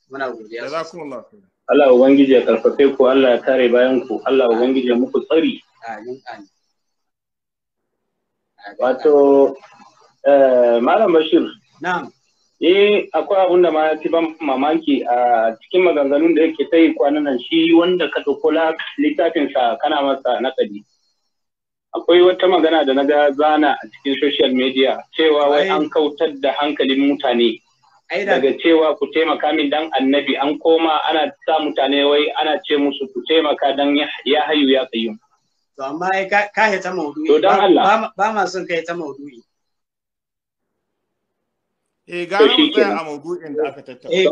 C: Muna godiya. Jazakumullahu khair.
B: Allah ubangiji ya karfafe ku, Allah ya kare
A: bayan ku, Allah ubangiji ya muku tsari. Amin amin. Wato eh, Malam Bashir. Na'am. Eh akwai abun da ma ya fi ban mamaki a cikin maganganun da yake ta yi kwanan nan shi wanda ka ɗauko littafinsa kana masa nakali. akwai wata magana da na ga zana a cikin social media cewa wai an kautar da hankalin mutane daga cewa ku taimaka min dan annabi an koma ana sa mutane wai ana ce musu ku taimaka dan ya hayu ya kayyum to amma ka ka ta maudu'i ba ma son ka ta maudu'i Eh gara mu a
C: maudu'in da aka
A: tattauna. Eh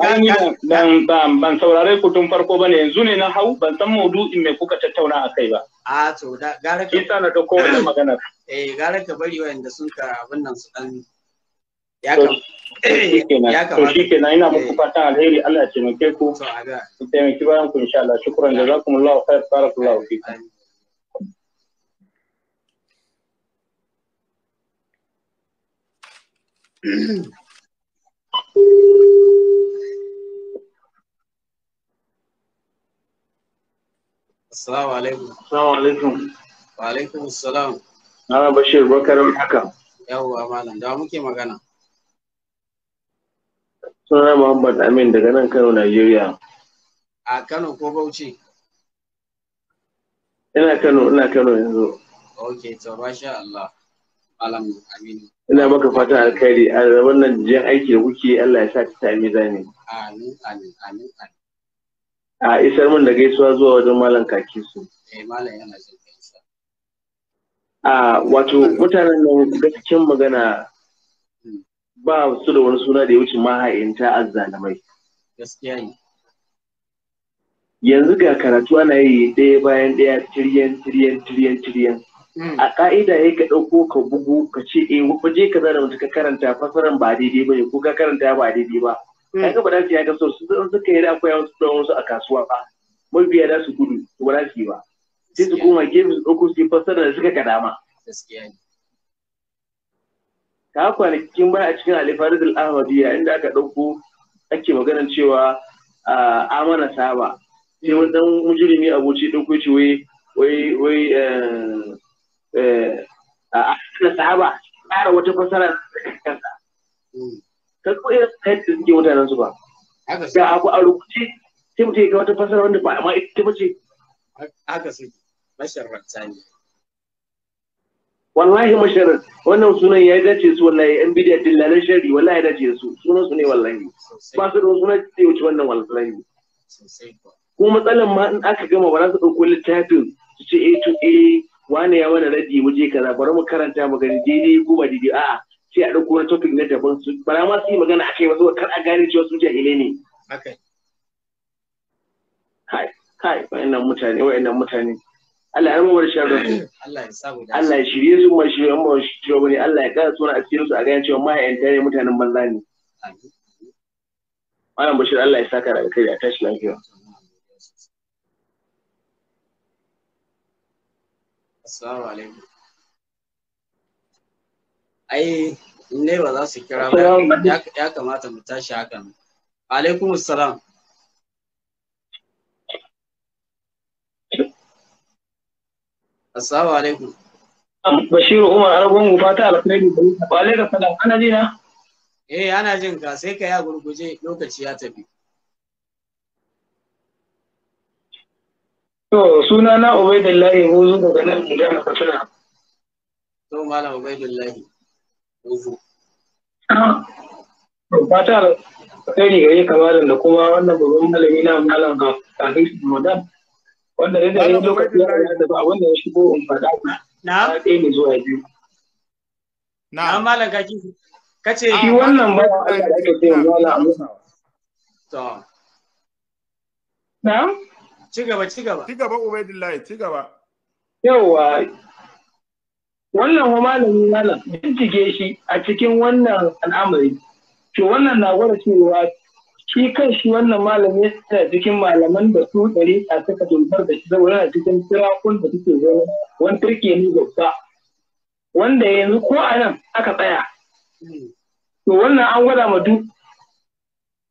A: dan ban ban saurare ku tun farko ba ne, yanzu ne na hau ban san maudu'in mai kuka tattauna a kai ba. A to da gara ka Kisa na dauko wannan maganar. Eh gara ka bari wayanda sun ka abin nan su dan ya
C: kam ya kamata. To kenan ina muku eh. fatan alheri Allah ya taimake ku. Ku taimaki bayan ku insha Allah. Shukran jazakumullahu khair barakallahu fikum. Mm-hmm. [CLEARS THROAT]
A: Assalamu alaikum. Assalamu alaikum. Wa alaikum assalam.
D: Na Bashir Bakarin
C: haka.
A: Yawwa malam, da muke magana.
C: Suna Muhammad Amin daga nan Kano, Najeriya.
A: A Kano ko Bauchi?
C: Ina Kano, ina Kano yanzu. Ok, to masha Allah. Malam Ina maka fatan alkhairi a wannan jan aiki da kuke Allah ya sa ta sami zane. Amin amin amin amin. A isar min da gaisuwa zuwa wajen malam kaki su. Eh malam yana jin gaisuwa. A wato mutanen nan gaskiyar magana hmm. ba su da wani suna da ya wuce maha'inta azzalamai. Gaskiya ne. yanzu ga karatu ana yi ɗaya
B: bayan ɗaya tiriyan tiriyan tiriyan tiriyan a ka'ida ya ka ɗauko ka bugu ka ce eh waje ka zara wata ka karanta fasaran ba daidai ba ne ko ka karanta ba daidai ba hmm. ka ga ba za su yi haka so su suka yi da akwai wasu da wasu a kasuwa ba mabiya za su gudu ba za
A: su yi ba sai su koma gefe su ɗauko su yi fasara da suka kadama
C: ka kwanakin baya a cikin alifarid al-ahmadiyya inda aka ɗauko ake maganar cewa amana saba sai wani dan mujirimi aboci ɗauko ce wai wai wai eh, Eh, a asalin sahaba ƙara wata fasara kansa ka ko irin kayan da suke mutanen su ba da abu a rubuce sai mutum ya ga wata fasara wanda ba amma ita ba ce haka su masharranta ne wallahi masharar wannan sunan ya dace su wallahi yan bidiyar dillalan shari wallahi ya dace su sunan su ne wallahi ba
A: su da sunan da ya wuce wannan wallahi Kuma matsalan ma in aka gama ba za su ɗauko
B: littafin su ce a to a wane ya mana raddi mu je kaza bari mu karanta mu gani daidai goma daidai a'a sai a ɗauko wani topic na daban su bara ma su yi magana a kai wasu kar a gane cewa su
C: jahilai ne. Kai! hai, wa'annan mutane, wa'annan mutane. Allah ya rubuta shi Allah ya shirye su ma shi amma shi shirye bane Allah ya kara suna cikin su a gane cewa ma'aikata ne mutanen banza ne. Malam Bashir Allah ya saka daga kai a tashi lafiya.
A: Assalamu alaikum. Ai, ne ba za su kira ba, ya kamata mu tashi hakan. Alaikum assalam. Assalamu alaikum. Bashiru Umar Argungu fata alkhairi da Wa alaikum salam. Ana jina? Eh, ana jin ka sai ka ya gurguje lokaci ya tafi. To suna na Ubaidullahi Bozu daga nan na Katsina. To Malam Ubaidullahi Bozu. Fata kai
C: gare ka malam da kuma wannan babban malami na malam ga kafin su Ramadan. Wanda da yake lokaci ya da ba wanda ya shigo in fada na. Na ɗaya ne zuwa biyu.
A: Na malam ka kace shi wannan ba
C: da ake cewa malam Musa.
D: To. Na? ci gaba ci gaba ci gaba ci gaba yawa wannan wa malami malam
A: bincike shi a cikin wannan al'amari to wannan na gwada cewa
C: shi kan shi wannan malami yana cikin malaman da su dare a saka dubar da shi saboda
A: cikin sirakun da suke zama wani turke ne babba wanda yanzu ko a nan aka tsaya hmm. to wannan an gwada ma duk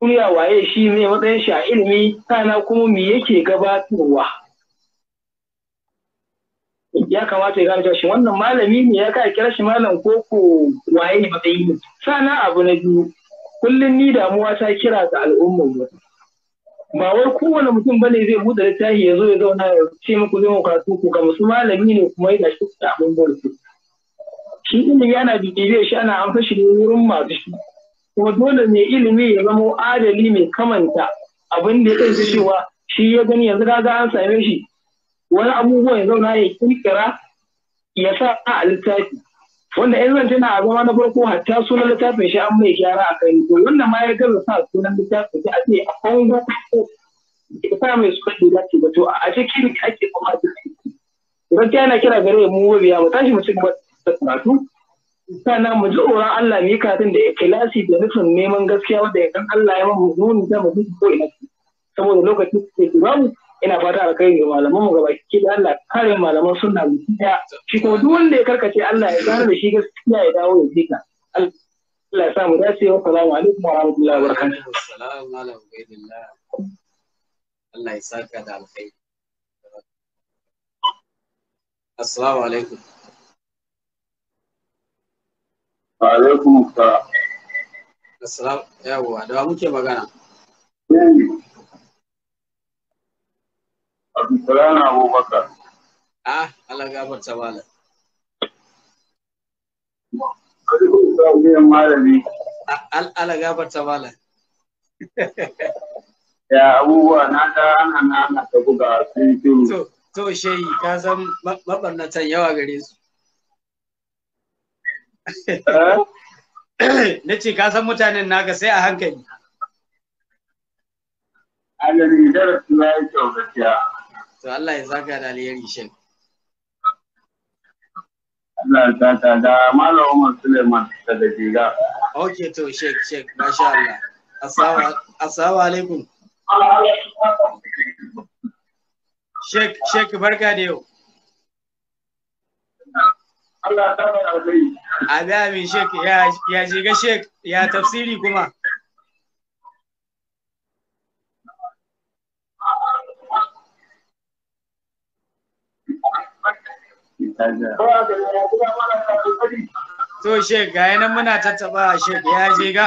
A: duniya waye shi ne matsayin shi a ilimi kana kuma me yake gabatarwa ya kamata ya gane cewa shi wannan malami ne ya kai kira shi malam ko ko waye ne matsayin ne sana abu na biyu kullum ni damuwa ta kira ga al'ummar mu ba wai kowane mutum bane zai buɗe littafi ya zo ya zauna ya ce muku zai karatu ku ga musu malami ne kuma yana shi da abin barci shi ilimi yana bibiye shi ana amfashi ne wurin masu shi kuma dole mai ilimi ya zama adali mai kamanta abin da ya cewa shi ya gani yanzu kaga an same shi wani abubuwa ya zauna ya kirkira ya sa a littafi wanda in zan tana a zama na farko hatta sunan littafin shi an mai gyara a kai to wannan ma ya gaza sa sunan littafin shi a ce a kongo ya sa mai sunan da dace ba to a cikin ake kuma a cikin gaskiya yana kira gare mu biya mu tashi mu ci gaba da karatu sannan mu ji tsoron Allah ne kafin da ikhlasi da nufin neman gaskiya wanda kan Allah ya mamu nuni da mu ko ina saboda lokacin da ke mu ina fata alkhairi ga malaman mu gaba ki da Allah kare malaman sunna mu daya shi ko duk wanda ya karkace Allah ya tsara da shi gaskiya ya dawo ya jika Allah
C: ya sa mu dace wa salamu alaikum wa rahmatullahi wa barakatuh alaikum Allah ya saka da alkhairi
A: assalamu alaikum
C: Wa alaikum salam. Assalam yawwa da muke magana. Eh. Abdulsalam Abubakar.
A: Ah, Allah gafarta malam. malami. Ah, Allah gafarta malam. [LAUGHS] Ya abubuwa na ta ana na ta buga sun To, to shehi ka san mabarnatan yawa gare su. Eh? [COUGHS] na ce ka san mutanen naka sai a hankali
C: alheri darasi ya yi
A: kyau gaskiya to Allah ya saka da alheri shan.
C: Allah ya saka da Malam
A: Umar Suleiman daga Jiga Ok to shek shek masha Allah assalamu alaikum shek shek barka da yau Allah Sheikh ya ya shiga Sheikh ya tafsiri kuma. To Sheikh ga yanan muna tattaba Sheikh ya shiga.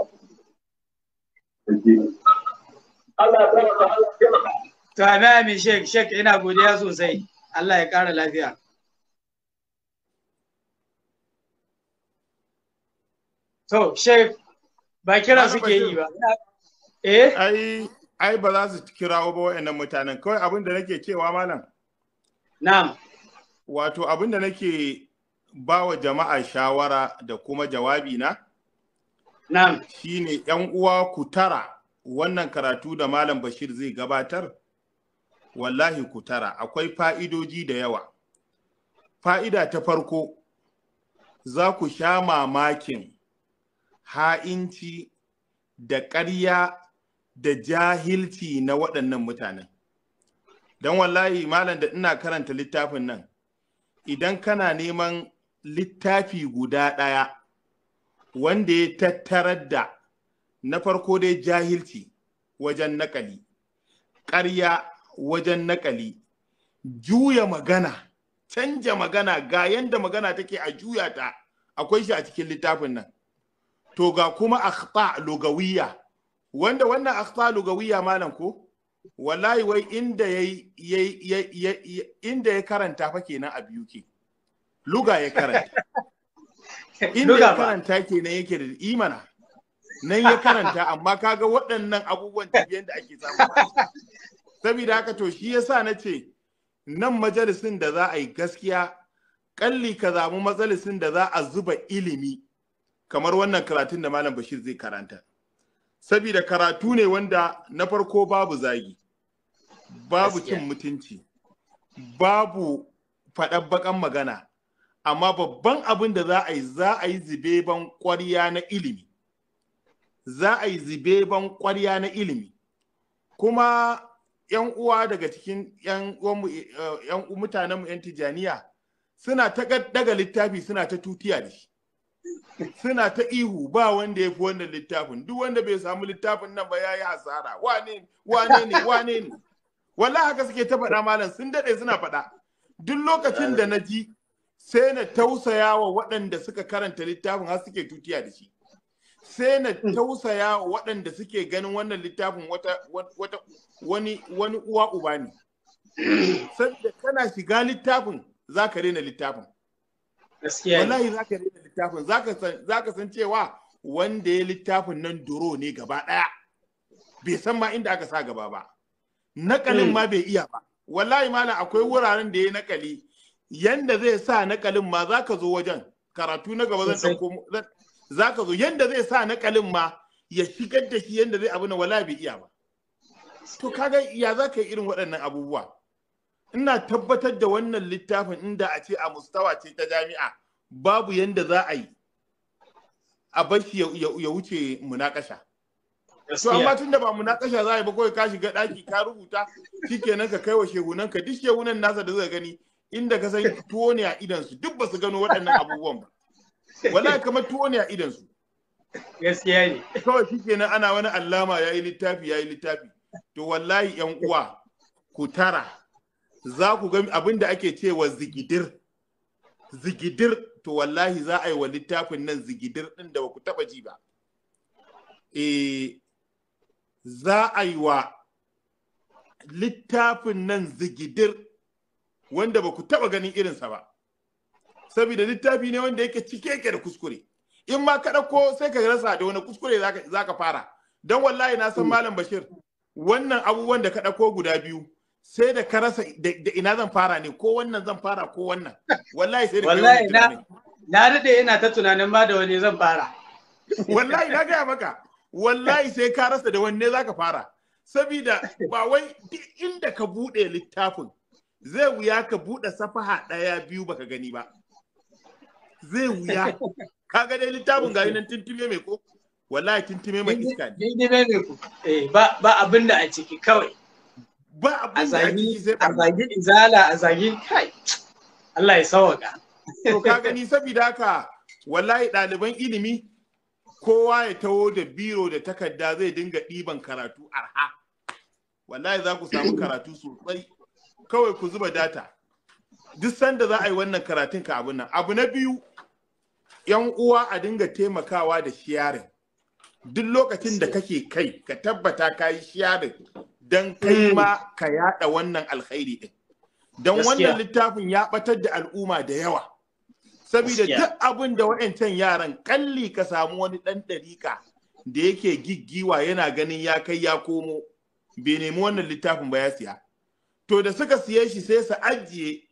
A: To ya To Amin shek, shek ina godiya sosai. Allah ya ƙara lafiya.
D: To shek ba kira suke yi ba. Eh? Ai ai ba za su kira ba waɗannan mutanen kawai abin da nake cewa malam. Na'am. Wato abin da nake ba wa jama'a shawara da kuma jawabi na. Na'am. Shine yan uwa ku tara wannan karatu da Malam Bashir zai gabatar. Wallahi ku tara akwai fa'idoji da yawa. Fa'ida ta farko za ku sha mamakin ha'inci da ƙarya da jahilci na waɗannan mutanen. Don wallahi malam da ina karanta littafin nan, idan kana neman littafi guda ɗaya wanda ya tattarar da na farko dai jahilci wajen nakali ƙarya wajen nakali juya magana canja magana ga yanda magana take a juya ta akwai shi a cikin littafin nan to ga kuma akhta lugawiya wanda wannan akhta lugawiya malam ko wallahi wai inda ya inda ya karanta fa kenan a biyu ke luga ya karanta [LAUGHS] inda ya karanta kenan yake da imana nan ya karanta amma kaga waɗannan abubuwan tafiyan da ake samu saboda haka to shi yasa na ce nan majalisin da za a yi gaskiya kalli ka zamu majalisin da za a zuba ilimi kamar wannan karatun da malam bashir zai karanta saboda karatu ne wanda na farko babu zagi babu cin mutunci babu faɗabbaƙan magana amma babban abin da za a yi za a yi zibeban ƙwarya na ilimi za a yi zibeban ƙwarya na ilimi kuma yan uwa daga cikin yan eh, mutanenmu yan tijaniya suna ta daga littafi suna ta tutiya da shi suna ta ihu ba wanda ya fi wannan littafin duk wanda bai samu littafin nan ba ya yi hasara wane wane ne wane ne wallahi haka suke ta faɗa malam sun daɗe suna faɗa duk lokacin da na ji sai na tausaya wa waɗanda suka karanta littafin har suke tutiya da shi sai na mm. tausaya wa waɗanda suke ganin wannan littafin wata, wata wani wani uwa uba ne saboda kana shiga littafin za ka rena littafin wallahi za ka rena littafin za ka san cewa wanda ya littafin nan duro ne gaba ɗaya bai san ma inda aka sa gaba ba nakalin mm. ma bai iya ba wallahi malam akwai wuraren da ya nakali yanda zai sa nakalin ma za ka zo wajen karatu na gaba zan ɗauko za ka zo yanda zai sa nakalin ma ya shigar da shi yanda zai abu na wala bai iya ba to kaga ya za ka yi irin waɗannan abubuwa ina tabbatar da wannan littafin inda a ce a mustawa ce ta jami'a babu yanda za a yi a bashi ya wuce munakasha to amma tunda ba munakasha za a yi ba kawai ka shiga ɗaki ka rubuta shikenan ka kai wa shegunan ka duk shehunan nasa da zai gani inda ka san tuwo ne a idan su duk ba su gano waɗannan abubuwan ba wallahi kamar tuwo ne a idan su gaskiya ne kawai shikenan ana wani allama yayi littafi yayi littafi to wallahi yan uwa ku tara za ku ga abin da ake cewa zigidir zigidir to wallahi za a yi wa littafin nan zigidir ɗin da ba ku taɓa ji ba Eh za a yi wa littafin nan zigidir wanda ba ku taɓa ganin irinsa ba saboda littafi ne wanda yake cike yake da kuskure in ma kada ko sai ka rasa da wani kuskure za ka fara don wallahi na san malam bashir wannan abubuwan da kada ko guda biyu sai da ka rasa da ina zan fara ne ko wannan zan fara ko wannan wallahi sai da wallahi na na dade ina ta tunanin ma da wani zan fara [LAUGHS] wallahi na gaya maka wallahi sai ka rasa da wanne zaka fara sabida ba wai inda ka bude littafin zai wuya ka buɗe safaha ɗaya biyu baka gani ba zai wuya kaga dai littafin gari nan tintime mai ko wallahi tintime mai iska ne tintime mai ko eh ba ba abin da a ciki kawai ba abin da a ciki sai a zagi
A: izala a zagi kai
D: Allah ya sawaka to ka gani saboda haka wallahi ɗaliban ilimi kowa ya taho da biro da takarda zai dinga ɗiban karatu arha wallahi za ku samu karatu sosai kawai ku zuba data duk sanda za a yi wannan karatun ka abin nan abu na biyu yan uwa a dinga taimakawa da shiyarin duk lokacin da kake kai ka tabbata ka yi shiyarin don kai hmm. ma ka yada wannan alkhairi din don wannan littafin ya batar da al'umma da yawa saboda duk abin da wa'ancan yaran kalli ka samu wani ɗan ɗarika da yake giggiwa yana ganin ya kai ya komo bai nemi wannan littafin ba ya siya to da suka siye shi sai su ajiye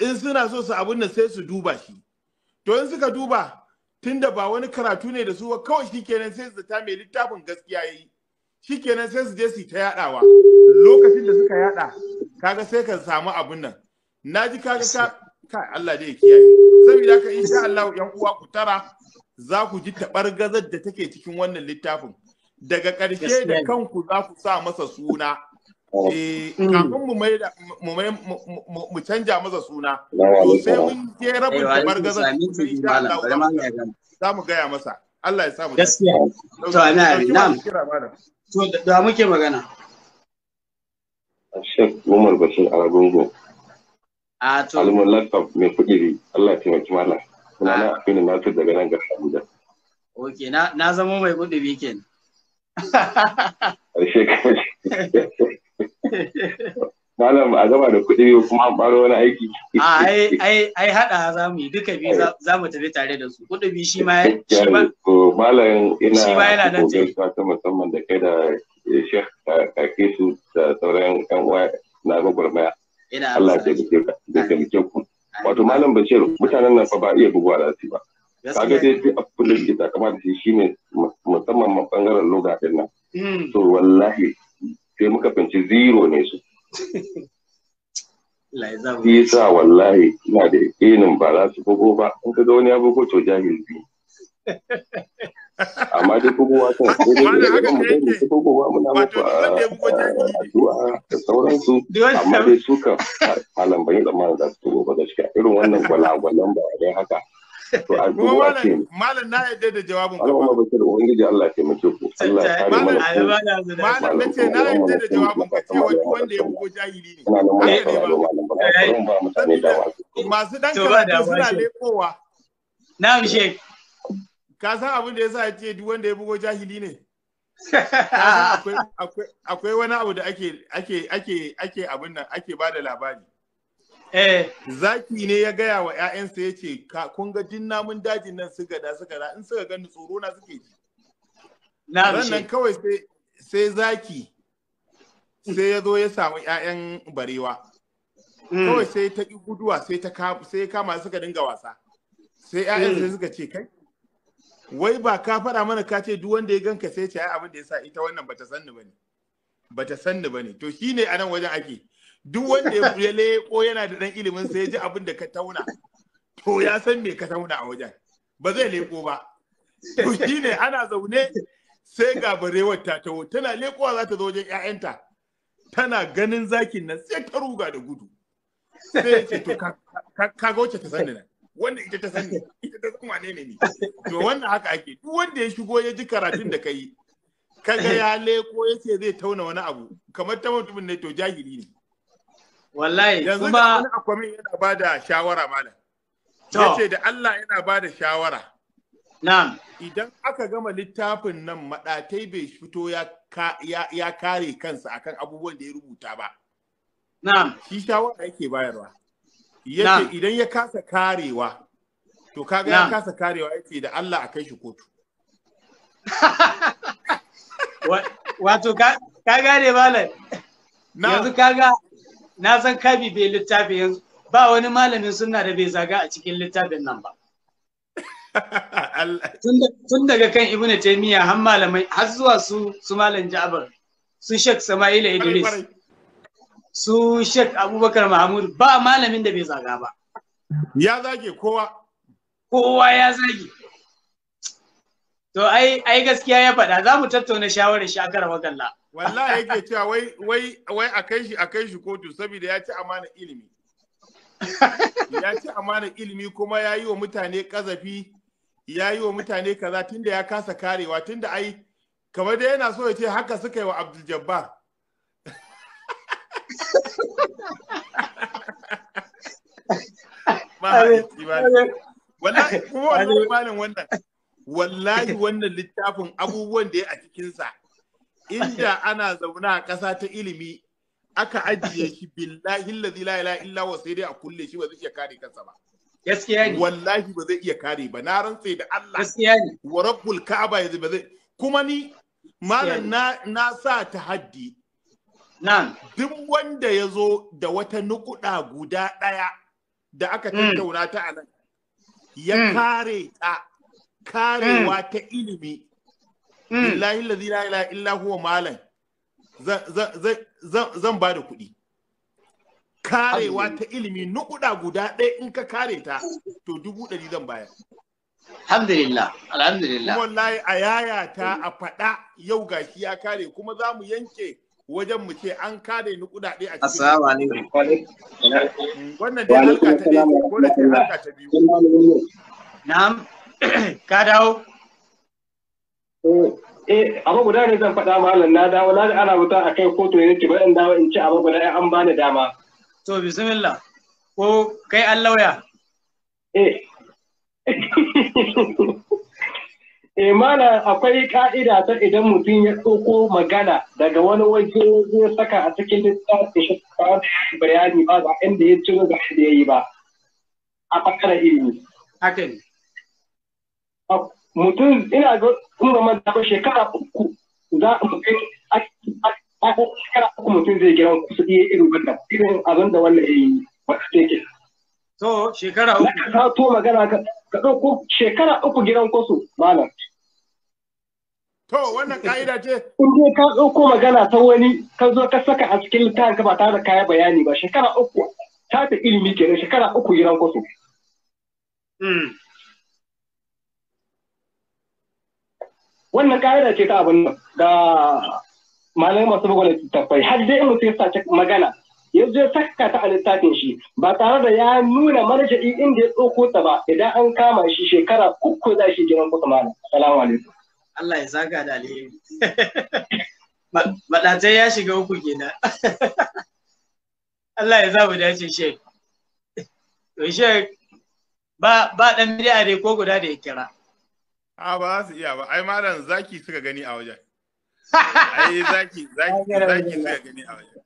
D: in suna so su abin nan sai su duba shi to in suka duba tunda ba wani karatu ne da su kawai shikenan sai su ta mai littafin gaskiya yayi shikenan sai su je su ta yadawa lokacin da suka yada kaga sai ka samu abin nan naji kaga ka kai Allah dai ya kiyaye saboda ka insha Allah yan uwa ku tara za ku ji taɓargazar da take cikin wannan littafin daga ƙarshe da kanku za ku sa masa suna Eh, mm. kafin mu mai mu canja masa suna to sai mun je rabin kamar eh, gaza za mu gaya masa Allah ya samu gaskiya to ana na'am to da muke magana
C: Sheikh Umar Bashir Aragungo a ah, to almun laptop mai kuɗi Allah ya taimaki mala kuma na afini na fi daga nan ga Abuja
A: Okay na na zama mai kuɗi kenan
C: Sheikh [LAUGHS] malam a zama da kuɗi kuma an ɓaro wani aiki
A: ai ai ai za mu yi duka biyu za mu tafi tare da su kuɗi biyu shi ma shi ma
C: malam ina shi ma yana nan ce ta musamman da kai da eh, shekh kake da sauran ƴan uwa na gwagwarmaya Allah ya taimake ka da ku wato malam bashir mutanen nan fa ba iya buguwa da su ba ga dai duk abin da ke takama da shi ne musamman bangaren loga din nan to hmm. wallahi sai muka fahimci zero ne su [LAUGHS] isa wallahi ina da yakinin ba za su bugo ba in ka wani ya ko to jahil bi [LAUGHS] amma dai bugowa kan sai dai da ga mutum da su ba muna muku addu'a da sauransu [LAUGHS] amma dai su kan malam bai zama da su bugo ba gaskiya irin wannan gwalagwalan ba dai haka Malam
D: na yadda da jawabin ka. ba
C: bakir ubangiji Allah taimake ku. Allah ya kare mu.
D: Malam na ce na yadda da
C: jawabin ka cewa duk wanda ya bugo jahili ne.
D: Masu dan karatu suna lekowa. Na'am Sheikh. Ka san abin da yasa ya ce duk wanda ya bugo jahili ne? [LAUGHS] Akwai wani abu da ake ake ake ake abin nan ake bada labari. Eh. Zaki ne ya gaya wa ‘ya'yansa ya ce, kun ga jin namun dajin nan suka da suka da in suka gani tsoro na suke ji. Na Wannan kawai sai zaki sai ya zo ya samu ‘ya'yan barewa. Hmm. Kawai sai ta guduwa sai ta sai kama suka dinga wasa. Sai ‘ya'yan hmm. sai suka ce kai. Wai ba ka faɗa mana ka ce duk wanda ya ganka sai ce ai abin da ya sa ita wannan bata sanni bane. Bata sanni bane. To shine a nan wajen ake. duk wanda ya leko yana da dan ilimin sai ya ji abin da ka tauna to ya san me ka tauna a wajen ba zai leko ba to shine ana zaune sai ga barewar ta taho tana lekowa za ta zo wajen ƴaƴanta tana ganin zakin nan sai ta ruga da gudu sai ya ce to ka ga wacce ta sani nan wanda ita ta sani ita ta san wane ne ni to wannan haka ake duk wanda ya shigo ya ji karatun da kai kaga ya leko ya ce zai tauna wani abu kamar ta mutumin ne to jahili ne wallahi kuma wani akwamin yana ba da shawara malam yace da Allah yana ba da shawara na'am idan aka gama littafin nan madatai bai fito ya ya kare kansa akan abubuwan da ya rubuta ba na'am shi shawara yake bayarwa yace idan ya kasa karewa to kaga ya kasa karewa yace da Allah a kai shi kotu [LAUGHS]
A: wato ka gane malam yanzu kaga na san ka bai littafi yanzu ba wani malamin suna da bai zaga a cikin littafin nan ba [LAUGHS] tun daga kan ibnu taymiya har malamai har zuwa su su malam ja'far su shek Sama'il idris su shek abubakar mahmud ba malamin da bai zaga ba ya zage kowa kowa ya zage
D: to ai ai gaskiya ya faɗa za mu tattauna shawarar shi a wallahi yake cewa wai wai wai a kai shi a kai shi kotu saboda ya ci amana ilimi ya ci amana ilimi kuma ya yi wa mutane kazafi ya yi wa mutane kaza tunda ya kasa karewa tunda ai kamar da yana so ya ce haka suka yi wa Abdul Jabbar [LAUGHS] wallahi kuma wannan wannan wallahi wannan littafin abubuwan da ya a cikinsa inda ana zauna a ƙasa ta ilimi aka ajiye shi billahi allazi la ilaha illa wa sai dai a kulle shi ba zai iya kare kansa ba gaskiya ne wallahi ba zai iya kare ba na rantse da Allah gaskiya ne wa rabbul ka'aba yanzu ba zai kuma ni malam na na sa haddi. na'am duk wanda ya zo da wata nukuda guda ɗaya da aka hmm. tattauna ta a ya hmm. kare ta karewa hmm. ta ilimi billahi mm. allazi la ilaha illa huwa malam zan ba da kuɗi karewa ta ilimi nukuda guda ɗaya in ka kare ta to dubu ɗari zan bayar
A: Alhamdulillah, alhamdulillah.
D: Wallahi a yaya ta a faɗa yau gashi ya kare kuma za mu yanke wajen mu ce an kare ni ɗaya a cikin. Assalamu alaikum. Wannan dai halka
A: ta ne ko da ta halka ta biyu. Na'am.
B: [CLEARS THROAT] Ka dawo. Eh, eh abu guda ne zan faɗa malam na dawo na ana wuta a kai kotu ne bari in dawo in ci abu guda an bani dama to bismillah
A: ko kai an lauya eh [LAUGHS] eh mana akwai ka'ida ta idan mutum ya ɗauko magana daga wani waje ya saka a cikin littafin shi ba bayani ba da inda ya ciro ga inda ya yi ba a fakara ilimi haka ne mutum ina ga kun ga manta ko shekara uku za mu mutum a shekara uku mutum zai gina ku su iya irin wanda, irin abin da wannan yayi
D: wata take to shekara uku ka to magana ka ka dauko shekara uku gidan kwaso mana to wannan ka'ida ce in dai ka
A: dauko magana ta wani ka zo ka saka a cikin littafin ka ba tare da kaya bayani ba shekara uku ta ta ilimi kenan shekara uku gidan kwaso wannan ka'ida ce ta abin nan ga malamai masu buga littattafai har dai mutum ya sace magana ya je saka ta a littafin shi ba tare da ya nuna marja'i inda ya tsoko ta ba idan an kama shi shekara uku za shi girman kusa malam salamu alaikum Allah ya zaga da alheri madatai ya shiga uku kenan [LAUGHS] Allah ya zaba dace
D: shek to shek ba ba dan dai ko guda da ya kira a ba za su iya ba ai malam zaki suka gani a wajen [LAUGHS] ai zaki zaki zaki suka gani a wajen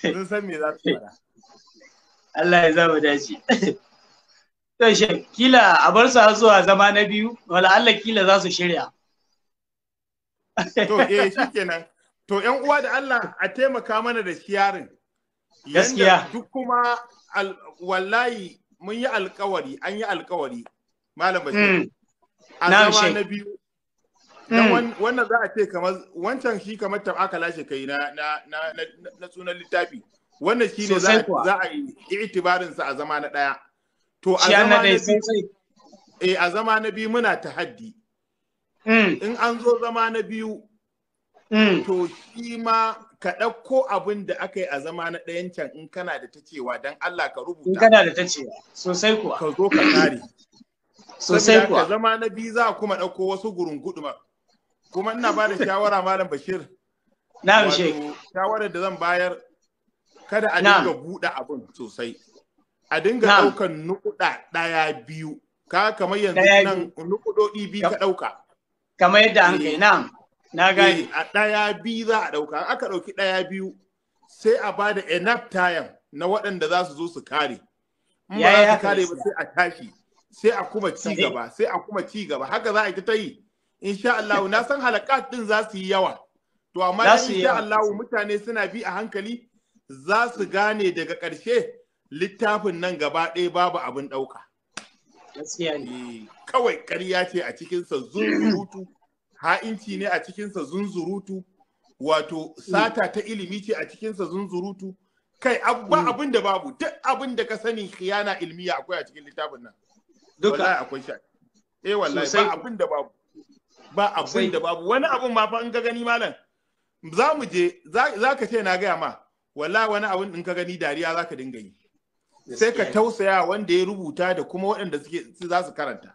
A: sun san me za su fara [LAUGHS] Allah ya za mu dace [LAUGHS] to shi kila a bar su zuwa zama na
D: biyu wala Allah
A: kila za su shirya
D: to eh shikenan to yan uwa da Allah a taimaka mana da shiyarin gaskiya duk kuma wallahi mun yi alƙawari, an yi alƙawari. malam bashir hmm. Na zama na biyu hmm. wannan za a ce kamar wancan shi kamar ta aka lashe kai na na sunan littafi wannan shi ne za a yi itibarin sa a zama na daya to a zama na biyu eh a zama na biyu muna tahaddi hmm. in an zo zama na biyu hmm. to shi ma ka ɗauko abin da aka yi a zama na ɗayan can in kana da ta cewa don Allah ka rubuta. In kana da ta cewa sosai kuwa. Ka zo ka kare. sosai kuwa zama na biyu za a kuma ɗauko wasu gurungudumar kuma ina ba da shawara [LAUGHS] malam bashir na bashir shawarar da zan bayar kada a dinga buɗe abin sosai a dinga ɗaukan nukuda ɗaya biyu ka kamar yanzu nan nukudodi biyu ka ɗauka kamar yadda an kai nan eh. na gani eh, a ɗaya biyu za a ɗauka aka ɗauki ɗaya biyu sai a ba da enough time na waɗanda za su zo su kare in ba za su kare ba sai a tashi sai a kuma ci gaba sai a kuma ci gaba haka za a yi ta yi insha Allah na san halakat din za su yi yawa to amma insha Allah mutane suna bi a hankali za su gane daga ƙarshe littafin nan gaba ɗaya babu abin ɗauka eh, kawai ƙarya ce a cikinsa zunzurutu ha'inci ne a cikinsa zunzurutu wato sata ta ilimi ce a cikinsa zunzurutu kai abba mm. abin da babu duk abin da ka sani khiyana ilmiya akwai a cikin littafin nan duka wallahi akwai shi eh wallahi ba abin da babu ba abin da babu wani abin ma fa in ka gani malam za mu je za ka ce na gaya ma wallahi wani abin in ka gani dariya za ka dinga yi sai ka tausaya wanda ya rubuta da kuma waɗanda suke za su karanta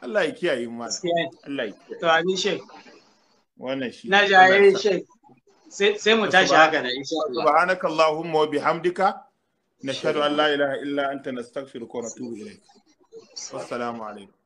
D: Allah ya kiyaye mu Allah ya kiyaye to amin shek wannan shi na jaye shek sai mu tashi haka na. insha Allah subhanakallahumma wa bihamdika nashhadu an la ilaha illa anta nastaghfiruka wa natubu ilayk والسلام عليكم